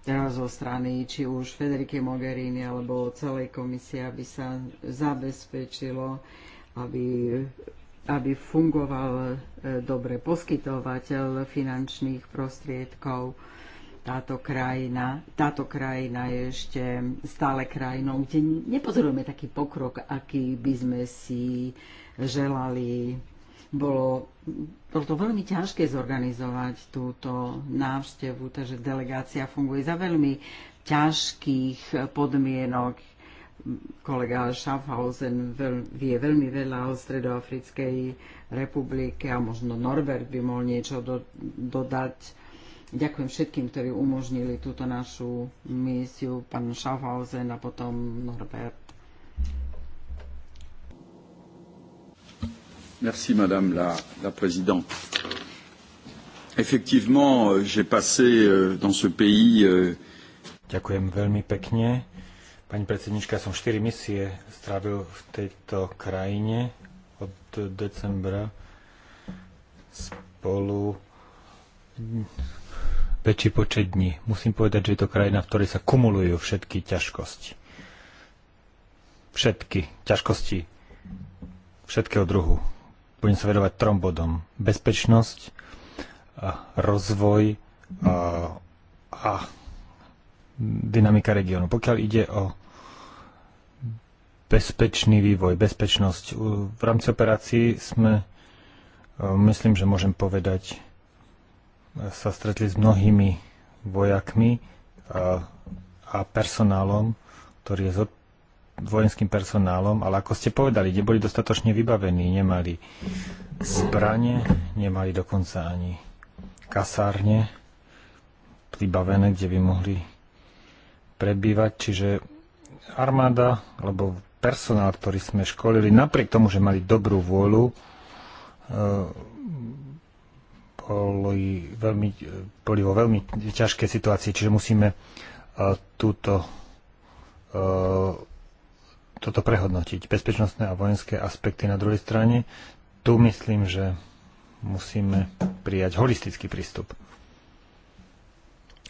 teraz zo strany či už Federiky Mogherini alebo celej komisie, aby sa zabezpečilo, aby, aby fungoval e, dobre poskytovateľ finančných prostriedkov. Táto krajina, táto krajina je ešte stále krajinou, kde nepozorujeme taký pokrok, aký by sme si želali bolo, bolo to veľmi ťažké zorganizovať túto návštevu, takže delegácia funguje za veľmi ťažkých podmienok. Kolega Schaffhausen veľ, vie veľmi veľa o Stredoafrickej republike a možno Norbert by mohol niečo do, dodať. Ďakujem všetkým, ktorí umožnili túto našu misiu, pán Schaffhausen a potom Norbert. Merci Madame la, la Présidente. Effectivement, euh, j'ai passé euh, dans ce pays... Euh, Ďakujem veľmi pekne. Pani predsednička, som 4 misie strávil v tejto krajine od decembra spolu väčší počet dní. Musím povedať, že je to krajina, v ktorej sa kumulujú všetky ťažkosti. Všetky ťažkosti všetkého druhu budem sa vedovať trom bodom. Bezpečnosť, rozvoj a dynamika regiónu. Pokiaľ ide o bezpečný vývoj, bezpečnosť, v rámci operácií sme, e, myslím, že môžem povedať, e, sa stretli s mnohými vojakmi a personálom, ktorý je zodpovedný vojenským personálom, ale ako ste povedali, neboli dostatočne vybavení, nemali zbranie, nemali dokonca ani kasárne pribavené, kde by mohli prebývať, čiže armáda alebo personál, ktorý sme školili, napriek tomu, že mali dobrú vôľu, e, boli, veľmi, boli vo veľmi ťažkej situácii, čiže musíme e, túto e, toto prehodnotiť. Bezpečnostné a vojenské aspekty na druhej strane, tu myslím, že musíme prijať holistický prístup.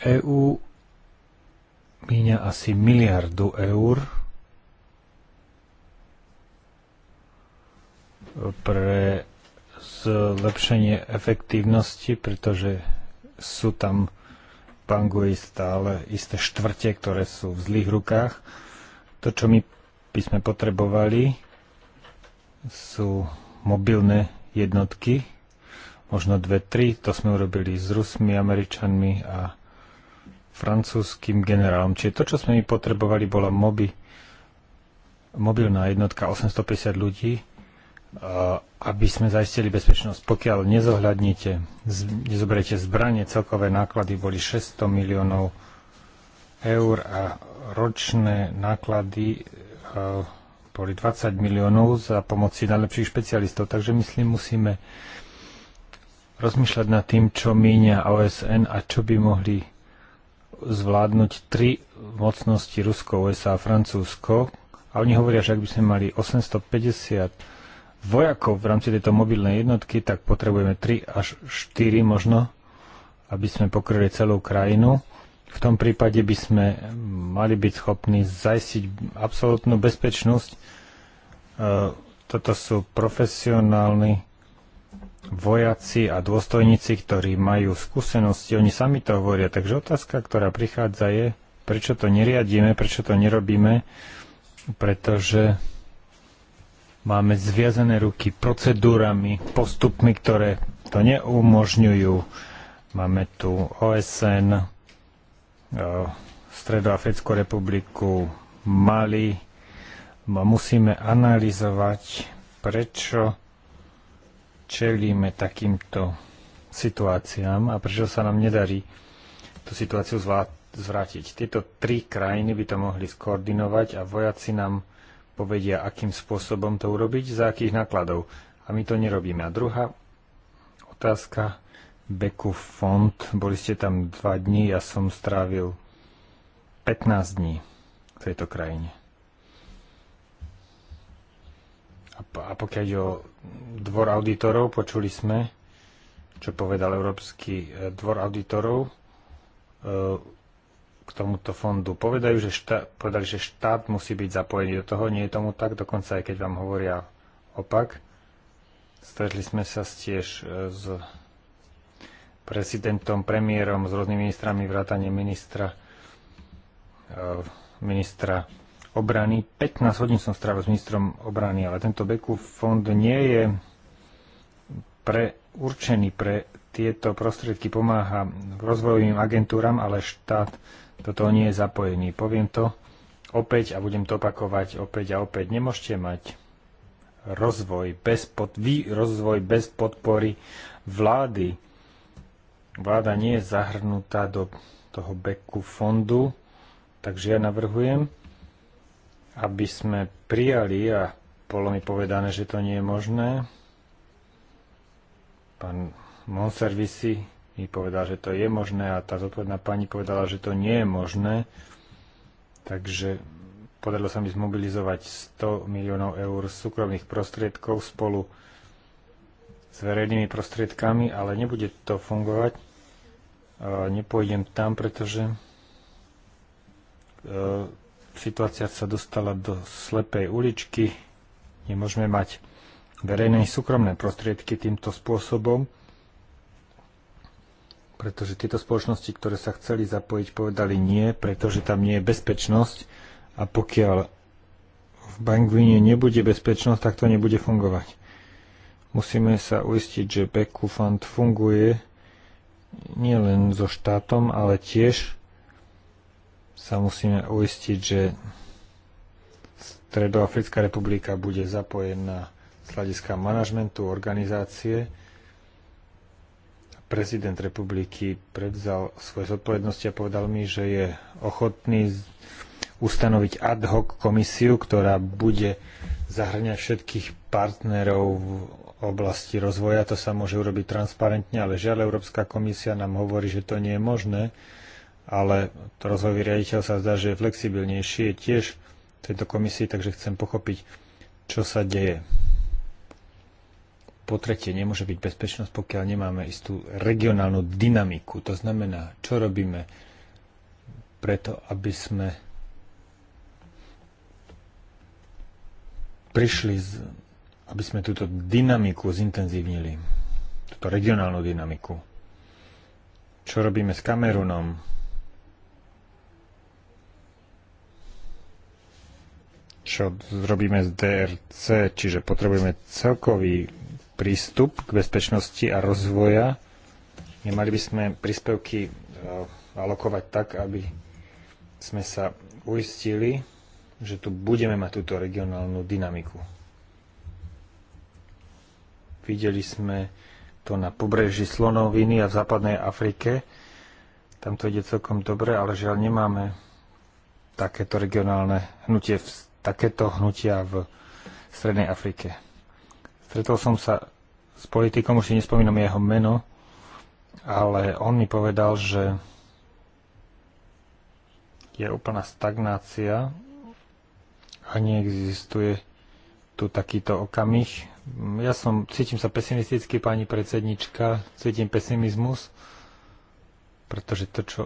EÚ míňa asi miliardu eur pre zlepšenie efektívnosti, pretože sú tam v Bangui stále isté štvrte, ktoré sú v zlých rukách. To, čo my by sme potrebovali, sú mobilné jednotky, možno dve, tri. To sme urobili s Rusmi, Američanmi a francúzským generálom. Čiže to, čo sme my potrebovali, bola mobi, mobilná jednotka 850 ľudí, aby sme zaistili bezpečnosť. Pokiaľ nezohľadnite, nezoberiete zbranie, celkové náklady boli 600 miliónov eur a ročné náklady Eh, boli 20 miliónov za pomoci najlepších špecialistov. Takže myslím, musíme rozmýšľať nad tým, čo míňa OSN a čo by mohli zvládnuť tri mocnosti Rusko, USA a Francúzsko. A oni hovoria, že ak by sme mali 850 vojakov v rámci tejto mobilnej jednotky, tak potrebujeme 3 až 4 možno, aby sme pokryli celú krajinu. V tom prípade by sme mali byť schopní zajistiť absolútnu bezpečnosť. E, toto sú profesionálni vojaci a dôstojníci, ktorí majú skúsenosti, oni sami to hovoria. Takže otázka, ktorá prichádza je, prečo to neriadíme, prečo to nerobíme, pretože máme zviazané ruky procedúrami, postupmi, ktoré to neumožňujú. Máme tu OSN, E, Stredoafrickú republiku, Mali. Musíme analyzovať, prečo čelíme takýmto situáciám a prečo sa nám nedarí tú situáciu zvrátiť. Tieto tri krajiny by to mohli skoordinovať a vojaci nám povedia, akým spôsobom to urobiť, za akých nákladov. A my to nerobíme. A druhá otázka, Beku Fond. Boli ste tam dva dní, ja som strávil 15 dní v tejto krajine. A pokiaľ ide o dvor auditorov, počuli sme, čo povedal Európsky eh, dvor auditorov eh, k tomuto fondu. Povedajú, že štát, povedali, že štát musí byť zapojený do toho. Nie je tomu tak, dokonca aj keď vám hovoria opak. Stretli sme sa tiež eh, s prezidentom, premiérom, s rôznymi ministrami, vrátane ministra, eh, ministra obrany. 15 hodín som strávil s ministrom obrany, ale tento Beku fond nie je pre, určený pre tieto prostriedky, pomáha rozvojovým agentúram, ale štát do toho nie je zapojený. Poviem to opäť a budem to opakovať opäť a opäť. Nemôžete mať rozvoj bez, pod, vy, rozvoj bez podpory vlády Vláda nie je zahrnutá do toho beku fondu, takže ja navrhujem, aby sme prijali, a bolo mi povedané, že to nie je možné, pán Monservisi mi povedal, že to je možné a tá zodpovedná pani povedala, že to nie je možné, takže podarilo sa mi zmobilizovať 100 miliónov eur súkromných prostriedkov spolu s verejnými prostriedkami, ale nebude to fungovať. Nepôjdem tam, pretože e, situácia sa dostala do slepej uličky. Nemôžeme mať verejné i súkromné prostriedky týmto spôsobom, pretože tieto spoločnosti, ktoré sa chceli zapojiť, povedali nie, pretože tam nie je bezpečnosť a pokiaľ v Bangvine nebude bezpečnosť, tak to nebude fungovať. Musíme sa uistiť, že Beku Fund funguje nielen so štátom, ale tiež sa musíme uistiť, že Stredoafrická republika bude zapojená z hľadiska manažmentu organizácie. Prezident republiky prevzal svoje zodpovednosti a povedal mi, že je ochotný ustanoviť ad hoc komisiu, ktorá bude zahrňať všetkých partnerov oblasti rozvoja. To sa môže urobiť transparentne, ale žiaľ Európska komisia nám hovorí, že to nie je možné, ale to rozvojový riaditeľ sa zdá, že je flexibilnejší je tiež v tejto komisii, takže chcem pochopiť, čo sa deje. Po tretie, nemôže byť bezpečnosť, pokiaľ nemáme istú regionálnu dynamiku. To znamená, čo robíme preto, aby sme prišli z aby sme túto dynamiku zintenzívnili, túto regionálnu dynamiku. Čo robíme s Kamerunom? Čo robíme s DRC? Čiže potrebujeme celkový prístup k bezpečnosti a rozvoja. Nemali by sme príspevky e, alokovať tak, aby sme sa uistili, že tu budeme mať túto regionálnu dynamiku. Videli sme to na pobreží Slonoviny a v západnej Afrike. Tam to ide celkom dobre, ale žiaľ nemáme takéto regionálne hnutie, takéto hnutia v Strednej Afrike. Stretol som sa s politikom, už si nespomínam jeho meno, ale on mi povedal, že je úplná stagnácia a neexistuje tu takýto okamih ja som, cítim sa pesimisticky, pani predsednička, cítim pesimizmus, pretože to, čo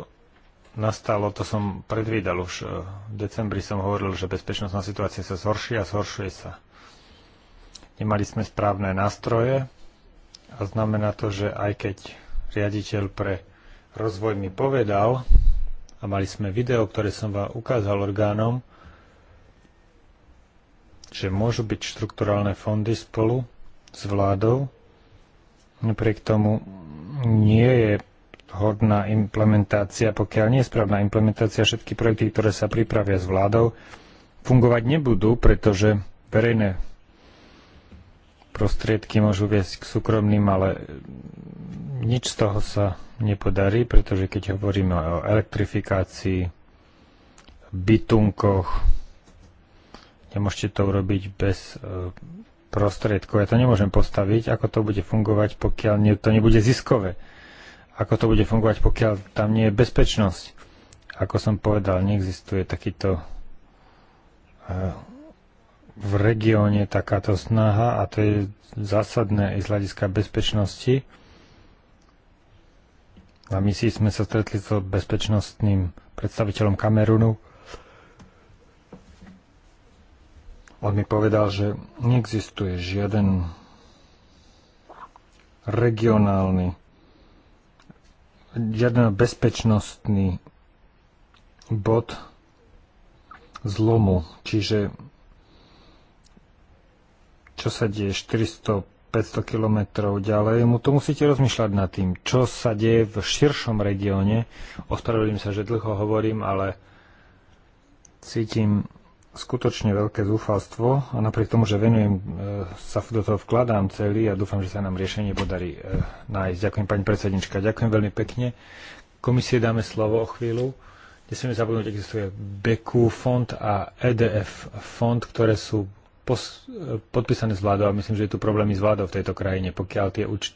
nastalo, to som predvídal už. E, v decembri som hovoril, že bezpečnostná situácia sa zhorší a zhoršuje sa. Nemali sme správne nástroje a znamená to, že aj keď riaditeľ pre rozvoj mi povedal a mali sme video, ktoré som vám ukázal orgánom, že môžu byť štrukturálne fondy spolu s vládou, napriek tomu nie je hodná implementácia, pokiaľ nie je správna implementácia, všetky projekty, ktoré sa pripravia s vládou, fungovať nebudú, pretože verejné prostriedky môžu viesť k súkromným, ale nič z toho sa nepodarí, pretože keď hovoríme o elektrifikácii, bytunkoch, Nemôžete to urobiť bez e, prostriedkov. Ja to nemôžem postaviť, ako to bude fungovať, pokiaľ nie, to nebude ziskové. Ako to bude fungovať, pokiaľ tam nie je bezpečnosť. Ako som povedal, neexistuje takýto e, v regióne takáto snaha a to je zásadné i z hľadiska bezpečnosti. Na misii sme sa stretli s bezpečnostným predstaviteľom Kamerunu On mi povedal, že neexistuje žiaden regionálny, žiaden bezpečnostný bod zlomu. Čiže čo sa deje 400 500 kilometrov ďalej, mu to musíte rozmýšľať nad tým, čo sa deje v širšom regióne. Ospravedlím sa, že dlho hovorím, ale cítim skutočne veľké zúfalstvo a napriek tomu, že venujem, e, sa do toho vkladám celý a dúfam, že sa nám riešenie podarí e, nájsť. Ďakujem pani predsednička, ďakujem veľmi pekne. Komisie dáme slovo o chvíľu. Nesmieme zabudnúť, existuje BQ fond a EDF fond, ktoré sú pos- podpísané s vládou a myslím, že je tu problémy s vládou v tejto krajine, pokiaľ tie uč-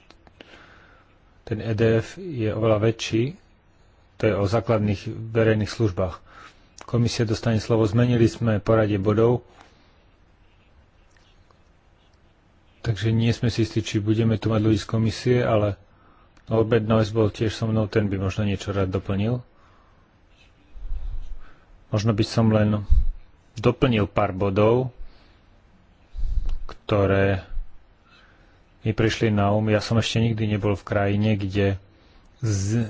ten EDF je oveľa väčší, to je o základných verejných službách Komisia dostane slovo. Zmenili sme poradie bodov. Takže nie sme si istí, či budeme tu mať ľudí z komisie, ale Norbert Noyes bol tiež so mnou, ten by možno niečo rád doplnil. Možno by som len doplnil pár bodov, ktoré mi prišli na um. Ja som ešte nikdy nebol v krajine, kde z...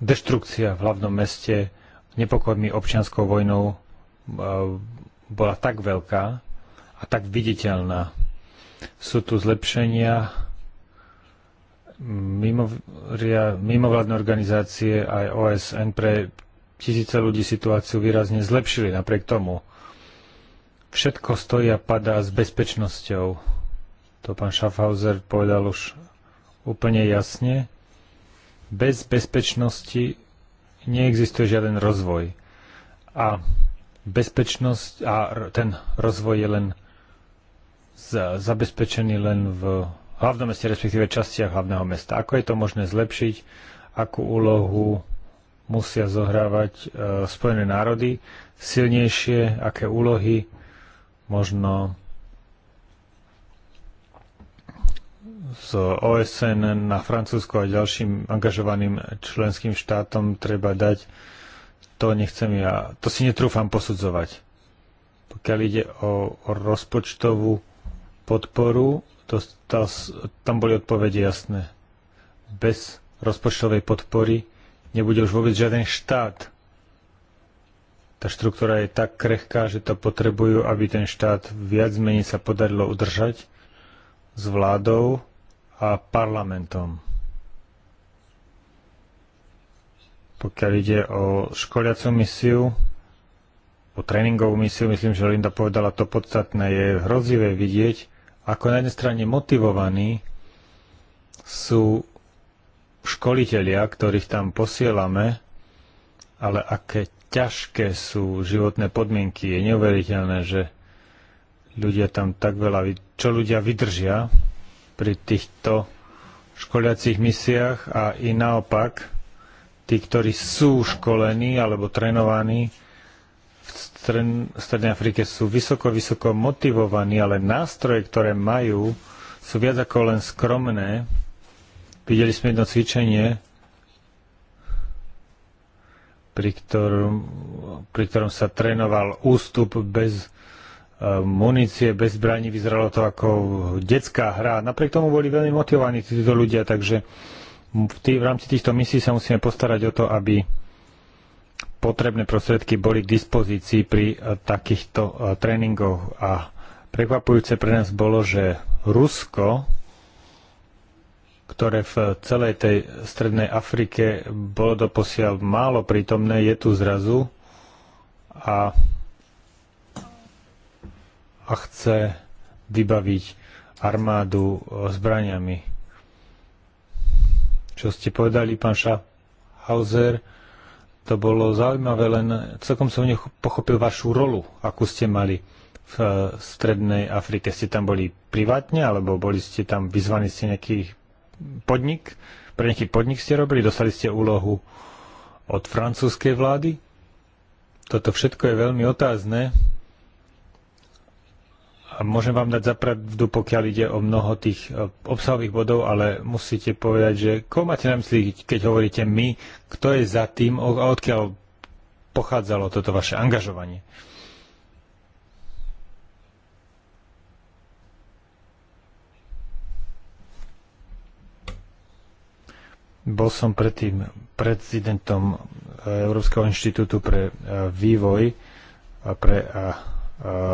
deštrukcia v hlavnom meste nepokojmi občianskou vojnou e, bola tak veľká a tak viditeľná. Sú tu zlepšenia mimovládne organizácie aj OSN pre tisíce ľudí situáciu výrazne zlepšili napriek tomu. Všetko stojí a padá s bezpečnosťou. To pán Schaffhauser povedal už úplne jasne. Bez bezpečnosti neexistuje žiaden rozvoj. A bezpečnosť a ten rozvoj je len zabezpečený len v hlavnom meste, respektíve častiach hlavného mesta. Ako je to možné zlepšiť? Akú úlohu musia zohrávať e, Spojené národy? Silnejšie? Aké úlohy? Možno z OSN na Francúzsko a ďalším angažovaným členským štátom treba dať, to nechcem ja, to si netrúfam posudzovať. Pokiaľ ide o, o rozpočtovú podporu, to, to, tam boli odpovede jasné. Bez rozpočtovej podpory nebude už vôbec žiaden štát. Tá štruktúra je tak krehká, že to potrebujú, aby ten štát viac menej sa podarilo udržať s vládou, a parlamentom. Pokiaľ ide o školiacu misiu, o tréningovú misiu, myslím, že Linda povedala to podstatné, je hrozivé vidieť, ako na jednej strane motivovaní sú školitelia, ktorých tam posielame, ale aké ťažké sú životné podmienky. Je neuveriteľné, že ľudia tam tak veľa, čo ľudia vydržia pri týchto školiacich misiách a i naopak, tí, ktorí sú školení alebo trénovaní v Strednej Afrike sú vysoko, vysoko motivovaní, ale nástroje, ktoré majú, sú viac ako len skromné. Videli sme jedno cvičenie, pri ktorom, pri ktorom sa trénoval ústup bez munície bez zbraní, vyzeralo to ako detská hra. Napriek tomu boli veľmi motivovaní títo ľudia, takže v rámci týchto misií sa musíme postarať o to, aby potrebné prostriedky boli k dispozícii pri eh, takýchto eh, tréningoch. A prekvapujúce pre nás bolo, že Rusko, ktoré v celej tej strednej Afrike bolo doposiaľ málo prítomné, je tu zrazu a a chce vybaviť armádu zbraniami. Čo ste povedali, pán Schaffhauser, to bolo zaujímavé, len celkom som pochopil vašu rolu, akú ste mali e, v Strednej Afrike. Ste tam boli privátne, alebo boli ste tam vyzvaní ste nejaký podnik? Pre nejaký podnik ste robili? Dostali ste úlohu od francúzskej vlády? Toto všetko je veľmi otázne, a môžem vám dať zapravdu, pokiaľ ide o mnoho tých e, obsahových bodov, ale musíte povedať, že koho máte na mysli, keď hovoríte my, kto je za tým a odkiaľ pochádzalo toto vaše angažovanie? Bol som predtým prezidentom e, Európskeho inštitútu pre e, vývoj a pre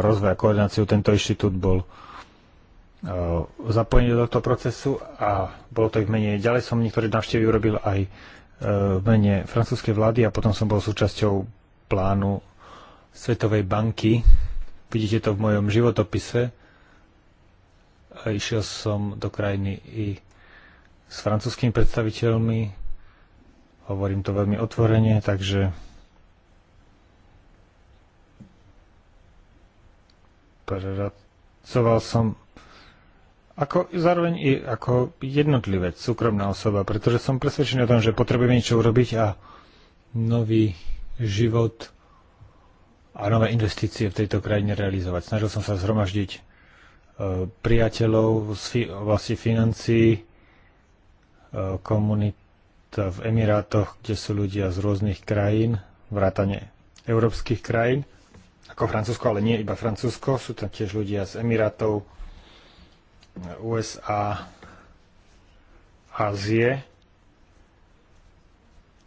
rozvoj a koordináciu tento inštitút bol e, zapojený do tohto procesu a bolo to ich menej Ďalej som niektoré návštevy urobil aj e, v mene francúzskej vlády a potom som bol súčasťou plánu Svetovej banky. Vidíte to v mojom životopise. E, išiel som do krajiny i s francúzskými predstaviteľmi. Hovorím to veľmi otvorene, takže pracoval som ako, zároveň i ako jednotlivec, súkromná osoba, pretože som presvedčený o tom, že potrebujem niečo urobiť a nový život a nové investície v tejto krajine realizovať. Snažil som sa zhromaždiť e, priateľov z fi- vlasti financií, e, komunita v Emirátoch, kde sú ľudia z rôznych krajín, vrátane európskych krajín ako Francúzsko, ale nie iba Francúzsko, sú tam tiež ľudia z Emirátov, USA, Ázie.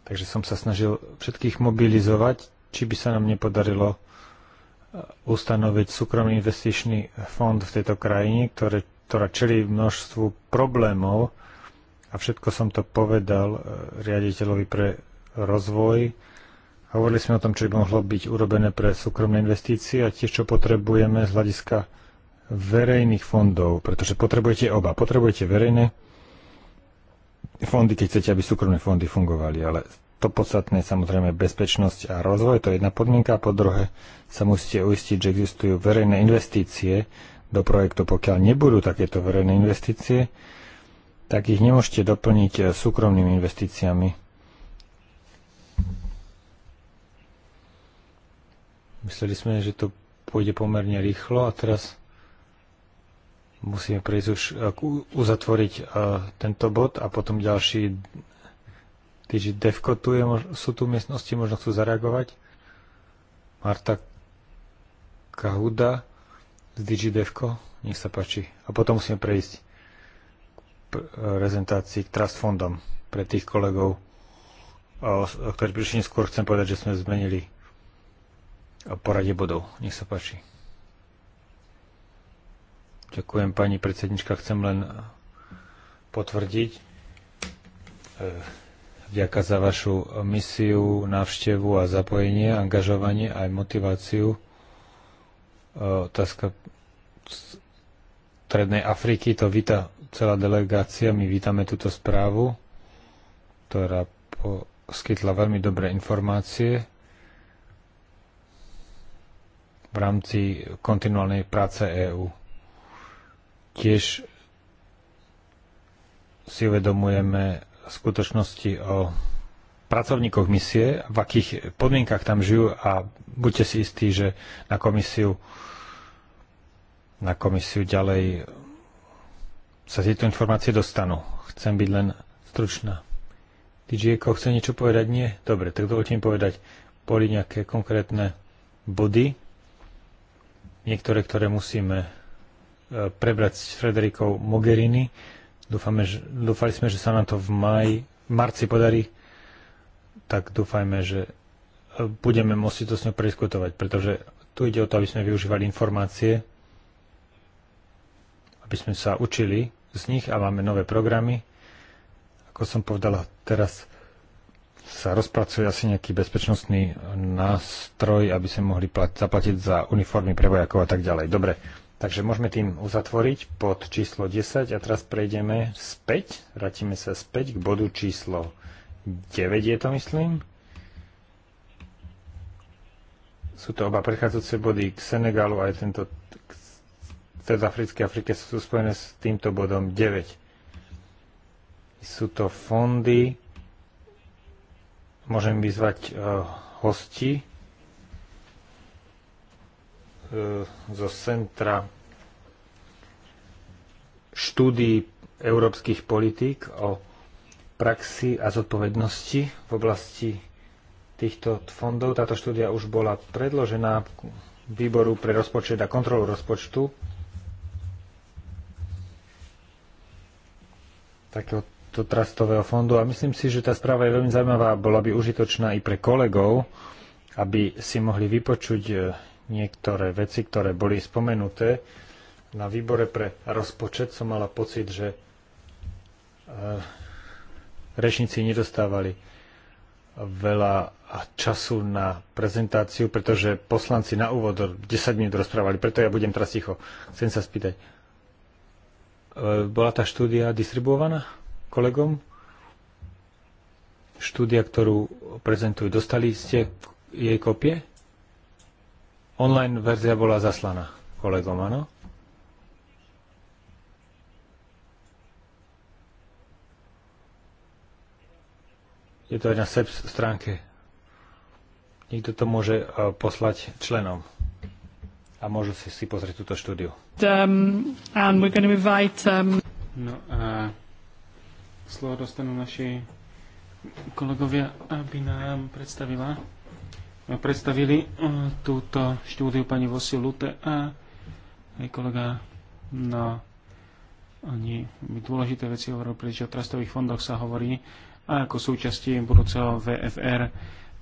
Takže som sa snažil všetkých mobilizovať, či by sa nám nepodarilo e, ustanoviť súkromný investičný fond v tejto krajine, ktoré, ktorá čelí množstvu problémov a všetko som to povedal e, riaditeľovi pre rozvoj Hovorili sme o tom, čo by mohlo byť urobené pre súkromné investície a tiež čo potrebujeme z hľadiska verejných fondov, pretože potrebujete oba. Potrebujete verejné fondy, keď chcete, aby súkromné fondy fungovali, ale to podstatné je samozrejme bezpečnosť a rozvoj, to je jedna podmienka. A po druhé sa musíte uistiť, že existujú verejné investície do projektu. Pokiaľ nebudú takéto verejné investície, tak ich nemôžete doplniť súkromnými investíciami Mysleli sme, že to pôjde pomerne rýchlo a teraz musíme prejsť už eh, uzatvoriť eh, tento bod a potom ďalší Týži Devko tu je, sú tu miestnosti, možno chcú zareagovať. Marta Kahuda z Digi Devko, nech sa páči. A potom musíme prejsť k eh, prezentácii k Trust Fondom pre tých kolegov, ktorí prišli neskôr. Chcem povedať, že sme zmenili o porade bodov. Nech sa páči. Ďakujem, pani predsednička. Chcem len potvrdiť eh, vďaka za vašu misiu, návštevu a zapojenie, angažovanie aj motiváciu. Eh, otázka Trednej Afriky, to víta celá delegácia. My vítame túto správu, ktorá poskytla veľmi dobré informácie rámci kontinuálnej práce EÚ. Tiež si uvedomujeme skutočnosti o pracovníkoch misie, v akých podmienkach tam žijú a buďte si istí, že na komisiu, na komisiu ďalej sa tieto informácie dostanú. Chcem byť len stručná. DJ ko chce niečo povedať? Nie? Dobre, tak dovolte mi povedať, boli nejaké konkrétne body, niektoré, ktoré musíme e, prebrať s Frederikou Mogherini. Dúfame, že, dúfali sme, že sa nám to v maj, marci podarí, tak dúfajme, že e, budeme môcť to s ňou prediskutovať, pretože tu ide o to, aby sme využívali informácie, aby sme sa učili z nich a máme nové programy. Ako som povedala teraz, sa rozpracuje asi nejaký bezpečnostný nástroj, aby sme mohli zaplatiť za uniformy pre vojakov a tak ďalej. Dobre, takže môžeme tým uzatvoriť pod číslo 10 a teraz prejdeme späť, vrátime sa späť k bodu číslo 9 je to myslím. Sú to oba prechádzajúce body k Senegalu a aj tento k Africké Afrike sú spojené s týmto bodom 9. Sú to fondy, Môžem vyzvať e, hosti e, zo Centra štúdií európskych politík o praxi a zodpovednosti v oblasti týchto fondov. Táto štúdia už bola predložená výboru pre rozpočet a kontrolu rozpočtu. Takého do trastového fondu a myslím si, že tá správa je veľmi zaujímavá a bola by užitočná i pre kolegov, aby si mohli vypočuť e, niektoré veci, ktoré boli spomenuté. Na výbore pre rozpočet som mala pocit, že e, rečníci nedostávali veľa času na prezentáciu, pretože poslanci na úvod 10 minút rozprávali, preto ja budem teraz ticho. Chcem sa spýtať, e, bola tá štúdia distribuovaná? kolegom. Štúdia, ktorú prezentujú, dostali ste jej kopie? Online verzia bola zaslaná kolegom, áno? Je to aj na SEP stránke. Niekto to môže e, poslať členom a môžu si, si pozrieť túto štúdiu. Um, and we're going to invite, um... No a uh slovo dostanú naši kolegovia, aby nám predstavila, eh, predstavili eh, túto štúdiu pani Vosi Lute a aj kolega no, oni dôležité veci hovoril, pretože o trastových fondoch sa hovorí a ako súčasti budúceho VFR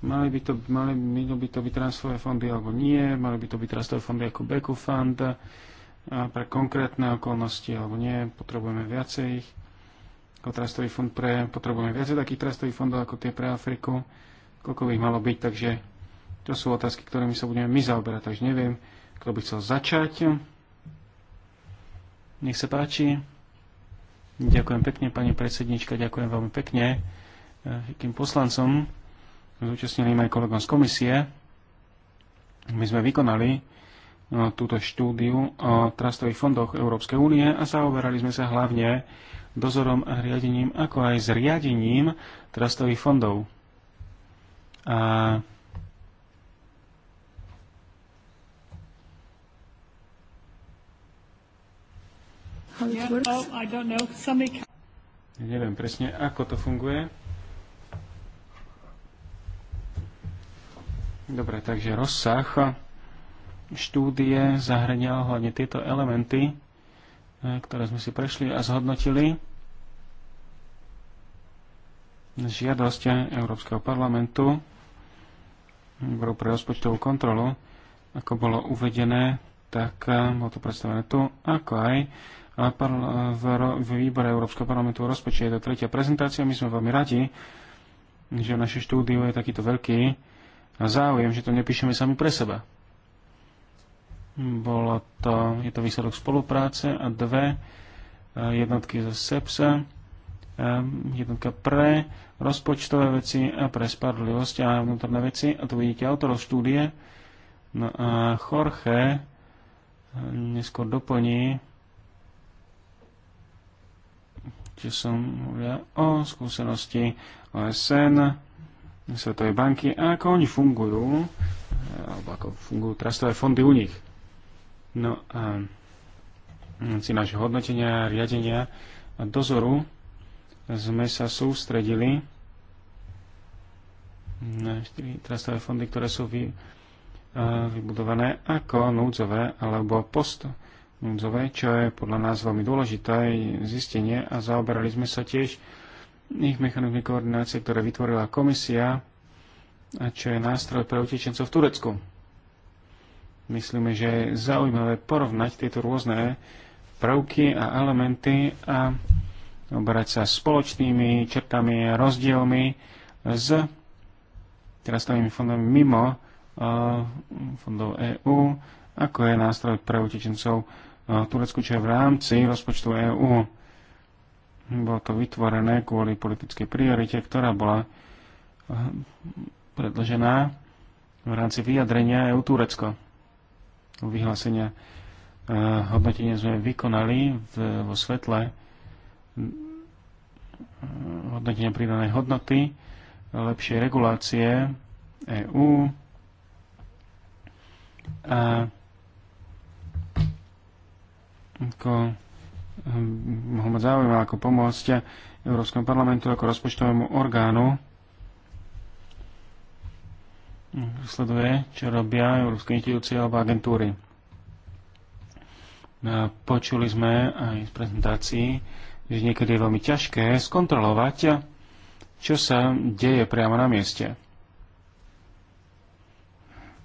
mali by to, mali, mali by to byť transferové fondy alebo nie, mali by to byť trastové fondy ako Beku fund a pre konkrétne okolnosti alebo nie, potrebujeme viacej ich ako trastový fond pre, potrebujeme viac takých trastových fondov ako tie pre Afriku, koľko by ich malo byť, takže to sú otázky, ktorými sa budeme my zaoberať, takže neviem, kto by chcel začať. Nech sa páči. Ďakujem pekne, pani predsednička, ďakujem veľmi pekne eh, všetkým poslancom, zúčastneným aj kolegom z komisie. My sme vykonali eh, túto štúdiu o trastových fondoch Európskej únie a zaoberali sme sa hlavne dozorom a riadením, ako aj s riadením trastových fondov. A ja neviem presne, ako to funguje. Dobre, takže rozsah štúdie zahrňal hlavne tieto elementy, e, ktoré sme si prešli a zhodnotili žiadosť Európskeho parlamentu výboru pre rozpočtovú kontrolu, ako bolo uvedené, tak eh, bolo to predstavené tu, ako aj eh, v výbore Európskeho parlamentu o rozpočte. Je to tretia prezentácia, my sme veľmi radi, že v naše štúdiu je takýto veľký záujem, že to nepíšeme sami pre seba. Bolo to, je to výsledok spolupráce a dve eh, jednotky zo SEPSA, Ehm, jednotka pre rozpočtové veci a pre spadlivosť a vnútorné veci. A tu vidíte autorov štúdie. No a Jorge ehm, neskôr doplní, že som hovoril o skúsenosti OSN, Svetovej banky a ako oni fungujú, ehm, alebo ako fungujú trastové fondy u nich. No a si naše hodnotenia, riadenia a dozoru sme sa sústredili na štyri trastové fondy, ktoré sú vy, vybudované ako núdzové alebo post núdzové, čo je podľa nás veľmi dôležité zistenie a zaoberali sme sa tiež ich mechanizmy koordinácie, ktoré vytvorila komisia a čo je nástroj pre utečencov v Turecku. Myslíme, že je zaujímavé porovnať tieto rôzne prvky a elementy a obrať sa spoločnými črtami a rozdielmi s trastovými fondami mimo e, fondov EÚ, ako je nástroj pre utečencov e, Turecku, čo je v rámci rozpočtu EÚ. Bolo to vytvorené kvôli politickej priorite, ktorá bola e, predložená v rámci vyjadrenia EU Turecko. Vyhlásenia hodnotenia sme vykonali v, vo svetle hodnotenia pridanej hodnoty, lepšie regulácie EÚ a ako mohol mať záujem ako pomôcť Európskom parlamentu ako rozpočtovému orgánu sleduje, čo robia európske inštitúcie alebo agentúry. Počuli sme aj z prezentácií že niekedy je veľmi ťažké skontrolovať, čo sa deje priamo na mieste.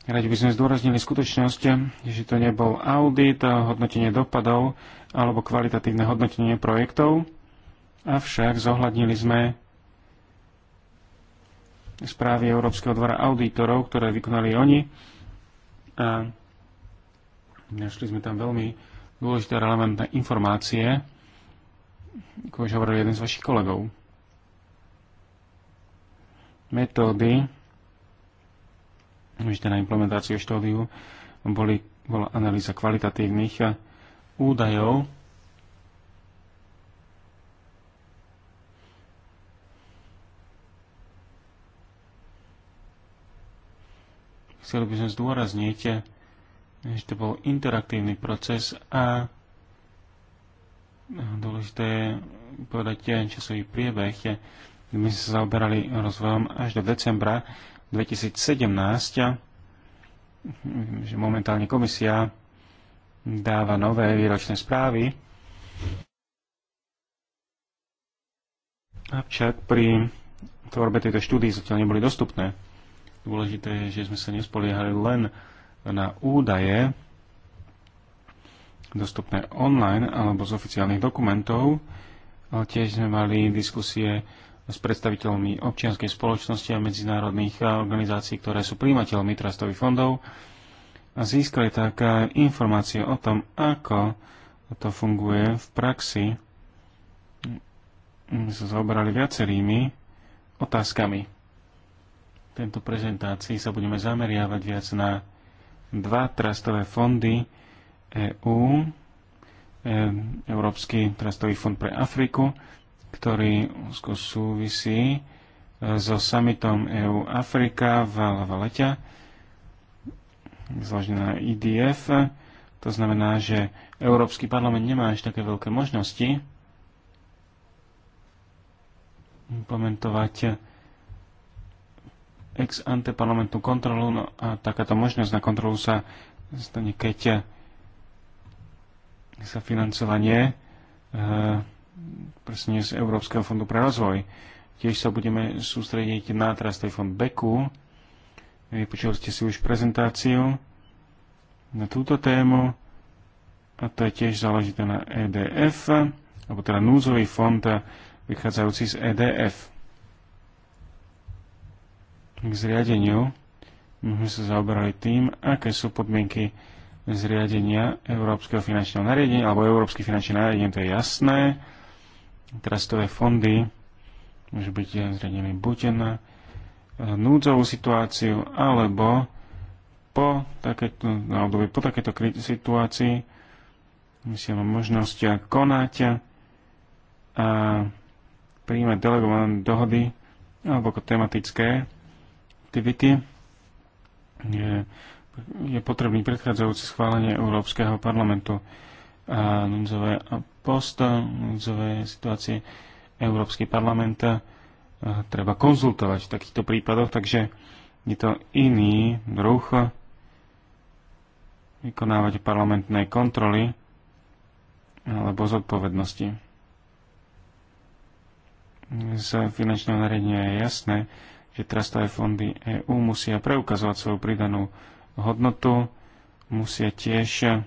Radi by sme zdôraznili skutočnosť, že to nebol audit, hodnotenie dopadov alebo kvalitatívne hodnotenie projektov, avšak zohľadnili sme správy Európskeho dvora auditorov, ktoré vykonali oni a našli sme tam veľmi dôležité relevantné informácie, ako už hovoril jeden z vašich kolegov. Metódy užité na implementáciu štúdiu boli, bola analýza kvalitatívnych údajov Chceli by sme zdôrazniť, že to bol interaktívny proces a Dôležité je povedať časový priebeh. My sme sa zaoberali rozvojom až do decembra 2017. že momentálne komisia dáva nové výročné správy. Avšak pri tvorbe tejto štúdie zatiaľ neboli dostupné. Dôležité je, že sme sa nespoliehali len na údaje, dostupné online alebo z oficiálnych dokumentov. Ale tiež sme mali diskusie s predstaviteľmi občianskej spoločnosti a medzinárodných organizácií, ktoré sú príjimateľmi trastových fondov a získali tak informácie o tom, ako to funguje v praxi. My sa zaoberali viacerými otázkami. V tento prezentácii sa budeme zameriavať viac na dva trastové fondy, EÚ, e, Európsky trastový fond pre Afriku, ktorý úzko súvisí e, so summitom EU Afrika v Lavalete, zložená IDF. E to znamená, že Európsky parlament nemá až také veľké možnosti implementovať ex ante parlamentnú kontrolu no a takáto možnosť na kontrolu sa stane, keď sa financovanie eh, presne z Európskeho fondu pre rozvoj. Tiež sa budeme sústrediť na tej fond Beku. Vypočuli ste si už prezentáciu na túto tému a to je tiež záležité na EDF, alebo teda núzový fond eh, vychádzajúci z EDF. K zriadeniu my sme sa zaoberali tým, aké sú podmienky zriadenia Európskeho finančného nariadenia, alebo Európsky finančný nariadenie, to je jasné. Trastové fondy môžu byť zriadené buď na e, núdzovú situáciu, alebo po takéto, na obdobie po takéto situácii musia mať možnosť konať a príjmať delegované dohody alebo tematické aktivity je potrebný predchádzajúce schválenie Európskeho parlamentu a núdzové post, núdzové situácie Európsky parlament treba konzultovať v takýchto prípadoch, takže je to iný druh vykonávať parlamentné kontroly alebo zodpovednosti. Z finančného nariadenia je jasné, že trastové fondy EÚ musia preukazovať svoju pridanú hodnotu, musia tiež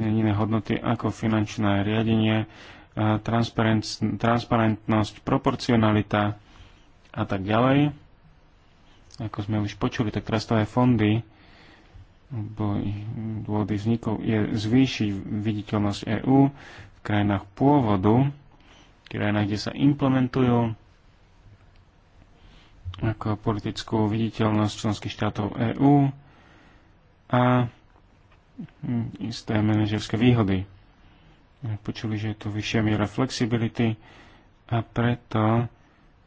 iné hodnoty ako finančné riadenie, transparentnosť, proporcionalita a tak ďalej. Ako sme už počuli, tak trastové fondy bo dôvody vznikov je zvýšiť viditeľnosť EÚ v krajinách pôvodu, v krajinách, kde sa implementujú ako politickú viditeľnosť členských štátov EÚ a hm, isté manažerské výhody. Počuli, že je tu vyššia miera flexibility a preto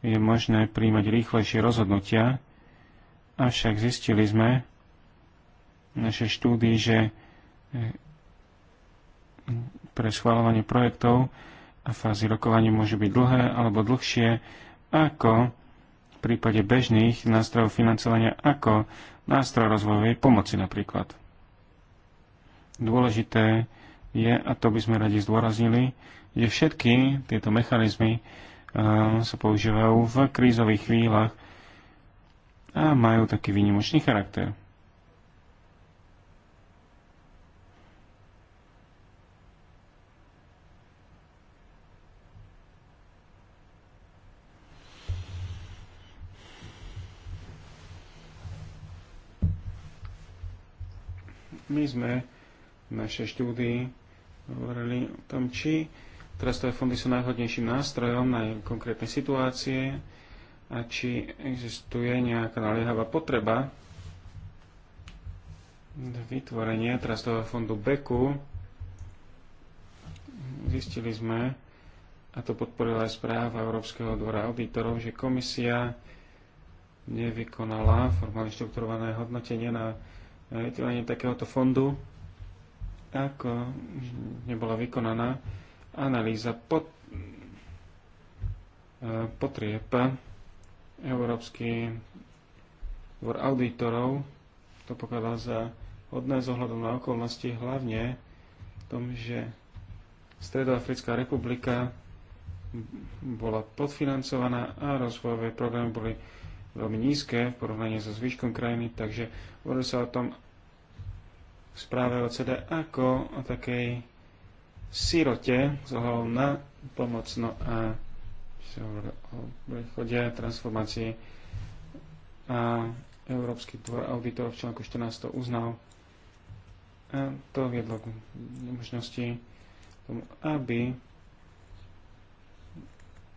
je možné príjmať rýchlejšie rozhodnutia, avšak zistili sme v našej štúdii, že hm, pre schváľovanie projektov a fázy rokovania môžu byť dlhé alebo dlhšie ako prípade bežných nástrojov financovania ako nástroj rozvojovej pomoci napríklad. Dôležité je, a to by sme radi zdôraznili, že všetky tieto mechanizmy uh, sa používajú v krízových chvíľach a majú taký výnimočný charakter. My sme v našej štúdii hovorili o tom, či trastové fondy sú najhodnejším nástrojom na konkrétne situácie a či existuje nejaká naliehavá potreba vytvorenie trastového fondu Beku. Zistili sme, a to podporila aj správa Európskeho dvora auditorov, že komisia nevykonala formálne štrukturované hodnotenie na vytvorenie takéhoto fondu, ako nebola vykonaná analýza pod, e, potrieb Európsky dvor auditorov to pokladal za hodné z ohľadom na okolnosti, hlavne v tom, že Stredoafrická republika bola podfinancovaná a rozvojové programy boli veľmi nízke v porovnaní so zvyškom krajiny, takže hovorí sa o tom v správe o CD ako o takej sirote z na pomoc. No a sa hovorí o prechode transformácii a Európsky dvor auditorov v článku 14 uznal a to viedlo k možnosti tomu, aby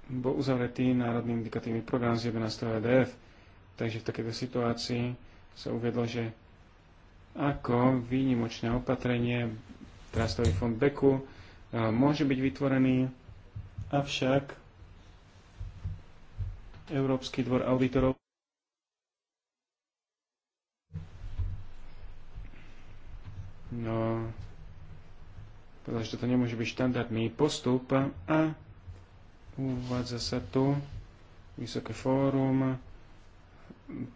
bol uzavretý národný indikatívny program z 11. EDF. Takže v takejto situácii sa uvedlo, že ako výnimočné opatrenie trastový fond Beku e, môže byť vytvorený, avšak Európsky dvor auditorov No, pretože toto nemôže byť štandardný postup a uvádza sa tu Vysoké fórum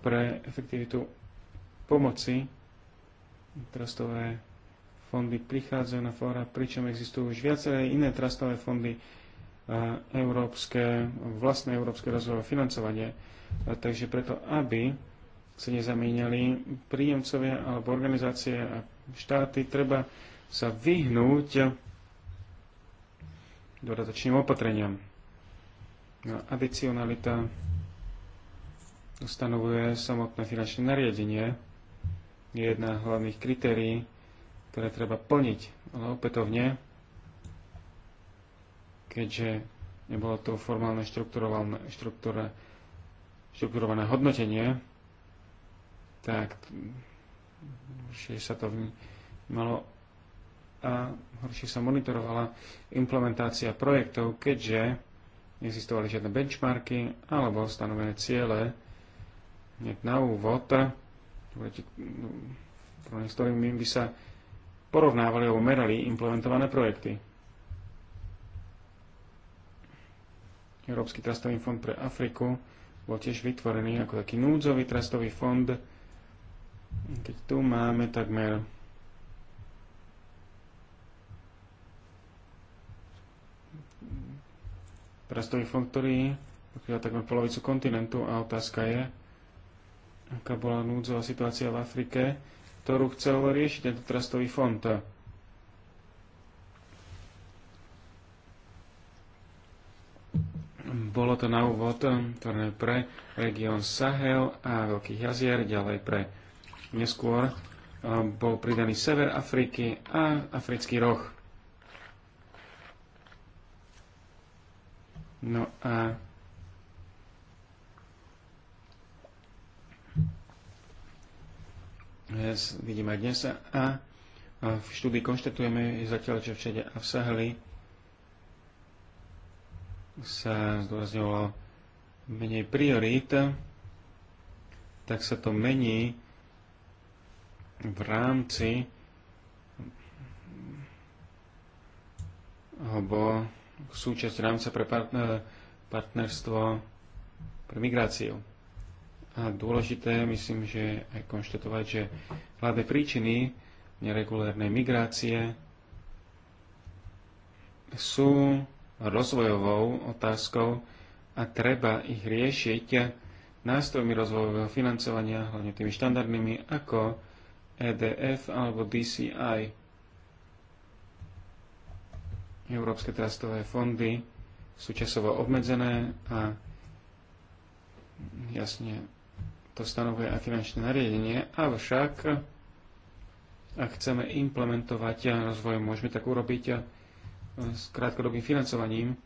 pre efektivitu pomoci trastové fondy prichádzajú na fóra, pričom existujú už viaceré iné trastové fondy európske, vlastné európske rozvojové financovanie. Takže preto, aby sa nezamínali príjemcovia alebo organizácie a štáty, treba sa vyhnúť dodatočným opatreniam. No, adicionalita stanovuje samotné finančné nariadenie. Je jedna z hlavných kritérií, ktoré treba plniť. Ale opätovne, keďže nebolo to formálne štrukturované, štrukturované hodnotenie, tak horšie sa to malo a horšie sa monitorovala implementácia projektov, keďže neexistovali žiadne benchmarky alebo stanovené ciele na úvod, no, s ktorými by sa porovnávali alebo merali implementované projekty. Európsky trastový fond pre Afriku bol tiež vytvorený ako taký núdzový trastový fond. Keď tu máme takmer trastový fond, ktorý pokrýva takmer polovicu kontinentu a otázka je, aká bola núdzová situácia v Afrike, ktorú chcel riešiť tento trastový fond. Bolo to na úvod ktoré pre región Sahel a Veľkých jazier, ďalej pre neskôr eh, bol pridaný Sever Afriky a Africký roh. No a vidíme dnes a v štúdii konštatujeme zatiaľ, že všade a v Sahli sa zdôrazňovalo menej priorít, tak sa to mení v rámci alebo súčasť rámca pre partnerstvo pre migráciu. A dôležité, myslím, že aj konštatovať, že hlavné príčiny neregulérnej migrácie sú rozvojovou otázkou a treba ich riešiť nástrojmi rozvojového financovania, hlavne tými štandardnými ako EDF alebo DCI. Európske trastové fondy sú časovo obmedzené a jasne to stanovuje aj finančné nariadenie, avšak ak chceme implementovať rozvoj, môžeme tak urobiť s krátkodobým financovaním.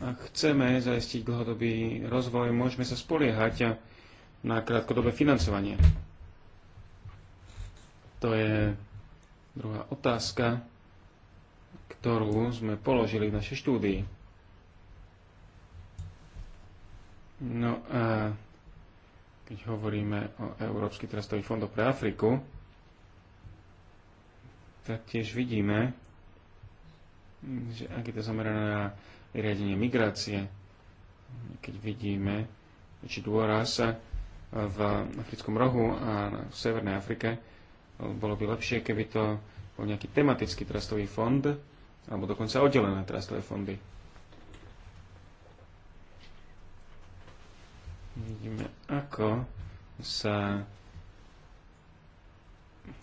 Ak chceme zajistiť dlhodobý rozvoj, môžeme sa spoliehať na krátkodobé financovanie. To je druhá otázka, ktorú sme položili v našej štúdii. No a keď hovoríme o Európsky trestový fond pre Afriku, tak tiež vidíme, že ak je to zamerané na riadenie migrácie, keď vidíme, či dôraz v africkom rohu a v Severnej Afrike, bolo by lepšie, keby to bol nejaký tematický trastový fond, alebo dokonca oddelené trastové fondy. Vidíme, ako sa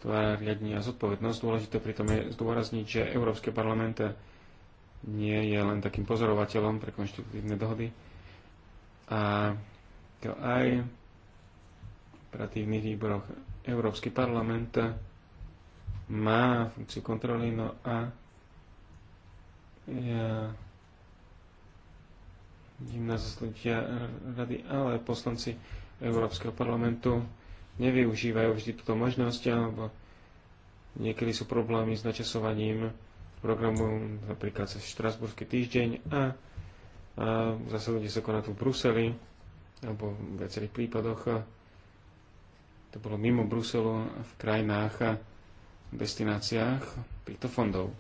tvára a zodpovednosť. Dôležité pritom je zdôrazniť, že Európske parlament nie je len takým pozorovateľom pre konštitutívne dohody a to aj v operatívnych výboroch Európsky parlament má funkciu kontroly, no a ja na zasnutia eh, rady, ale poslanci Európskeho parlamentu nevyužívajú vždy túto možnosť, alebo niekedy sú problémy s načasovaním programu, napríklad cez Štrasburský týždeň a, a zasadnutie sa koná tu v Bruseli, alebo v viacerých prípadoch to bolo mimo Bruselu v krajinách a destináciách týchto fondov.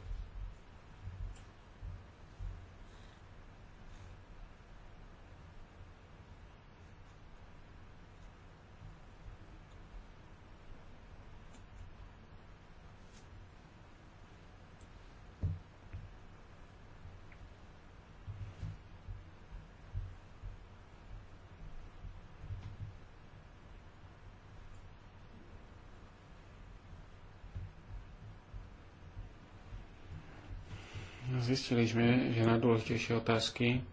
Zistili sme, že najdôležitejšie otázky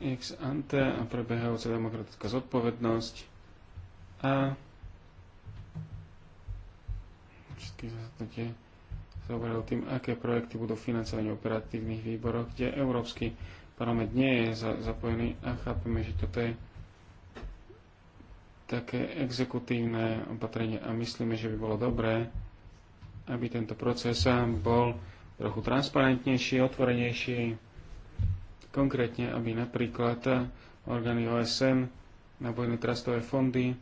ex ante a prebehajúca demokratická zodpovednosť a všetky zasadnutie zaoberajú tým, aké projekty budú financovať v operatívnych výboroch, kde Európsky parlament nie je za, zapojený a chápeme, že toto je také exekutívne opatrenie a myslíme, že by bolo dobré aby tento proces bol trochu transparentnejší, otvorenejší, konkrétne, aby napríklad eh, orgány OSN na vojné trastové fondy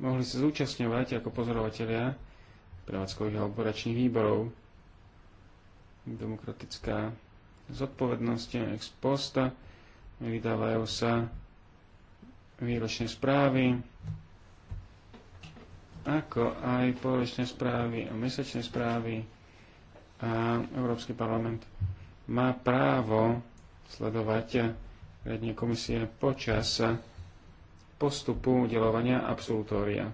mohli sa zúčastňovať ako pozorovateľia prevádzkových a operačných výborov. Demokratická zodpovednosť ex posta vydávajú sa výročné správy, ako aj polovičné správy a mesačné správy a Európsky parlament má právo sledovať riadne komisie počas postupu udelovania absolutória.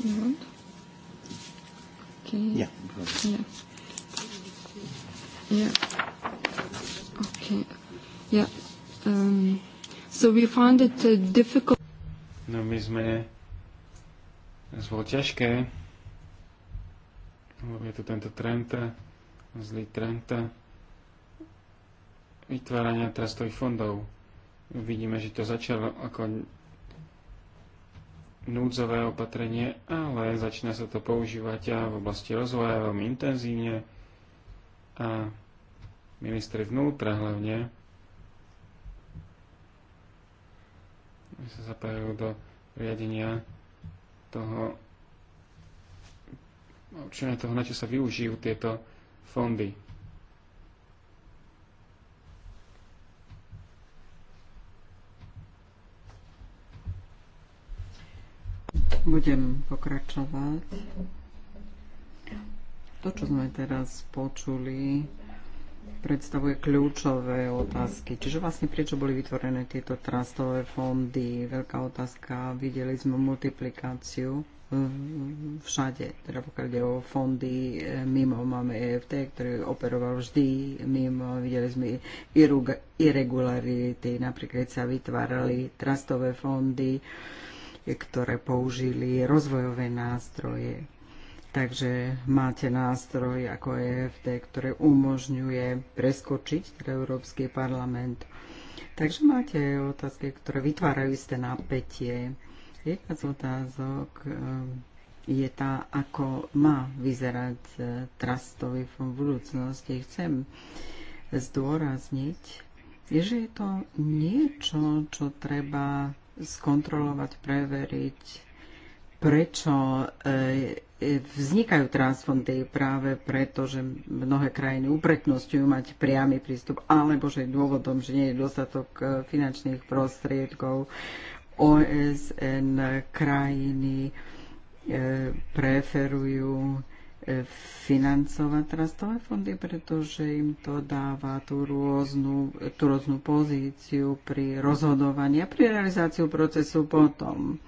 Mhm. Okay. Yeah. Yeah. Yeah. Okay. Yeah. Um, so we found it uh, difficult. No my sme nás bolo ťažké lebo je tu tento trend, zlý trend vytvárania trastových fondov. Vidíme, že to začalo ako núdzové opatrenie, ale začína sa to používať a v oblasti rozvoja veľmi intenzívne a ministri vnútra hlavne sa zapájajú do riadenia toho určenia toho, na čo sa využijú tieto fondy. Budem pokračovať. To, čo sme teraz počuli, predstavuje kľúčové otázky. Čiže vlastne prečo boli vytvorené tieto trastové fondy? Veľká otázka, videli sme multiplikáciu všade, teda pokiaľ ide o fondy, e, mimo máme EFT, ktorý operoval vždy, mimo videli sme irregularity, napríklad sa vytvárali trastové fondy, ktoré použili rozvojové nástroje Takže máte nástroj ako EFT, ktoré umožňuje preskočiť teda Európsky parlament. Takže máte otázky, ktoré vytvárajú isté napätie. Jedna z otázok ehm, je tá, ako má vyzerať e, trastový fond v budúcnosti. Chcem zdôrazniť, že je to niečo, čo treba skontrolovať, preveriť, prečo e, vznikajú transfondy práve preto, že mnohé krajiny upretnosťujú mať priamy prístup, alebo že je dôvodom, že nie je dostatok e, finančných prostriedkov OSN krajiny e, preferujú e, financovať trastové fondy, pretože im to dáva tú rôznu, tú rôznu pozíciu pri rozhodovaní a pri realizáciu procesu potom.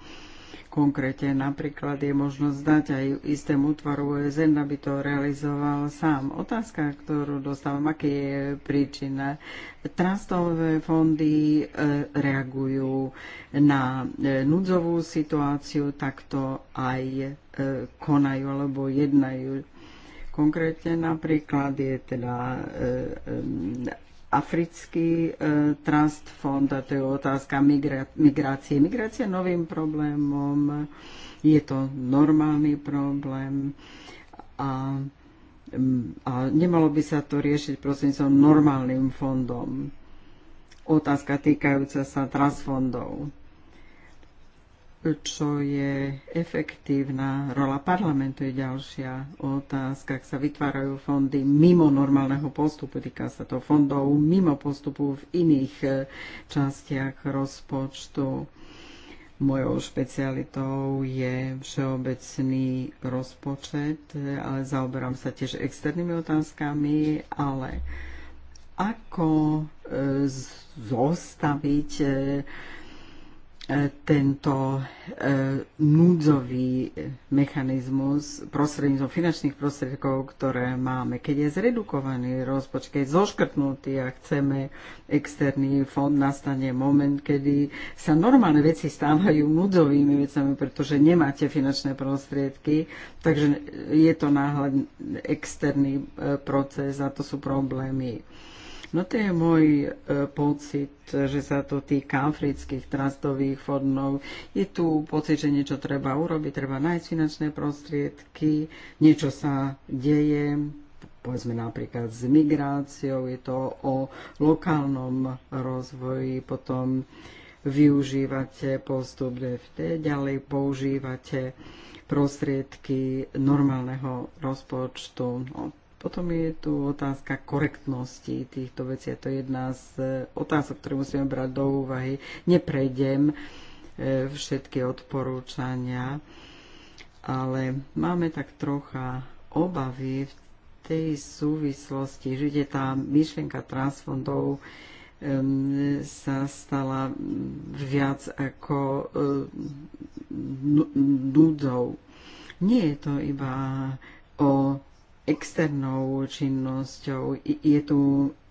Konkrétne napríklad je možnosť dať aj istému útvaru OSN, aby to realizoval sám. Otázka, ktorú dostávam, aké je príčina. Trastové fondy e, reagujú na e, núdzovú situáciu, takto aj e, konajú alebo jednajú Konkrétne napríklad je teda Africký e, trust fond, a to je otázka migrácie. Migrácia je novým problémom, je to normálny problém a, a nemalo by sa to riešiť som normálnym fondom. Otázka týkajúca sa trust fondov čo je efektívna rola parlamentu, je ďalšia otázka, ak sa vytvárajú fondy mimo normálneho postupu, týka sa to fondov mimo postupu v iných eh, častiach rozpočtu. Mojou špecialitou je všeobecný rozpočet, eh, ale zaoberám sa tiež externými otázkami, ale ako eh, zostaviť E, tento e, núdzový mechanizmus prostredníctvom finančných prostriedkov, ktoré máme. Keď je zredukovaný rozpočet, keď je zoškrtnutý a chceme externý fond, nastane moment, kedy sa normálne veci stávajú núdzovými vecami, pretože nemáte finančné prostriedky, takže je to náhľad externý e, proces a to sú problémy No to je môj e, pocit, že sa to týka afrických trastových fondov. Je tu pocit, že niečo treba urobiť, treba nájsť finančné prostriedky, niečo sa deje, povedzme napríklad s migráciou, je to o lokálnom rozvoji, potom využívate postup DFT, ďalej používate prostriedky normálneho rozpočtu. No, potom je tu otázka korektnosti týchto vecí. A to je jedna z e, otázok, ktoré musíme brať do úvahy. Neprejdem e, všetky odporúčania, ale máme tak trocha obavy v tej súvislosti, že tá myšlienka transfondov sa stala viac ako e, núdzou. Nie je to iba o externou činnosťou. Je tu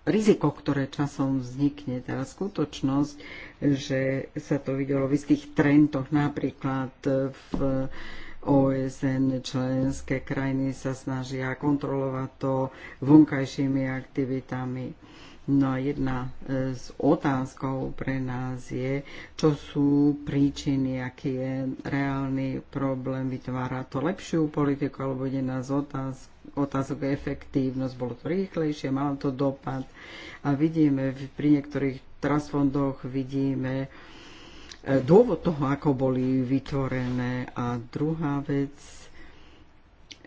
riziko, ktoré časom vznikne, tá skutočnosť, že sa to videlo v istých trendoch, napríklad v OSN členské krajiny sa snažia kontrolovať to vonkajšími aktivitami. No a jedna e, z otázkou pre nás je, čo sú príčiny, aký je reálny problém, vytvára to lepšiu politiku, alebo jedna nás otázka otázok je efektívnosť, bolo to rýchlejšie, malo to dopad. A vidíme, pri niektorých transfondoch vidíme e, dôvod toho, ako boli vytvorené. A druhá vec,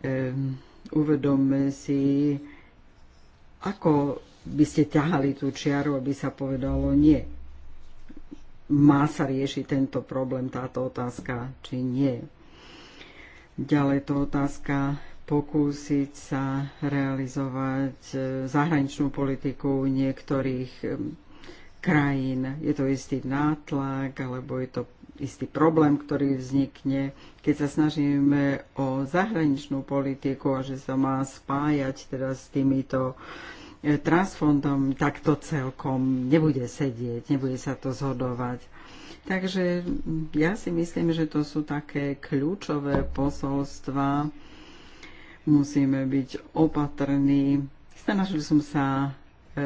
um, uvedomme si, ako by ste ťahali tú čiaru, aby sa povedalo nie. Má sa riešiť tento problém, táto otázka, či nie. Ďalej to otázka pokúsiť sa realizovať e, zahraničnú politiku niektorých e, krajín. Je to istý nátlak, alebo je to istý problém, ktorý vznikne, keď sa snažíme o zahraničnú politiku a že sa má spájať teda s týmito E, transfondom takto celkom nebude sedieť, nebude sa to zhodovať. Takže ja si myslím, že to sú také kľúčové posolstva. Musíme byť opatrní. Snažil som sa e,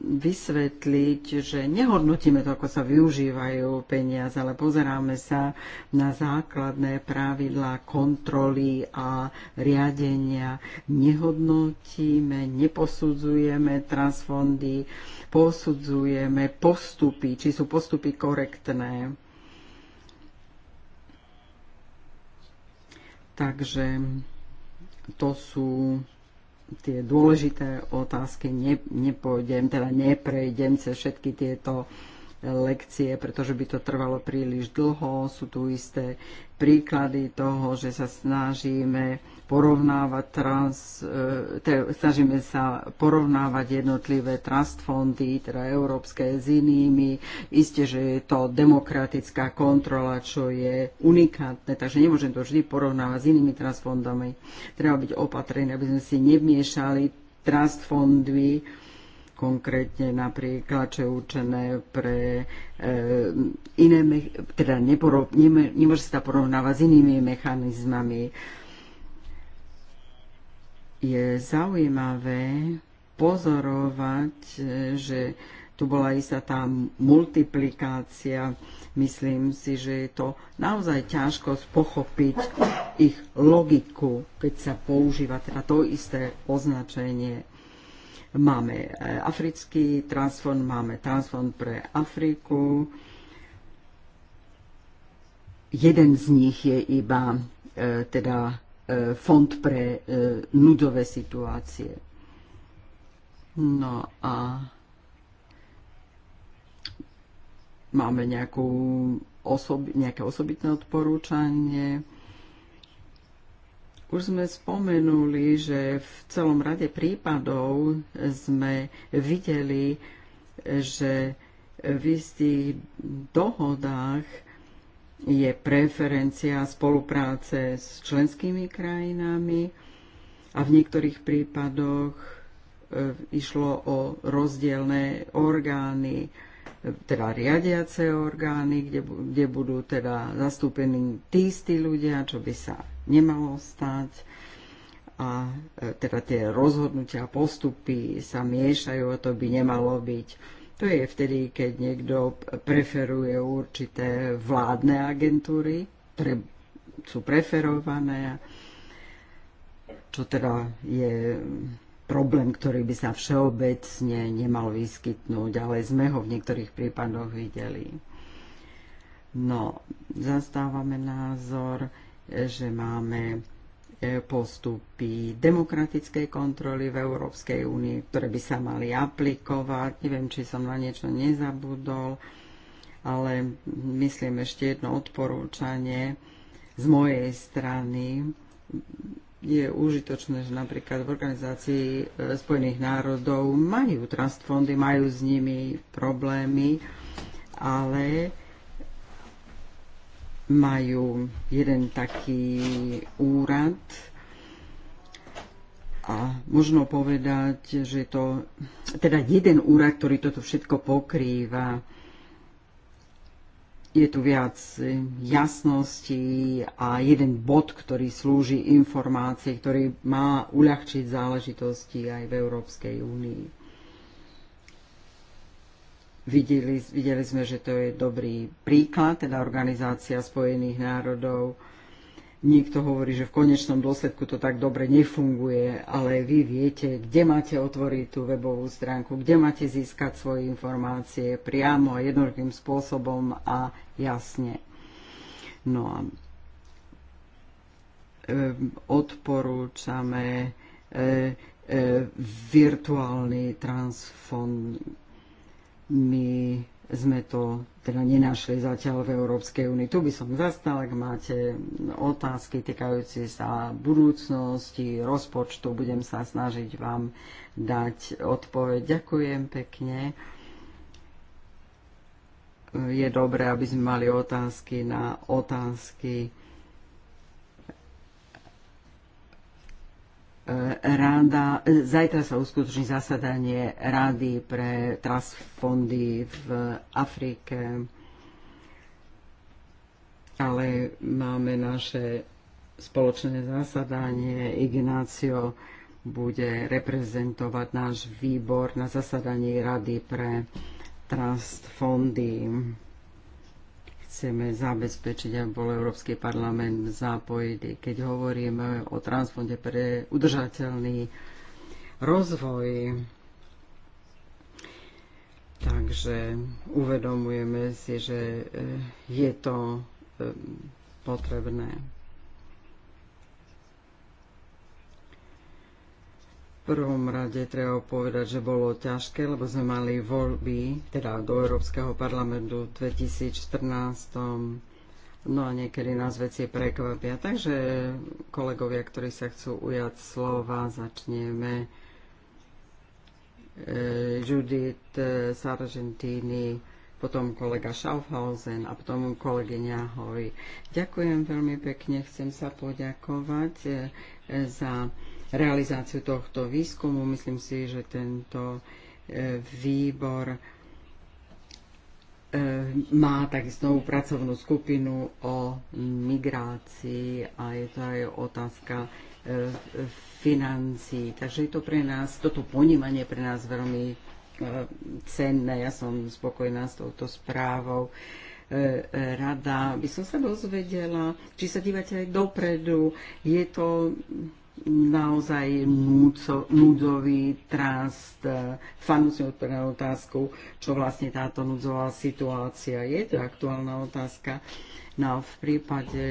vysvetliť, že nehodnotíme to, ako sa využívajú peniaze, ale pozeráme sa na základné pravidlá kontroly a riadenia. Nehodnotíme, neposudzujeme transfondy, posudzujeme postupy, či sú postupy korektné. Takže to sú tie dôležité otázky ne, nepôjdem, teda neprejdem cez všetky tieto lekcie, pretože by to trvalo príliš dlho. Sú tu isté príklady toho, že sa snažíme porovnávať trans, e, te, snažíme sa porovnávať jednotlivé transfondy, teda európske s inými. Isté, že je to demokratická kontrola, čo je unikátne, takže nemôžem to vždy porovnávať s inými transfondami. Treba byť opatrený, aby sme si nemiešali transfondy konkrétne napríklad, čo je určené pre e, iné, teda neporov, nemôže sa porovnávať s inými mechanizmami je zaujímavé pozorovať, e, že tu bola istá tá multiplikácia. Myslím si, že je to naozaj ťažko pochopiť ich logiku, keď sa používa teda to isté označenie. Máme e, africký transfond, máme transfond pre Afriku. Jeden z nich je iba e, teda E, fond pre e, núdové situácie. No a máme nejakú nejaké osobitné odporúčanie. Už sme spomenuli, že v celom rade prípadov sme videli, že v istých dohodách je preferencia spolupráce s členskými krajinami a v niektorých prípadoch e, išlo o rozdielne orgány, teda riadiace orgány, kde, kde budú teda zastúpení tí istí ľudia, čo by sa nemalo stať. A e, teda tie rozhodnutia a postupy sa miešajú a to by nemalo byť to je vtedy, keď niekto preferuje určité vládne agentúry, ktoré sú preferované, čo teda je problém, ktorý by sa všeobecne nemal vyskytnúť, ale sme ho v niektorých prípadoch videli. No, zastávame názor, že máme E, postupy demokratickej kontroly v Európskej únii, ktoré by sa mali aplikovať. Neviem, či som na niečo nezabudol, ale myslím ešte jedno odporúčanie z mojej strany. Je užitočné, že napríklad v organizácii e, Spojených národov majú trust fondy, majú s nimi problémy, ale majú jeden taký úrad a možno povedať, že to, teda jeden úrad, ktorý toto všetko pokrýva, je tu viac jasnosti a jeden bod, ktorý slúži informácii, ktorý má uľahčiť záležitosti aj v Európskej únii. Videli, videli sme, že to je dobrý príklad, teda Organizácia spojených národov. Niekto hovorí, že v konečnom dôsledku to tak dobre nefunguje, ale vy viete, kde máte otvoriť tú webovú stránku, kde máte získať svoje informácie priamo a jednoduchým spôsobom a jasne. No a odporúčame e, e, virtuálny transfond my sme to teda nenašli zatiaľ v Európskej únii. Tu by som zastal, ak máte otázky týkajúce sa budúcnosti, rozpočtu, budem sa snažiť vám dať odpoveď. Ďakujem pekne. Je dobré, aby sme mali otázky na otázky E, e, zajtra sa uskutoční zasadanie Rady pre trust fondy v Afrike, ale máme naše spoločné zasadanie. Ignácio bude reprezentovať náš výbor na zasadaní Rady pre trust fondy chceme zabezpečiť, aby bol Európsky parlament zapojiť, keď hovoríme o transfonde pre udržateľný rozvoj. Takže uvedomujeme si, že e, je to e, potrebné. prvom rade treba povedať, že bolo ťažké, lebo sme mali voľby, teda do Európskeho parlamentu v 2014. No a niekedy nás veci prekvapia. Takže kolegovia, ktorí sa chcú ujať slova, začneme. E, Judith e, Sargentini, potom kolega Schaufhausen a potom kolegyňa Hoj. Ďakujem veľmi pekne, chcem sa poďakovať e, za realizáciu tohto výskumu. Myslím si, že tento e, výbor e, má znovu pracovnú skupinu o migrácii a je to aj otázka e, financí. Takže je to pre nás, toto ponímanie pre nás veľmi cenné. Ja som spokojná s touto správou. Rada by som sa dozvedela, či sa dívate aj dopredu. Je to naozaj núco, núdzový trast. Eh, Fanú si odpovedať otázku, čo vlastne táto núdzová situácia je. To je aktuálna otázka. No v prípade,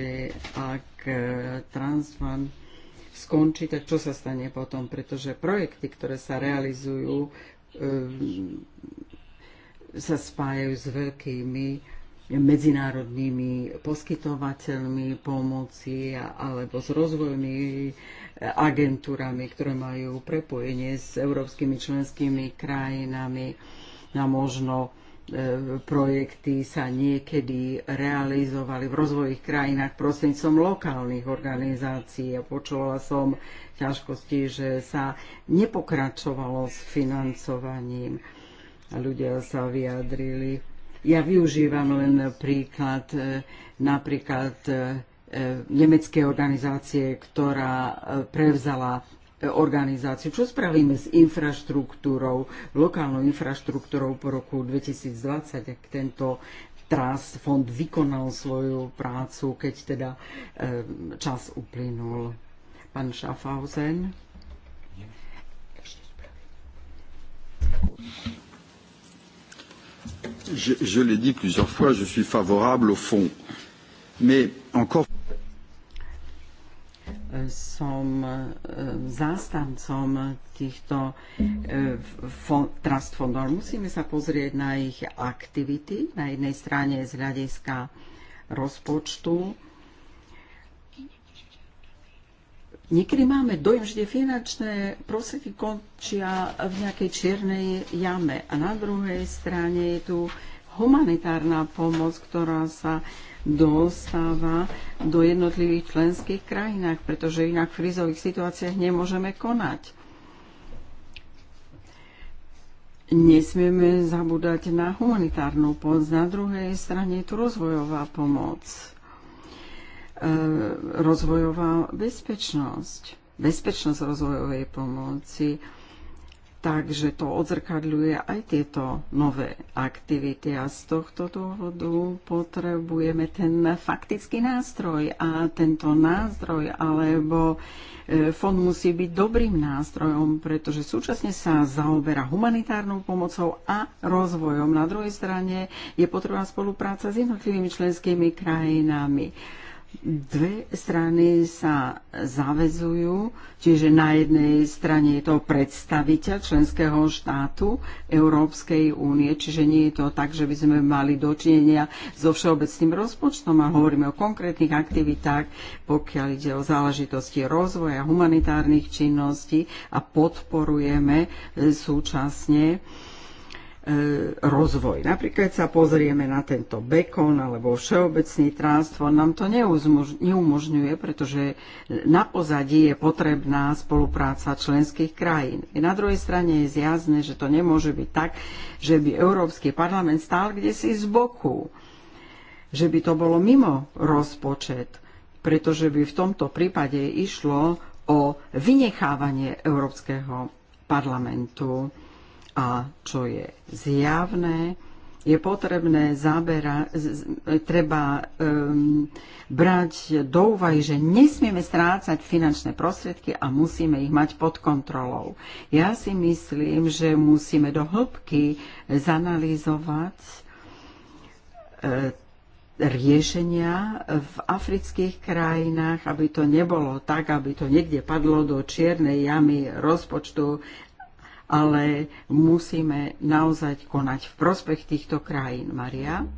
ak eh, transfan skončí, tak čo sa stane potom? Pretože projekty, ktoré sa realizujú, eh, sa spájajú s veľkými medzinárodnými poskytovateľmi pomoci alebo s rozvojmi eh, agentúrami, ktoré majú prepojenie s európskymi členskými krajinami na možno eh, projekty sa niekedy realizovali v rozvojových krajinách prostredníctvom lokálnych organizácií a počula som ťažkosti, že sa nepokračovalo s financovaním. a Ľudia sa vyjadrili ja využívam len príklad e, napríklad e, e, nemeckej organizácie, ktorá prevzala organizáciu. Čo spravíme s infraštruktúrou, lokálnou infraštruktúrou po roku 2020, ak tento trust fond vykonal svoju prácu, keď teda čas uplynul. Pán Schaffhausen je, je l'ai dit plusieurs fois, je suis favorable au fond. Mais encore som e, zástancom týchto e, trust fondov. Musíme sa pozrieť na ich aktivity. Na jednej strane z hľadiska rozpočtu, Niekedy máme dojem, že tie finančné prostriedky končia v nejakej čiernej jame. A na druhej strane je tu humanitárna pomoc, ktorá sa dostáva do jednotlivých členských krajinách, pretože inak v krizových situáciách nemôžeme konať. Nesmieme zabúdať na humanitárnu pomoc. Na druhej strane je tu rozvojová pomoc E, rozvojová bezpečnosť, bezpečnosť rozvojovej pomoci. Takže to odzrkadľuje aj tieto nové aktivity a z tohto dôvodu potrebujeme ten faktický nástroj a tento nástroj alebo e, fond musí byť dobrým nástrojom, pretože súčasne sa zaoberá humanitárnou pomocou a rozvojom. Na druhej strane je potreba spolupráca s jednotlivými členskými krajinami dve strany sa zavezujú, čiže na jednej strane je to predstaviteľ členského štátu Európskej únie, čiže nie je to tak, že by sme mali dočinenia so všeobecným rozpočtom a hovoríme o konkrétnych aktivitách, pokiaľ ide o záležitosti rozvoja humanitárnych činností a podporujeme súčasne E, rozvoj. Napríklad sa pozrieme na tento bekon alebo všeobecný transfer, nám to neumožňuje, pretože na pozadí je potrebná spolupráca členských krajín. I na druhej strane je zjazné, že to nemôže byť tak, že by Európsky parlament stál kde si z boku, že by to bolo mimo rozpočet, pretože by v tomto prípade išlo o vynechávanie Európskeho parlamentu. A čo je zjavné, je potrebné zabera, treba um, brať do úvahy, že nesmieme strácať finančné prostriedky a musíme ich mať pod kontrolou. Ja si myslím, že musíme do hĺbky zanalýzovať e, riešenia v afrických krajinách, aby to nebolo tak, aby to niekde padlo do čiernej jamy rozpočtu ale musíme naozaj konať v prospech týchto krajín. Maria?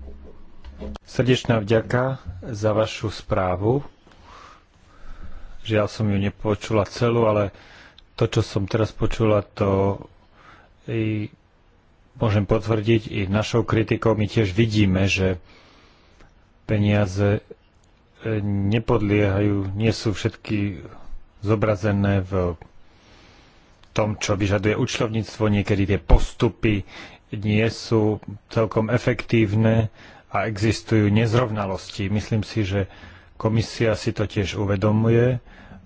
Srdečná vďaka za vašu správu. Žiaľ som ju nepočula celú, ale to, čo som teraz počula, to i môžem potvrdiť i našou kritikou. My tiež vidíme, že peniaze e, nepodliehajú, nie sú všetky zobrazené v tom, čo vyžaduje účtovníctvo. Niekedy tie postupy nie sú celkom efektívne a existujú nezrovnalosti. Myslím si, že komisia si to tiež uvedomuje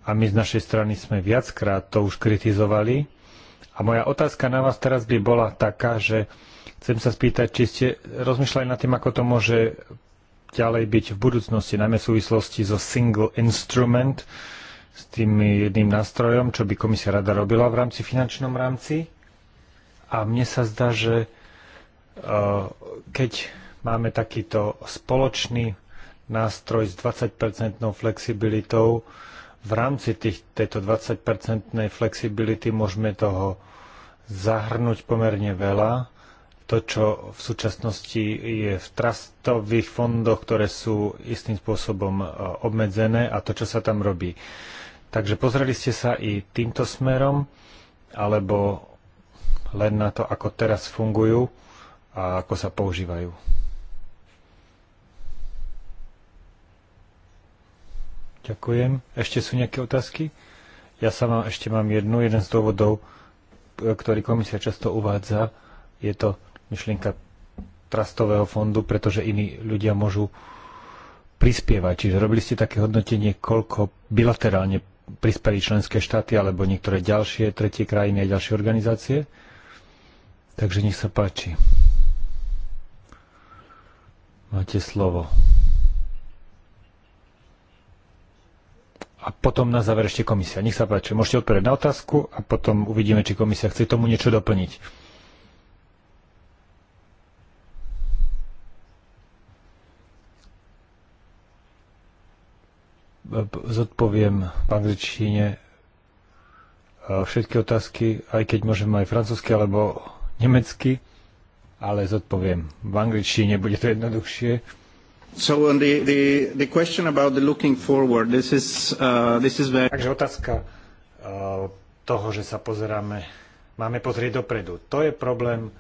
a my z našej strany sme viackrát to už kritizovali. A moja otázka na vás teraz by bola taká, že chcem sa spýtať, či ste rozmýšľali nad tým, ako to môže ďalej byť v budúcnosti, najmä v súvislosti so single instrument, s tým jedným nástrojom, čo by komisia rada robila v rámci finančnom rámci. A mne sa zdá, že e, keď máme takýto spoločný nástroj s 20-percentnou flexibilitou, v rámci tých, tejto 20-percentnej flexibility môžeme toho zahrnúť pomerne veľa. To, čo v súčasnosti je v trastových fondoch, ktoré sú istým spôsobom e, obmedzené a to, čo sa tam robí. Takže pozreli ste sa i týmto smerom, alebo len na to, ako teraz fungujú a ako sa používajú. Ďakujem. Ešte sú nejaké otázky? Ja mám, ešte mám jednu. Jeden z dôvodov, ktorý komisia často uvádza, je to myšlienka trastového fondu, pretože iní ľudia môžu prispievať. Čiže robili ste také hodnotenie, koľko bilaterálne prispeli členské štáty alebo niektoré ďalšie tretie krajiny a ďalšie organizácie. Takže nech sa páči. Máte slovo. A potom na záver ešte komisia. Nech sa páči, môžete odpovedať na otázku a potom uvidíme, či komisia chce tomu niečo doplniť. zodpoviem v angličtine e, všetky otázky, aj keď môžem aj francúzsky alebo nemecky, ale zodpoviem v angličtine, bude to jednoduchšie. So on the, the, the question about the looking forward, this is, uh, this is very... Takže otázka uh, toho, že sa pozeráme, máme pozrieť dopredu. To je problém,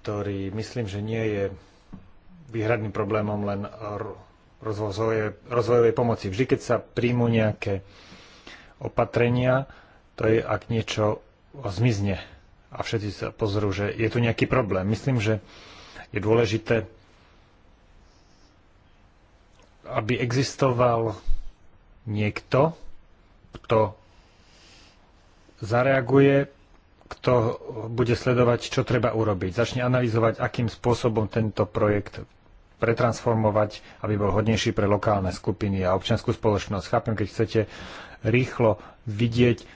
ktorý myslím, že nie je výhradným problémom len rozvoje, rozvojovej pomoci. Vždy, keď sa príjmu nejaké opatrenia, to je, ak niečo zmizne a všetci sa pozrú, že je tu nejaký problém. Myslím, že je dôležité, aby existoval niekto, kto zareaguje, kto bude sledovať, čo treba urobiť. Začne analyzovať, akým spôsobom tento projekt pretransformovať, aby bol hodnejší pre lokálne skupiny a občianskú spoločnosť. Chápem, keď chcete rýchlo vidieť, e,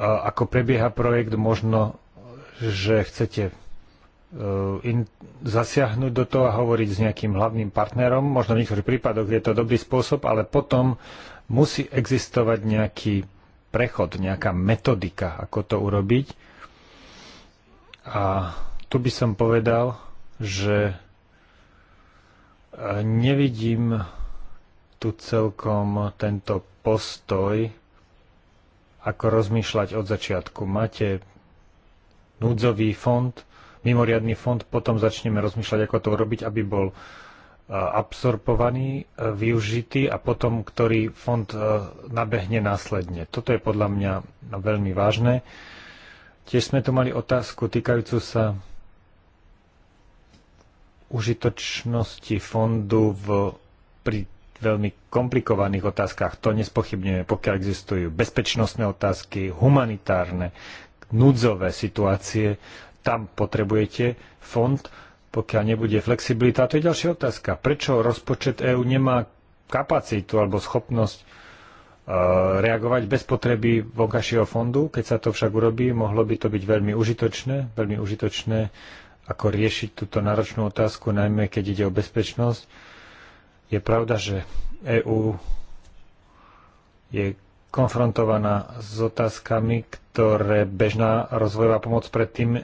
ako prebieha projekt, možno, že chcete e, in, zasiahnuť do toho a hovoriť s nejakým hlavným partnerom. Možno v niektorých prípadoch je to dobrý spôsob, ale potom musí existovať nejaký prechod, nejaká metodika, ako to urobiť. A tu by som povedal, že Nevidím tu celkom tento postoj, ako rozmýšľať od začiatku. Máte núdzový fond, mimoriadný fond, potom začneme rozmýšľať, ako to urobiť, aby bol e, absorbovaný, e, využitý a potom, ktorý fond e, nabehne následne. Toto je podľa mňa no, veľmi vážne. Tiež sme tu mali otázku týkajúcu sa užitočnosti fondu v, pri veľmi komplikovaných otázkach. To nespochybňuje, pokiaľ existujú bezpečnostné otázky, humanitárne, núdzové situácie. Tam potrebujete fond, pokiaľ nebude flexibilita. a To je ďalšia otázka. Prečo rozpočet EÚ nemá kapacitu alebo schopnosť e, reagovať bez potreby vonkajšieho fondu. Keď sa to však urobí, mohlo by to byť veľmi užitočné, veľmi užitočné ako riešiť túto náročnú otázku, najmä keď ide o bezpečnosť. Je pravda, že EÚ je konfrontovaná s otázkami, ktoré bežná rozvojová pomoc predtým e,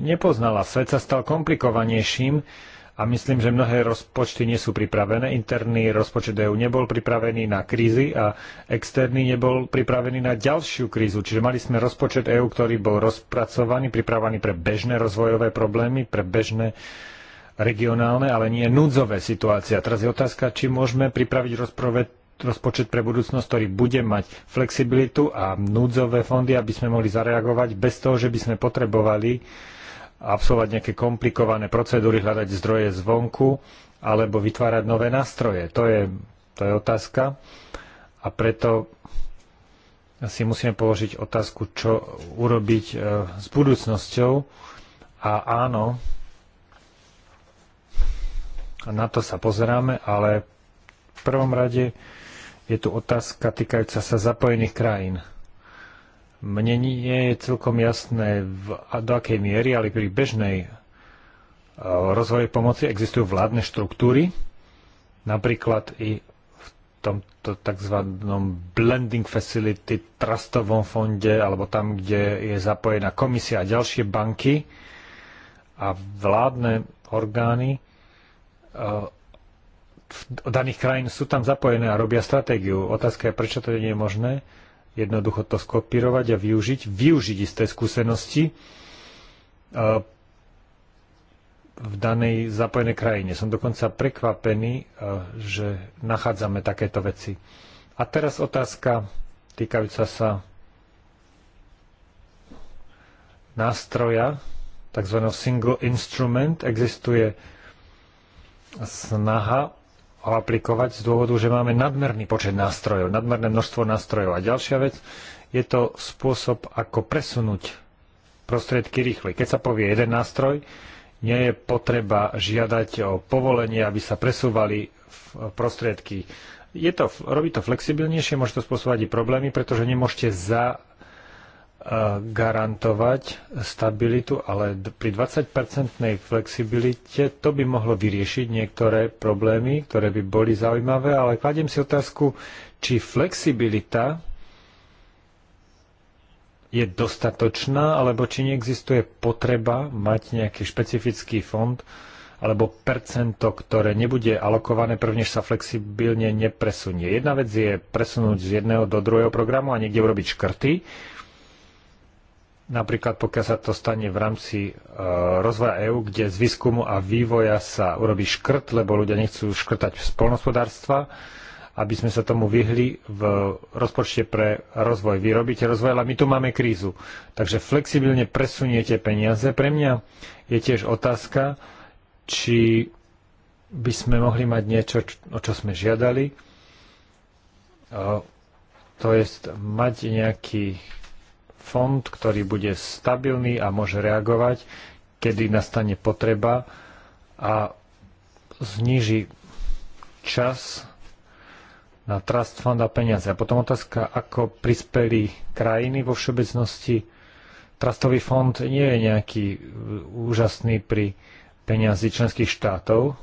nepoznala. Svet sa stal komplikovanejším a myslím, že mnohé rozpočty nie sú pripravené. Interný rozpočet EU nebol pripravený na krízy a externý nebol pripravený na ďalšiu krízu. Čiže mali sme rozpočet EU, ktorý bol rozpracovaný, pripravený pre bežné rozvojové problémy, pre bežné regionálne, ale nie núdzové situácie. A teraz je otázka, či môžeme pripraviť rozprovet rozpočet pre budúcnosť, ktorý bude mať flexibilitu a núdzové fondy, aby sme mohli zareagovať bez toho, že by sme potrebovali uh, absolvovať nejaké komplikované procedúry, hľadať zdroje zvonku alebo vytvárať nové nástroje. To je, to je otázka a preto si musíme položiť otázku, čo urobiť e, s budúcnosťou. A áno, na to sa pozeráme, ale v prvom rade je tu otázka týkajúca sa zapojených krajín. Mne nie je celkom jasné, v, do akej miery, ale pri bežnej e, rozvoje pomoci existujú vládne štruktúry, napríklad i v tomto tzv. blending facility, trustovom fonde, alebo tam, kde je zapojená komisia a ďalšie banky a vládne orgány e, daných krajín sú tam zapojené a robia stratégiu. Otázka je, prečo to nie je možné jednoducho to skopírovať a využiť, využiť isté skúsenosti v danej zapojenej krajine. Som dokonca prekvapený, že nachádzame takéto veci. A teraz otázka týkajúca sa nástroja, tzv. single instrument. Existuje snaha aplikovať z dôvodu, že máme nadmerný počet nástrojov, nadmerné množstvo nástrojov. A ďalšia vec, je to spôsob, ako presunúť prostriedky rýchle. Keď sa povie jeden nástroj, nie je potreba žiadať o povolenie, aby sa presúvali prostriedky. Je to, robí to flexibilnejšie, môže to spôsobovať i problémy, pretože nemôžete za garantovať stabilitu, ale pri 20-percentnej flexibilite to by mohlo vyriešiť niektoré problémy, ktoré by boli zaujímavé, ale kladiem si otázku, či flexibilita je dostatočná, alebo či neexistuje potreba mať nejaký špecifický fond alebo percento, ktoré nebude alokované, prvnež sa flexibilne nepresunie. Jedna vec je presunúť z jedného do druhého programu a niekde urobiť škrty, Napríklad pokiaľ sa to stane v rámci e, rozvoja EÚ, kde z výskumu a vývoja sa urobí škrt, lebo ľudia nechcú škrtať z aby sme sa tomu vyhli v rozpočte pre rozvoj. Vy robíte rozvoj, ale my tu máme krízu. Takže flexibilne presuniete peniaze. Pre mňa je tiež otázka, či by sme mohli mať niečo, o čo sme žiadali. E, to je mať nejaký fond, ktorý bude stabilný a môže reagovať, kedy nastane potreba a zniží čas na trust fond a peniaze. A potom otázka, ako prispeli krajiny vo všeobecnosti. Trustový fond nie je nejaký úžasný pri peniazi členských štátov.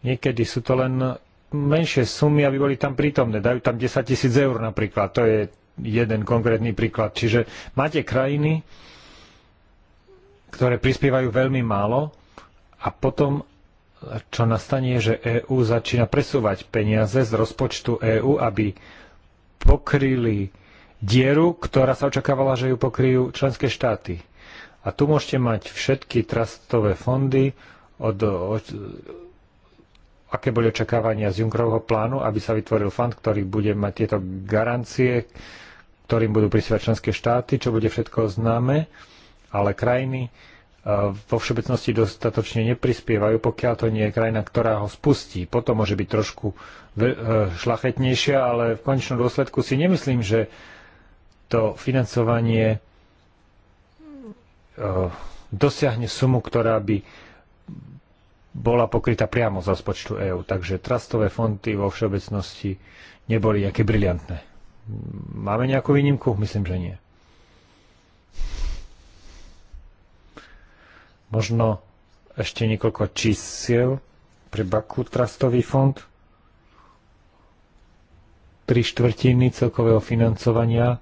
Niekedy sú to len menšie sumy, aby boli tam prítomné. Dajú tam 10 tisíc eur napríklad. To je jeden konkrétny príklad. Čiže máte krajiny, ktoré prispievajú veľmi málo a potom čo nastane, je, že EÚ začína presúvať peniaze z rozpočtu EÚ, aby pokryli dieru, ktorá sa očakávala, že ju pokryjú členské štáty. A tu môžete mať všetky trastové fondy, od, od, aké boli očakávania z Junckerovho plánu, aby sa vytvoril fond, ktorý bude mať tieto garancie, ktorým budú prispievať členské štáty, čo bude všetko známe, ale krajiny e, vo všeobecnosti dostatočne neprispievajú, pokiaľ to nie je krajina, ktorá ho spustí. Potom môže byť trošku e, šlachetnejšia, ale v konečnom dôsledku si nemyslím, že to financovanie e, dosiahne sumu, ktorá by bola pokrytá priamo z rozpočtu EÚ. Takže trastové fondy vo všeobecnosti neboli aké briliantné. Máme nejakú výnimku? Myslím, že nie. Možno ešte niekoľko čísiel pre Baku trustový fond. Tri štvrtiny celkového financovania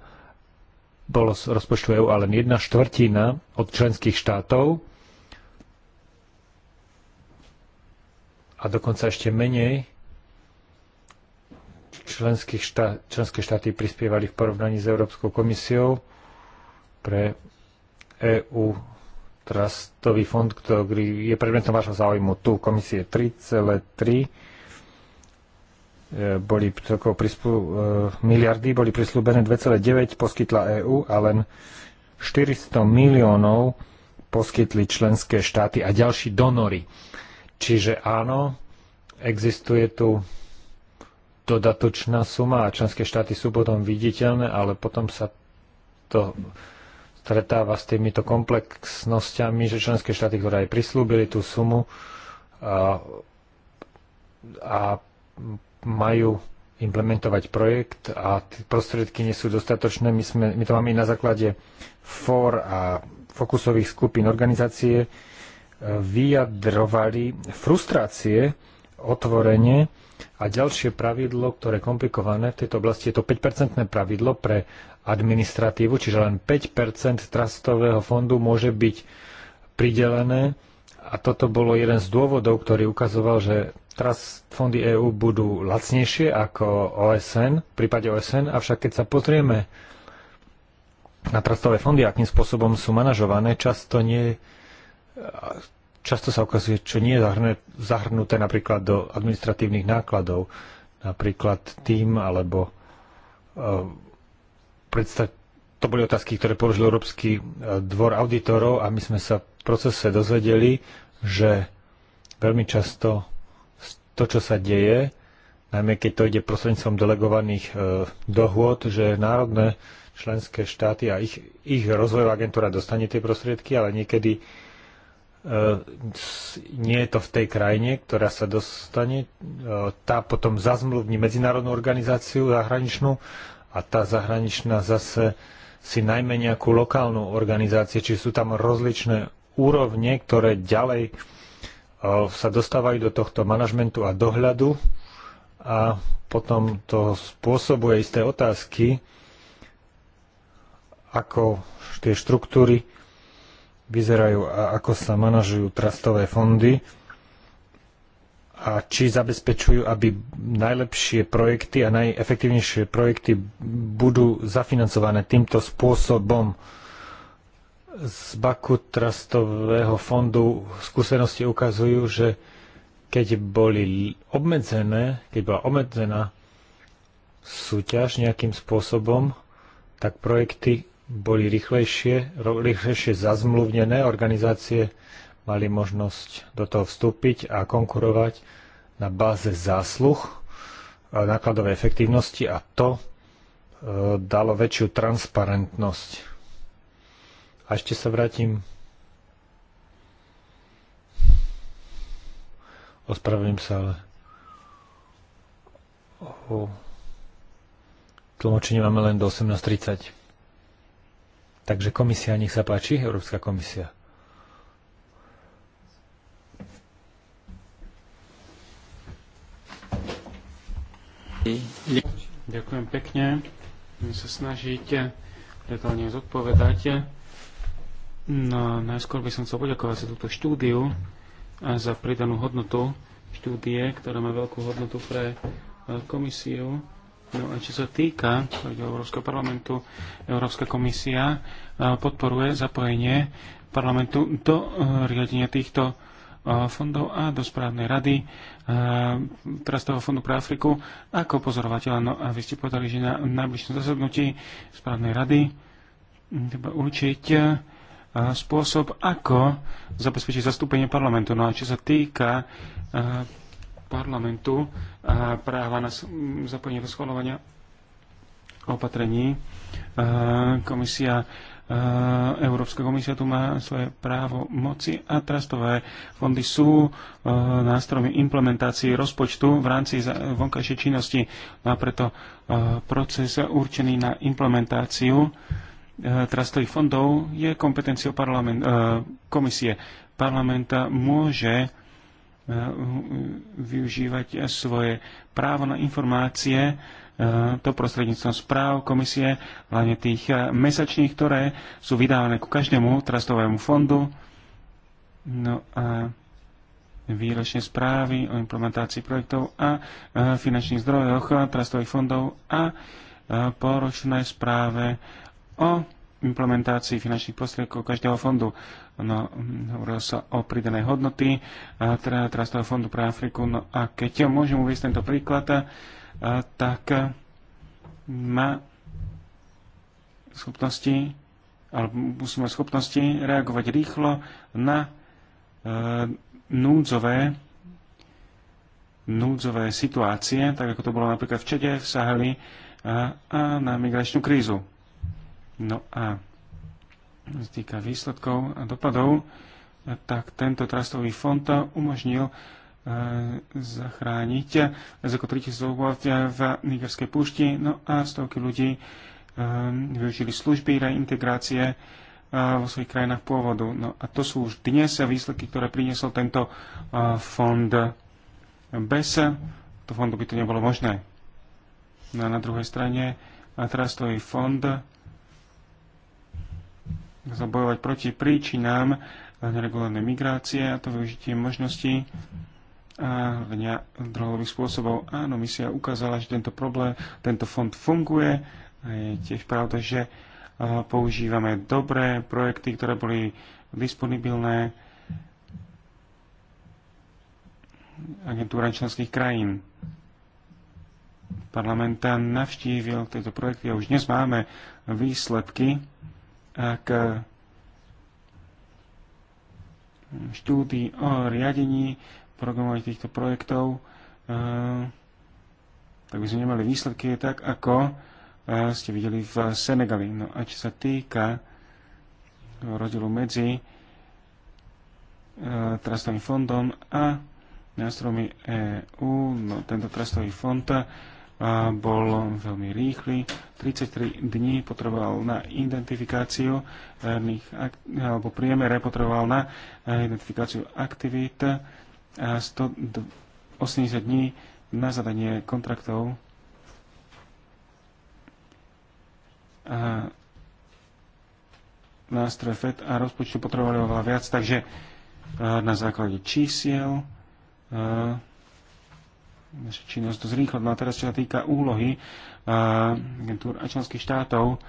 bolo z rozpočtu EU, ale jedna štvrtina od členských štátov a dokonca ešte menej členských štá, členské štáty prispievali v porovnaní s Európskou komisiou pre EU trastový fond, ktorý je predmetom vášho záujmu. Tu komisie 3,3 e, boli prispú, e, miliardy, boli prislúbené 2,9 poskytla EÚ a len 400 miliónov poskytli členské štáty a ďalší donory. Čiže áno, existuje tu dodatočná suma a členské štáty sú potom viditeľné, ale potom sa to stretáva s týmito komplexnosťami, že členské štáty, ktoré aj prislúbili tú sumu a, a majú implementovať projekt a tie prostriedky nie sú dostatočné. My, sme, my to máme na základe FOR a fokusových skupín organizácie e, vyjadrovali frustrácie otvorene a ďalšie pravidlo, ktoré je komplikované v tejto oblasti, je to 5-percentné pravidlo pre administratívu, čiže len 5 trastového fondu môže byť pridelené. A toto bolo jeden z dôvodov, ktorý ukazoval, že trast fondy EÚ budú lacnejšie ako OSN, v prípade OSN, avšak keď sa pozrieme na trastové fondy, akým spôsobom sú manažované, často nie často sa ukazuje, čo nie je zahrnuté napríklad do administratívnych nákladov, napríklad tým alebo uh, predstav, to boli otázky, ktoré položil Európsky eh, dvor auditorov a my sme sa v procese dozvedeli, že veľmi často to, čo sa deje, najmä keď to ide prostredníctvom delegovaných uh, dohôd, že národné členské štáty a ich, ich rozvojová agentúra dostane tie prostriedky, ale niekedy E, nie je to v tej krajine, ktorá sa dostane, e, tá potom zazmluvní medzinárodnú organizáciu zahraničnú a tá zahraničná zase si najmä nejakú lokálnu organizáciu, či sú tam rozličné úrovne, ktoré ďalej e, sa dostávajú do tohto manažmentu a dohľadu a potom to spôsobuje isté otázky, ako tie štruktúry vyzerajú a ako sa manažujú trastové fondy a či zabezpečujú, aby najlepšie projekty a najefektívnejšie projekty budú zafinancované týmto spôsobom. Z Baku Trastového fondu skúsenosti ukazujú, že keď boli obmedzené, keď bola obmedzená súťaž nejakým spôsobom, tak projekty boli rýchlejšie, rýchlejšie zazmluvnené, organizácie mali možnosť do toho vstúpiť a konkurovať na báze zásluh e, nákladovej efektívnosti a to e, dalo väčšiu transparentnosť. A ešte sa vrátim. Ospravedlím sa, ale tlmočenie máme len do 18.30. Takže komisia, nech sa páči, Európska komisia. Ďakujem pekne. My sa snažíte detálne zodpovedať. No, najskôr by som chcel poďakovať za túto štúdiu a za pridanú hodnotu štúdie, ktorá má veľkú hodnotu pre eh, komisiu No a čo sa týka Európskeho parlamentu, Európska komisia e, podporuje zapojenie parlamentu do e, riadenia týchto e, fondov a do správnej rady toho fondu pre Afriku ako pozorovateľa. No a vy ste povedali, že na najbližšom zasadnutí správnej rady treba určiť spôsob, ako zabezpečiť zastúpenie parlamentu. No a čo sa týka parlamentu a práva na zapojenie do schvalovania opatrení. Komisia Európska komisia tu má svoje právo moci a trastové fondy sú nástrojmi implementácie rozpočtu v rámci vonkajšej činnosti. No a preto proces určený na implementáciu trastových fondov je kompetenciou parlament, komisie. Parlament môže Eh, využívať svoje právo na informácie, eh, to prostredníctvom správ komisie, hlavne tých eh, mesačných, ktoré sú vydávané ku každému trastovému fondu. No a výročné správy o implementácii projektov a finančných zdrojoch trastových fondov a poročné správe o implementácii finančných prostriedkov každého fondu. No, hm, hovorilo sa o pridanej hodnoty teda Trastového fondu pre Afriku. No a keď môžem uvieť tento príklad, tak má schopnosti, alebo musíme schopnosti reagovať rýchlo na e, núdzové núdzové situácie, tak ako to bolo napríklad v Čede, v Saheli a, a na migračnú krízu. No a sa týka výsledkov a dopadov, tak tento trastový fond umožnil e, zachrániť viac ako 3000 v Nigerskej púšti, no a stovky ľudí e, využili služby reintegrácie e, vo svojich krajinách pôvodu. No a to sú už dnes výsledky, ktoré priniesol tento fond. Bez to fondu by to nebolo možné. No a na druhej strane trastový fond zabojovať proti príčinám neregulárnej migrácie a to využitie možností a drohových spôsobov. Áno, misia ukázala, že tento problém, tento fond funguje a je tiež pravda, že používame dobré projekty, ktoré boli disponibilné agentúra členských krajín. Parlamenta navštívil tieto projekty a už dnes máme výsledky k eh, štúdii o riadení programovať týchto projektov, eh, tak by sme nemali výsledky tak, ako eh, ste videli v Senegali. No a čo sa týka rozdielu medzi trastovým fondom a nástrojmi EU, no, tento trastový fond bol veľmi rýchly. 33 dní potreboval na identifikáciu alebo priemere potreboval na eh, identifikáciu aktivít a 180 dní na zadanie kontraktov a nástroj FED a rozpočtu potrebovali oveľa viac, takže eh, na základe čísiel eh, našu činnosť to rýchlo. No a teraz, čo sa týka úlohy agentúr a členských štátov,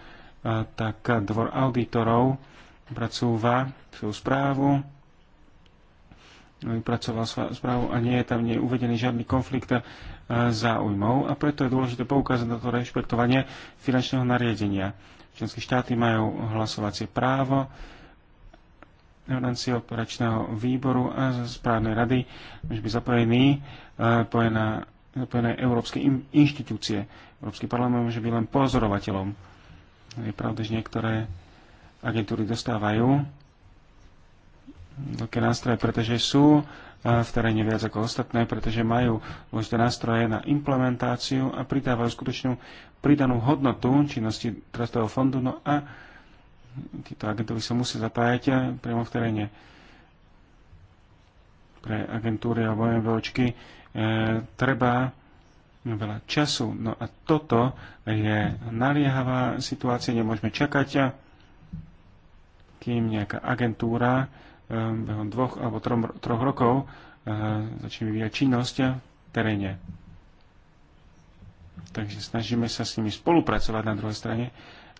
tak dvor auditorov pracúva svoju správu, vypracoval správu a nie je tam nie je uvedený žiadny konflikt záujmov a preto je dôležité poukázať na to rešpektovanie finančného nariadenia. Členské štáty majú hlasovacie právo, v rámci operačného výboru a správnej rady môže byť zapojený e, pojená, zapojené európske inštitúcie. Európsky parlament môže byť len pozorovateľom. Je pravda, že niektoré agentúry dostávajú veľké nástroje, pretože sú e, v teréne viac ako ostatné, pretože majú dôležité nástroje na implementáciu a pridávajú skutočnú pridanú hodnotu činnosti trestového fondu. No a títo agentúry sa musia zapájať eh, priamo v teréne. Pre agentúry alebo MVOčky e, eh, treba veľa času. No a toto je naliehavá situácia, nemôžeme čakať, eh, kým nejaká agentúra behom dvoch alebo trom, troch rokov začne vyvíjať činnosť v teréne. Takže snažíme sa s nimi spolupracovať na druhej strane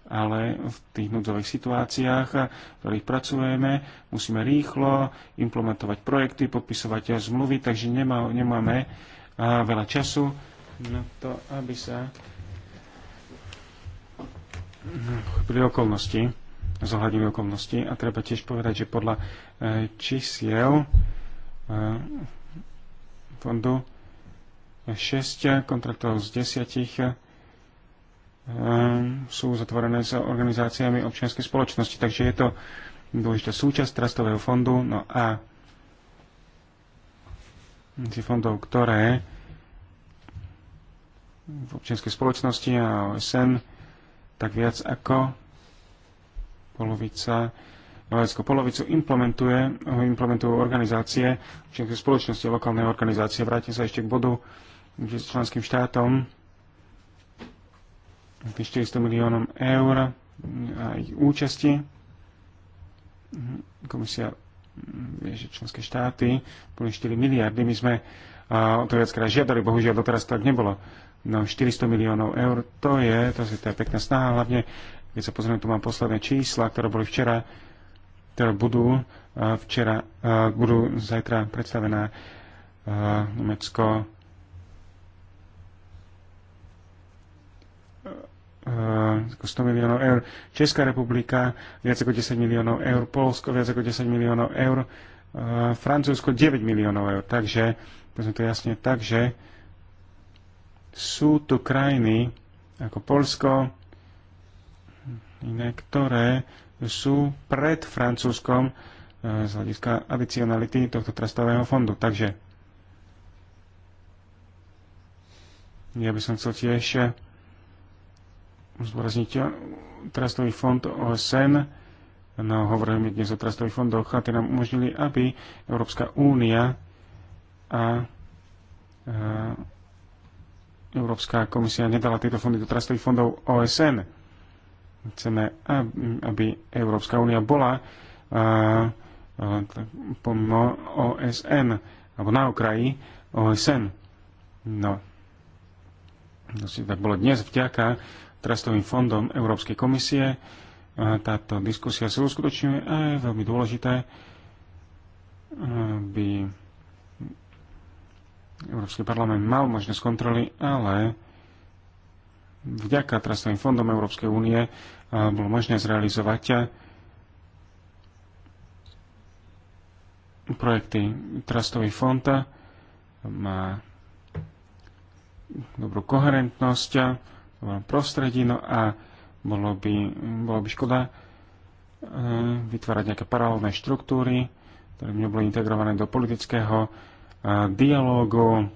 ale v tých núdzových situáciách, v ktorých pracujeme, musíme rýchlo implementovať projekty, podpisovať zmluvy, takže nemá, nemáme veľa času na to, aby sa hm, pri okolnosti, zohľadili okolnosti a treba tiež povedať, že podľa e, čísiel e, fondu 6 kontraktov z 10 Ehm, sú zatvorené s organizáciami občianskej spoločnosti. Takže je to dôležitá súčasť trastového fondu. No a medzi fondov, ktoré v občianskej spoločnosti a OSN tak viac ako polovica Valecko polovicu implementuje, implementujú organizácie, občianske spoločnosti, lokálne organizácie. Vrátim sa ešte k bodu, že s členským štátom 400 miliónom eur a ich účasti. Komisia vie, že členské štáty boli 4 miliardy. My sme a, to viackrát žiadali, bohužiaľ doteraz tak nebolo. No 400 miliónov eur, to je, to je, to je pekná snaha, hlavne keď sa pozrieme, tu mám posledné čísla, ktoré boli včera, ktoré budú včera, budú zajtra predstavená Nemecko, 100 eh, miliónov eur, Česká republika viac ako 10 miliónov eur, Polsko viac ako 10 miliónov eur, eh, Francúzsko 9 miliónov eur. Takže, povedzme to jasne, takže sú tu krajiny ako Polsko, iné, ktoré sú pred Francúzskom eh, z hľadiska adicionality tohto trastového fondu. Takže ja by som chcel tiež zvorazniť trastový fond OSN. No, hovoríme dnes o trastových fondoch a tie nám umožnili, aby Európska únia a Európska komisia nedala tieto fondy do trastových fondov OSN. Chceme, aby Európska únia bola pomno OSN, alebo na okraji OSN. No, to no, si tak bolo dnes vďaka trastovým fondom Európskej komisie. Táto diskusia sa uskutočňuje a je veľmi dôležité, aby Európsky parlament mal možnosť kontroly, ale vďaka trastovým fondom Európskej únie bolo možné zrealizovať projekty Trastový fond má dobrú koherentnosť prostredí. No a bolo by, bolo by škoda e, vytvárať nejaké paralelné štruktúry, ktoré by neboli integrované do politického e, dialógu.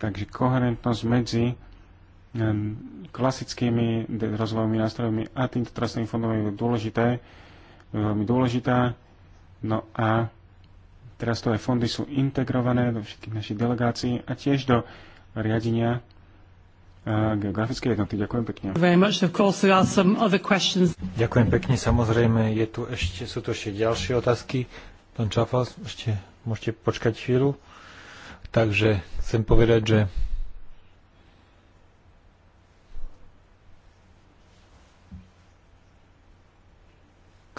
Takže koherentnosť medzi e, klasickými rozvojovými nástrojmi a týmto trestným fondom je dôležité, veľmi dôležitá. No a Trastové fondy sú integrované do všetkých našich delegácií a tiež do riadenia geografické jednoty. Ďakujem pekne. Ďakujem pekne. Samozrejme, je tu ešte, sú tu ešte ďalšie otázky. Pán Čafas, ešte môžete počkať chvíľu. Takže chcem povedať, že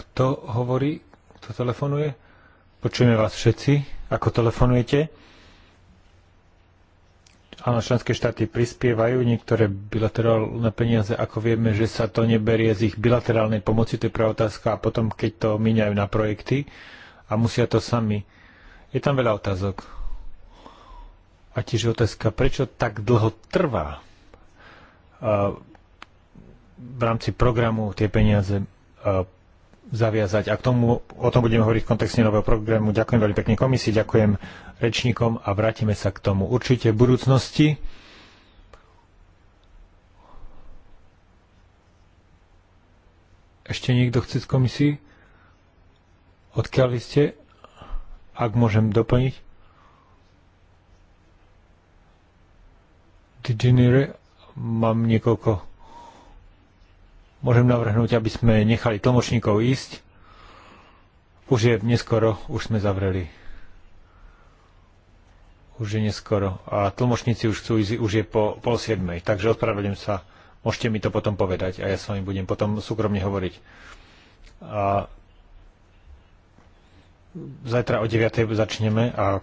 kto hovorí, kto telefonuje? Počujeme vás všetci, ako telefonujete. Áno, členské štáty prispievajú niektoré bilaterálne peniaze, ako vieme, že sa to neberie z ich bilaterálnej pomoci, to je prvá otázka, a potom, keď to míňajú na projekty a musia to sami. Je tam veľa otázok. A tiež otázka, prečo tak dlho trvá uh, v rámci programu tie peniaze uh, zaviazať. A k tomu, o tom budeme hovoriť v kontexte nového programu. Ďakujem veľmi pekne komisii, ďakujem rečníkom a vrátime sa k tomu určite v budúcnosti. Ešte niekto chce z komisii? Odkiaľ ste? Ak môžem doplniť? Degenere? mám niekoľko Môžem navrhnúť, aby sme nechali tlmočníkov ísť. Už je neskoro, už sme zavreli. Už je neskoro. A tlmočníci už chcú ísť, už je po pol siedmej. Takže ospravedlňujem sa. Môžete mi to potom povedať a ja s vami budem potom súkromne hovoriť. A zajtra o 9.00 začneme a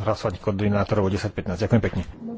hlasovať koordinátorov o 10.15. Ďakujem pekne.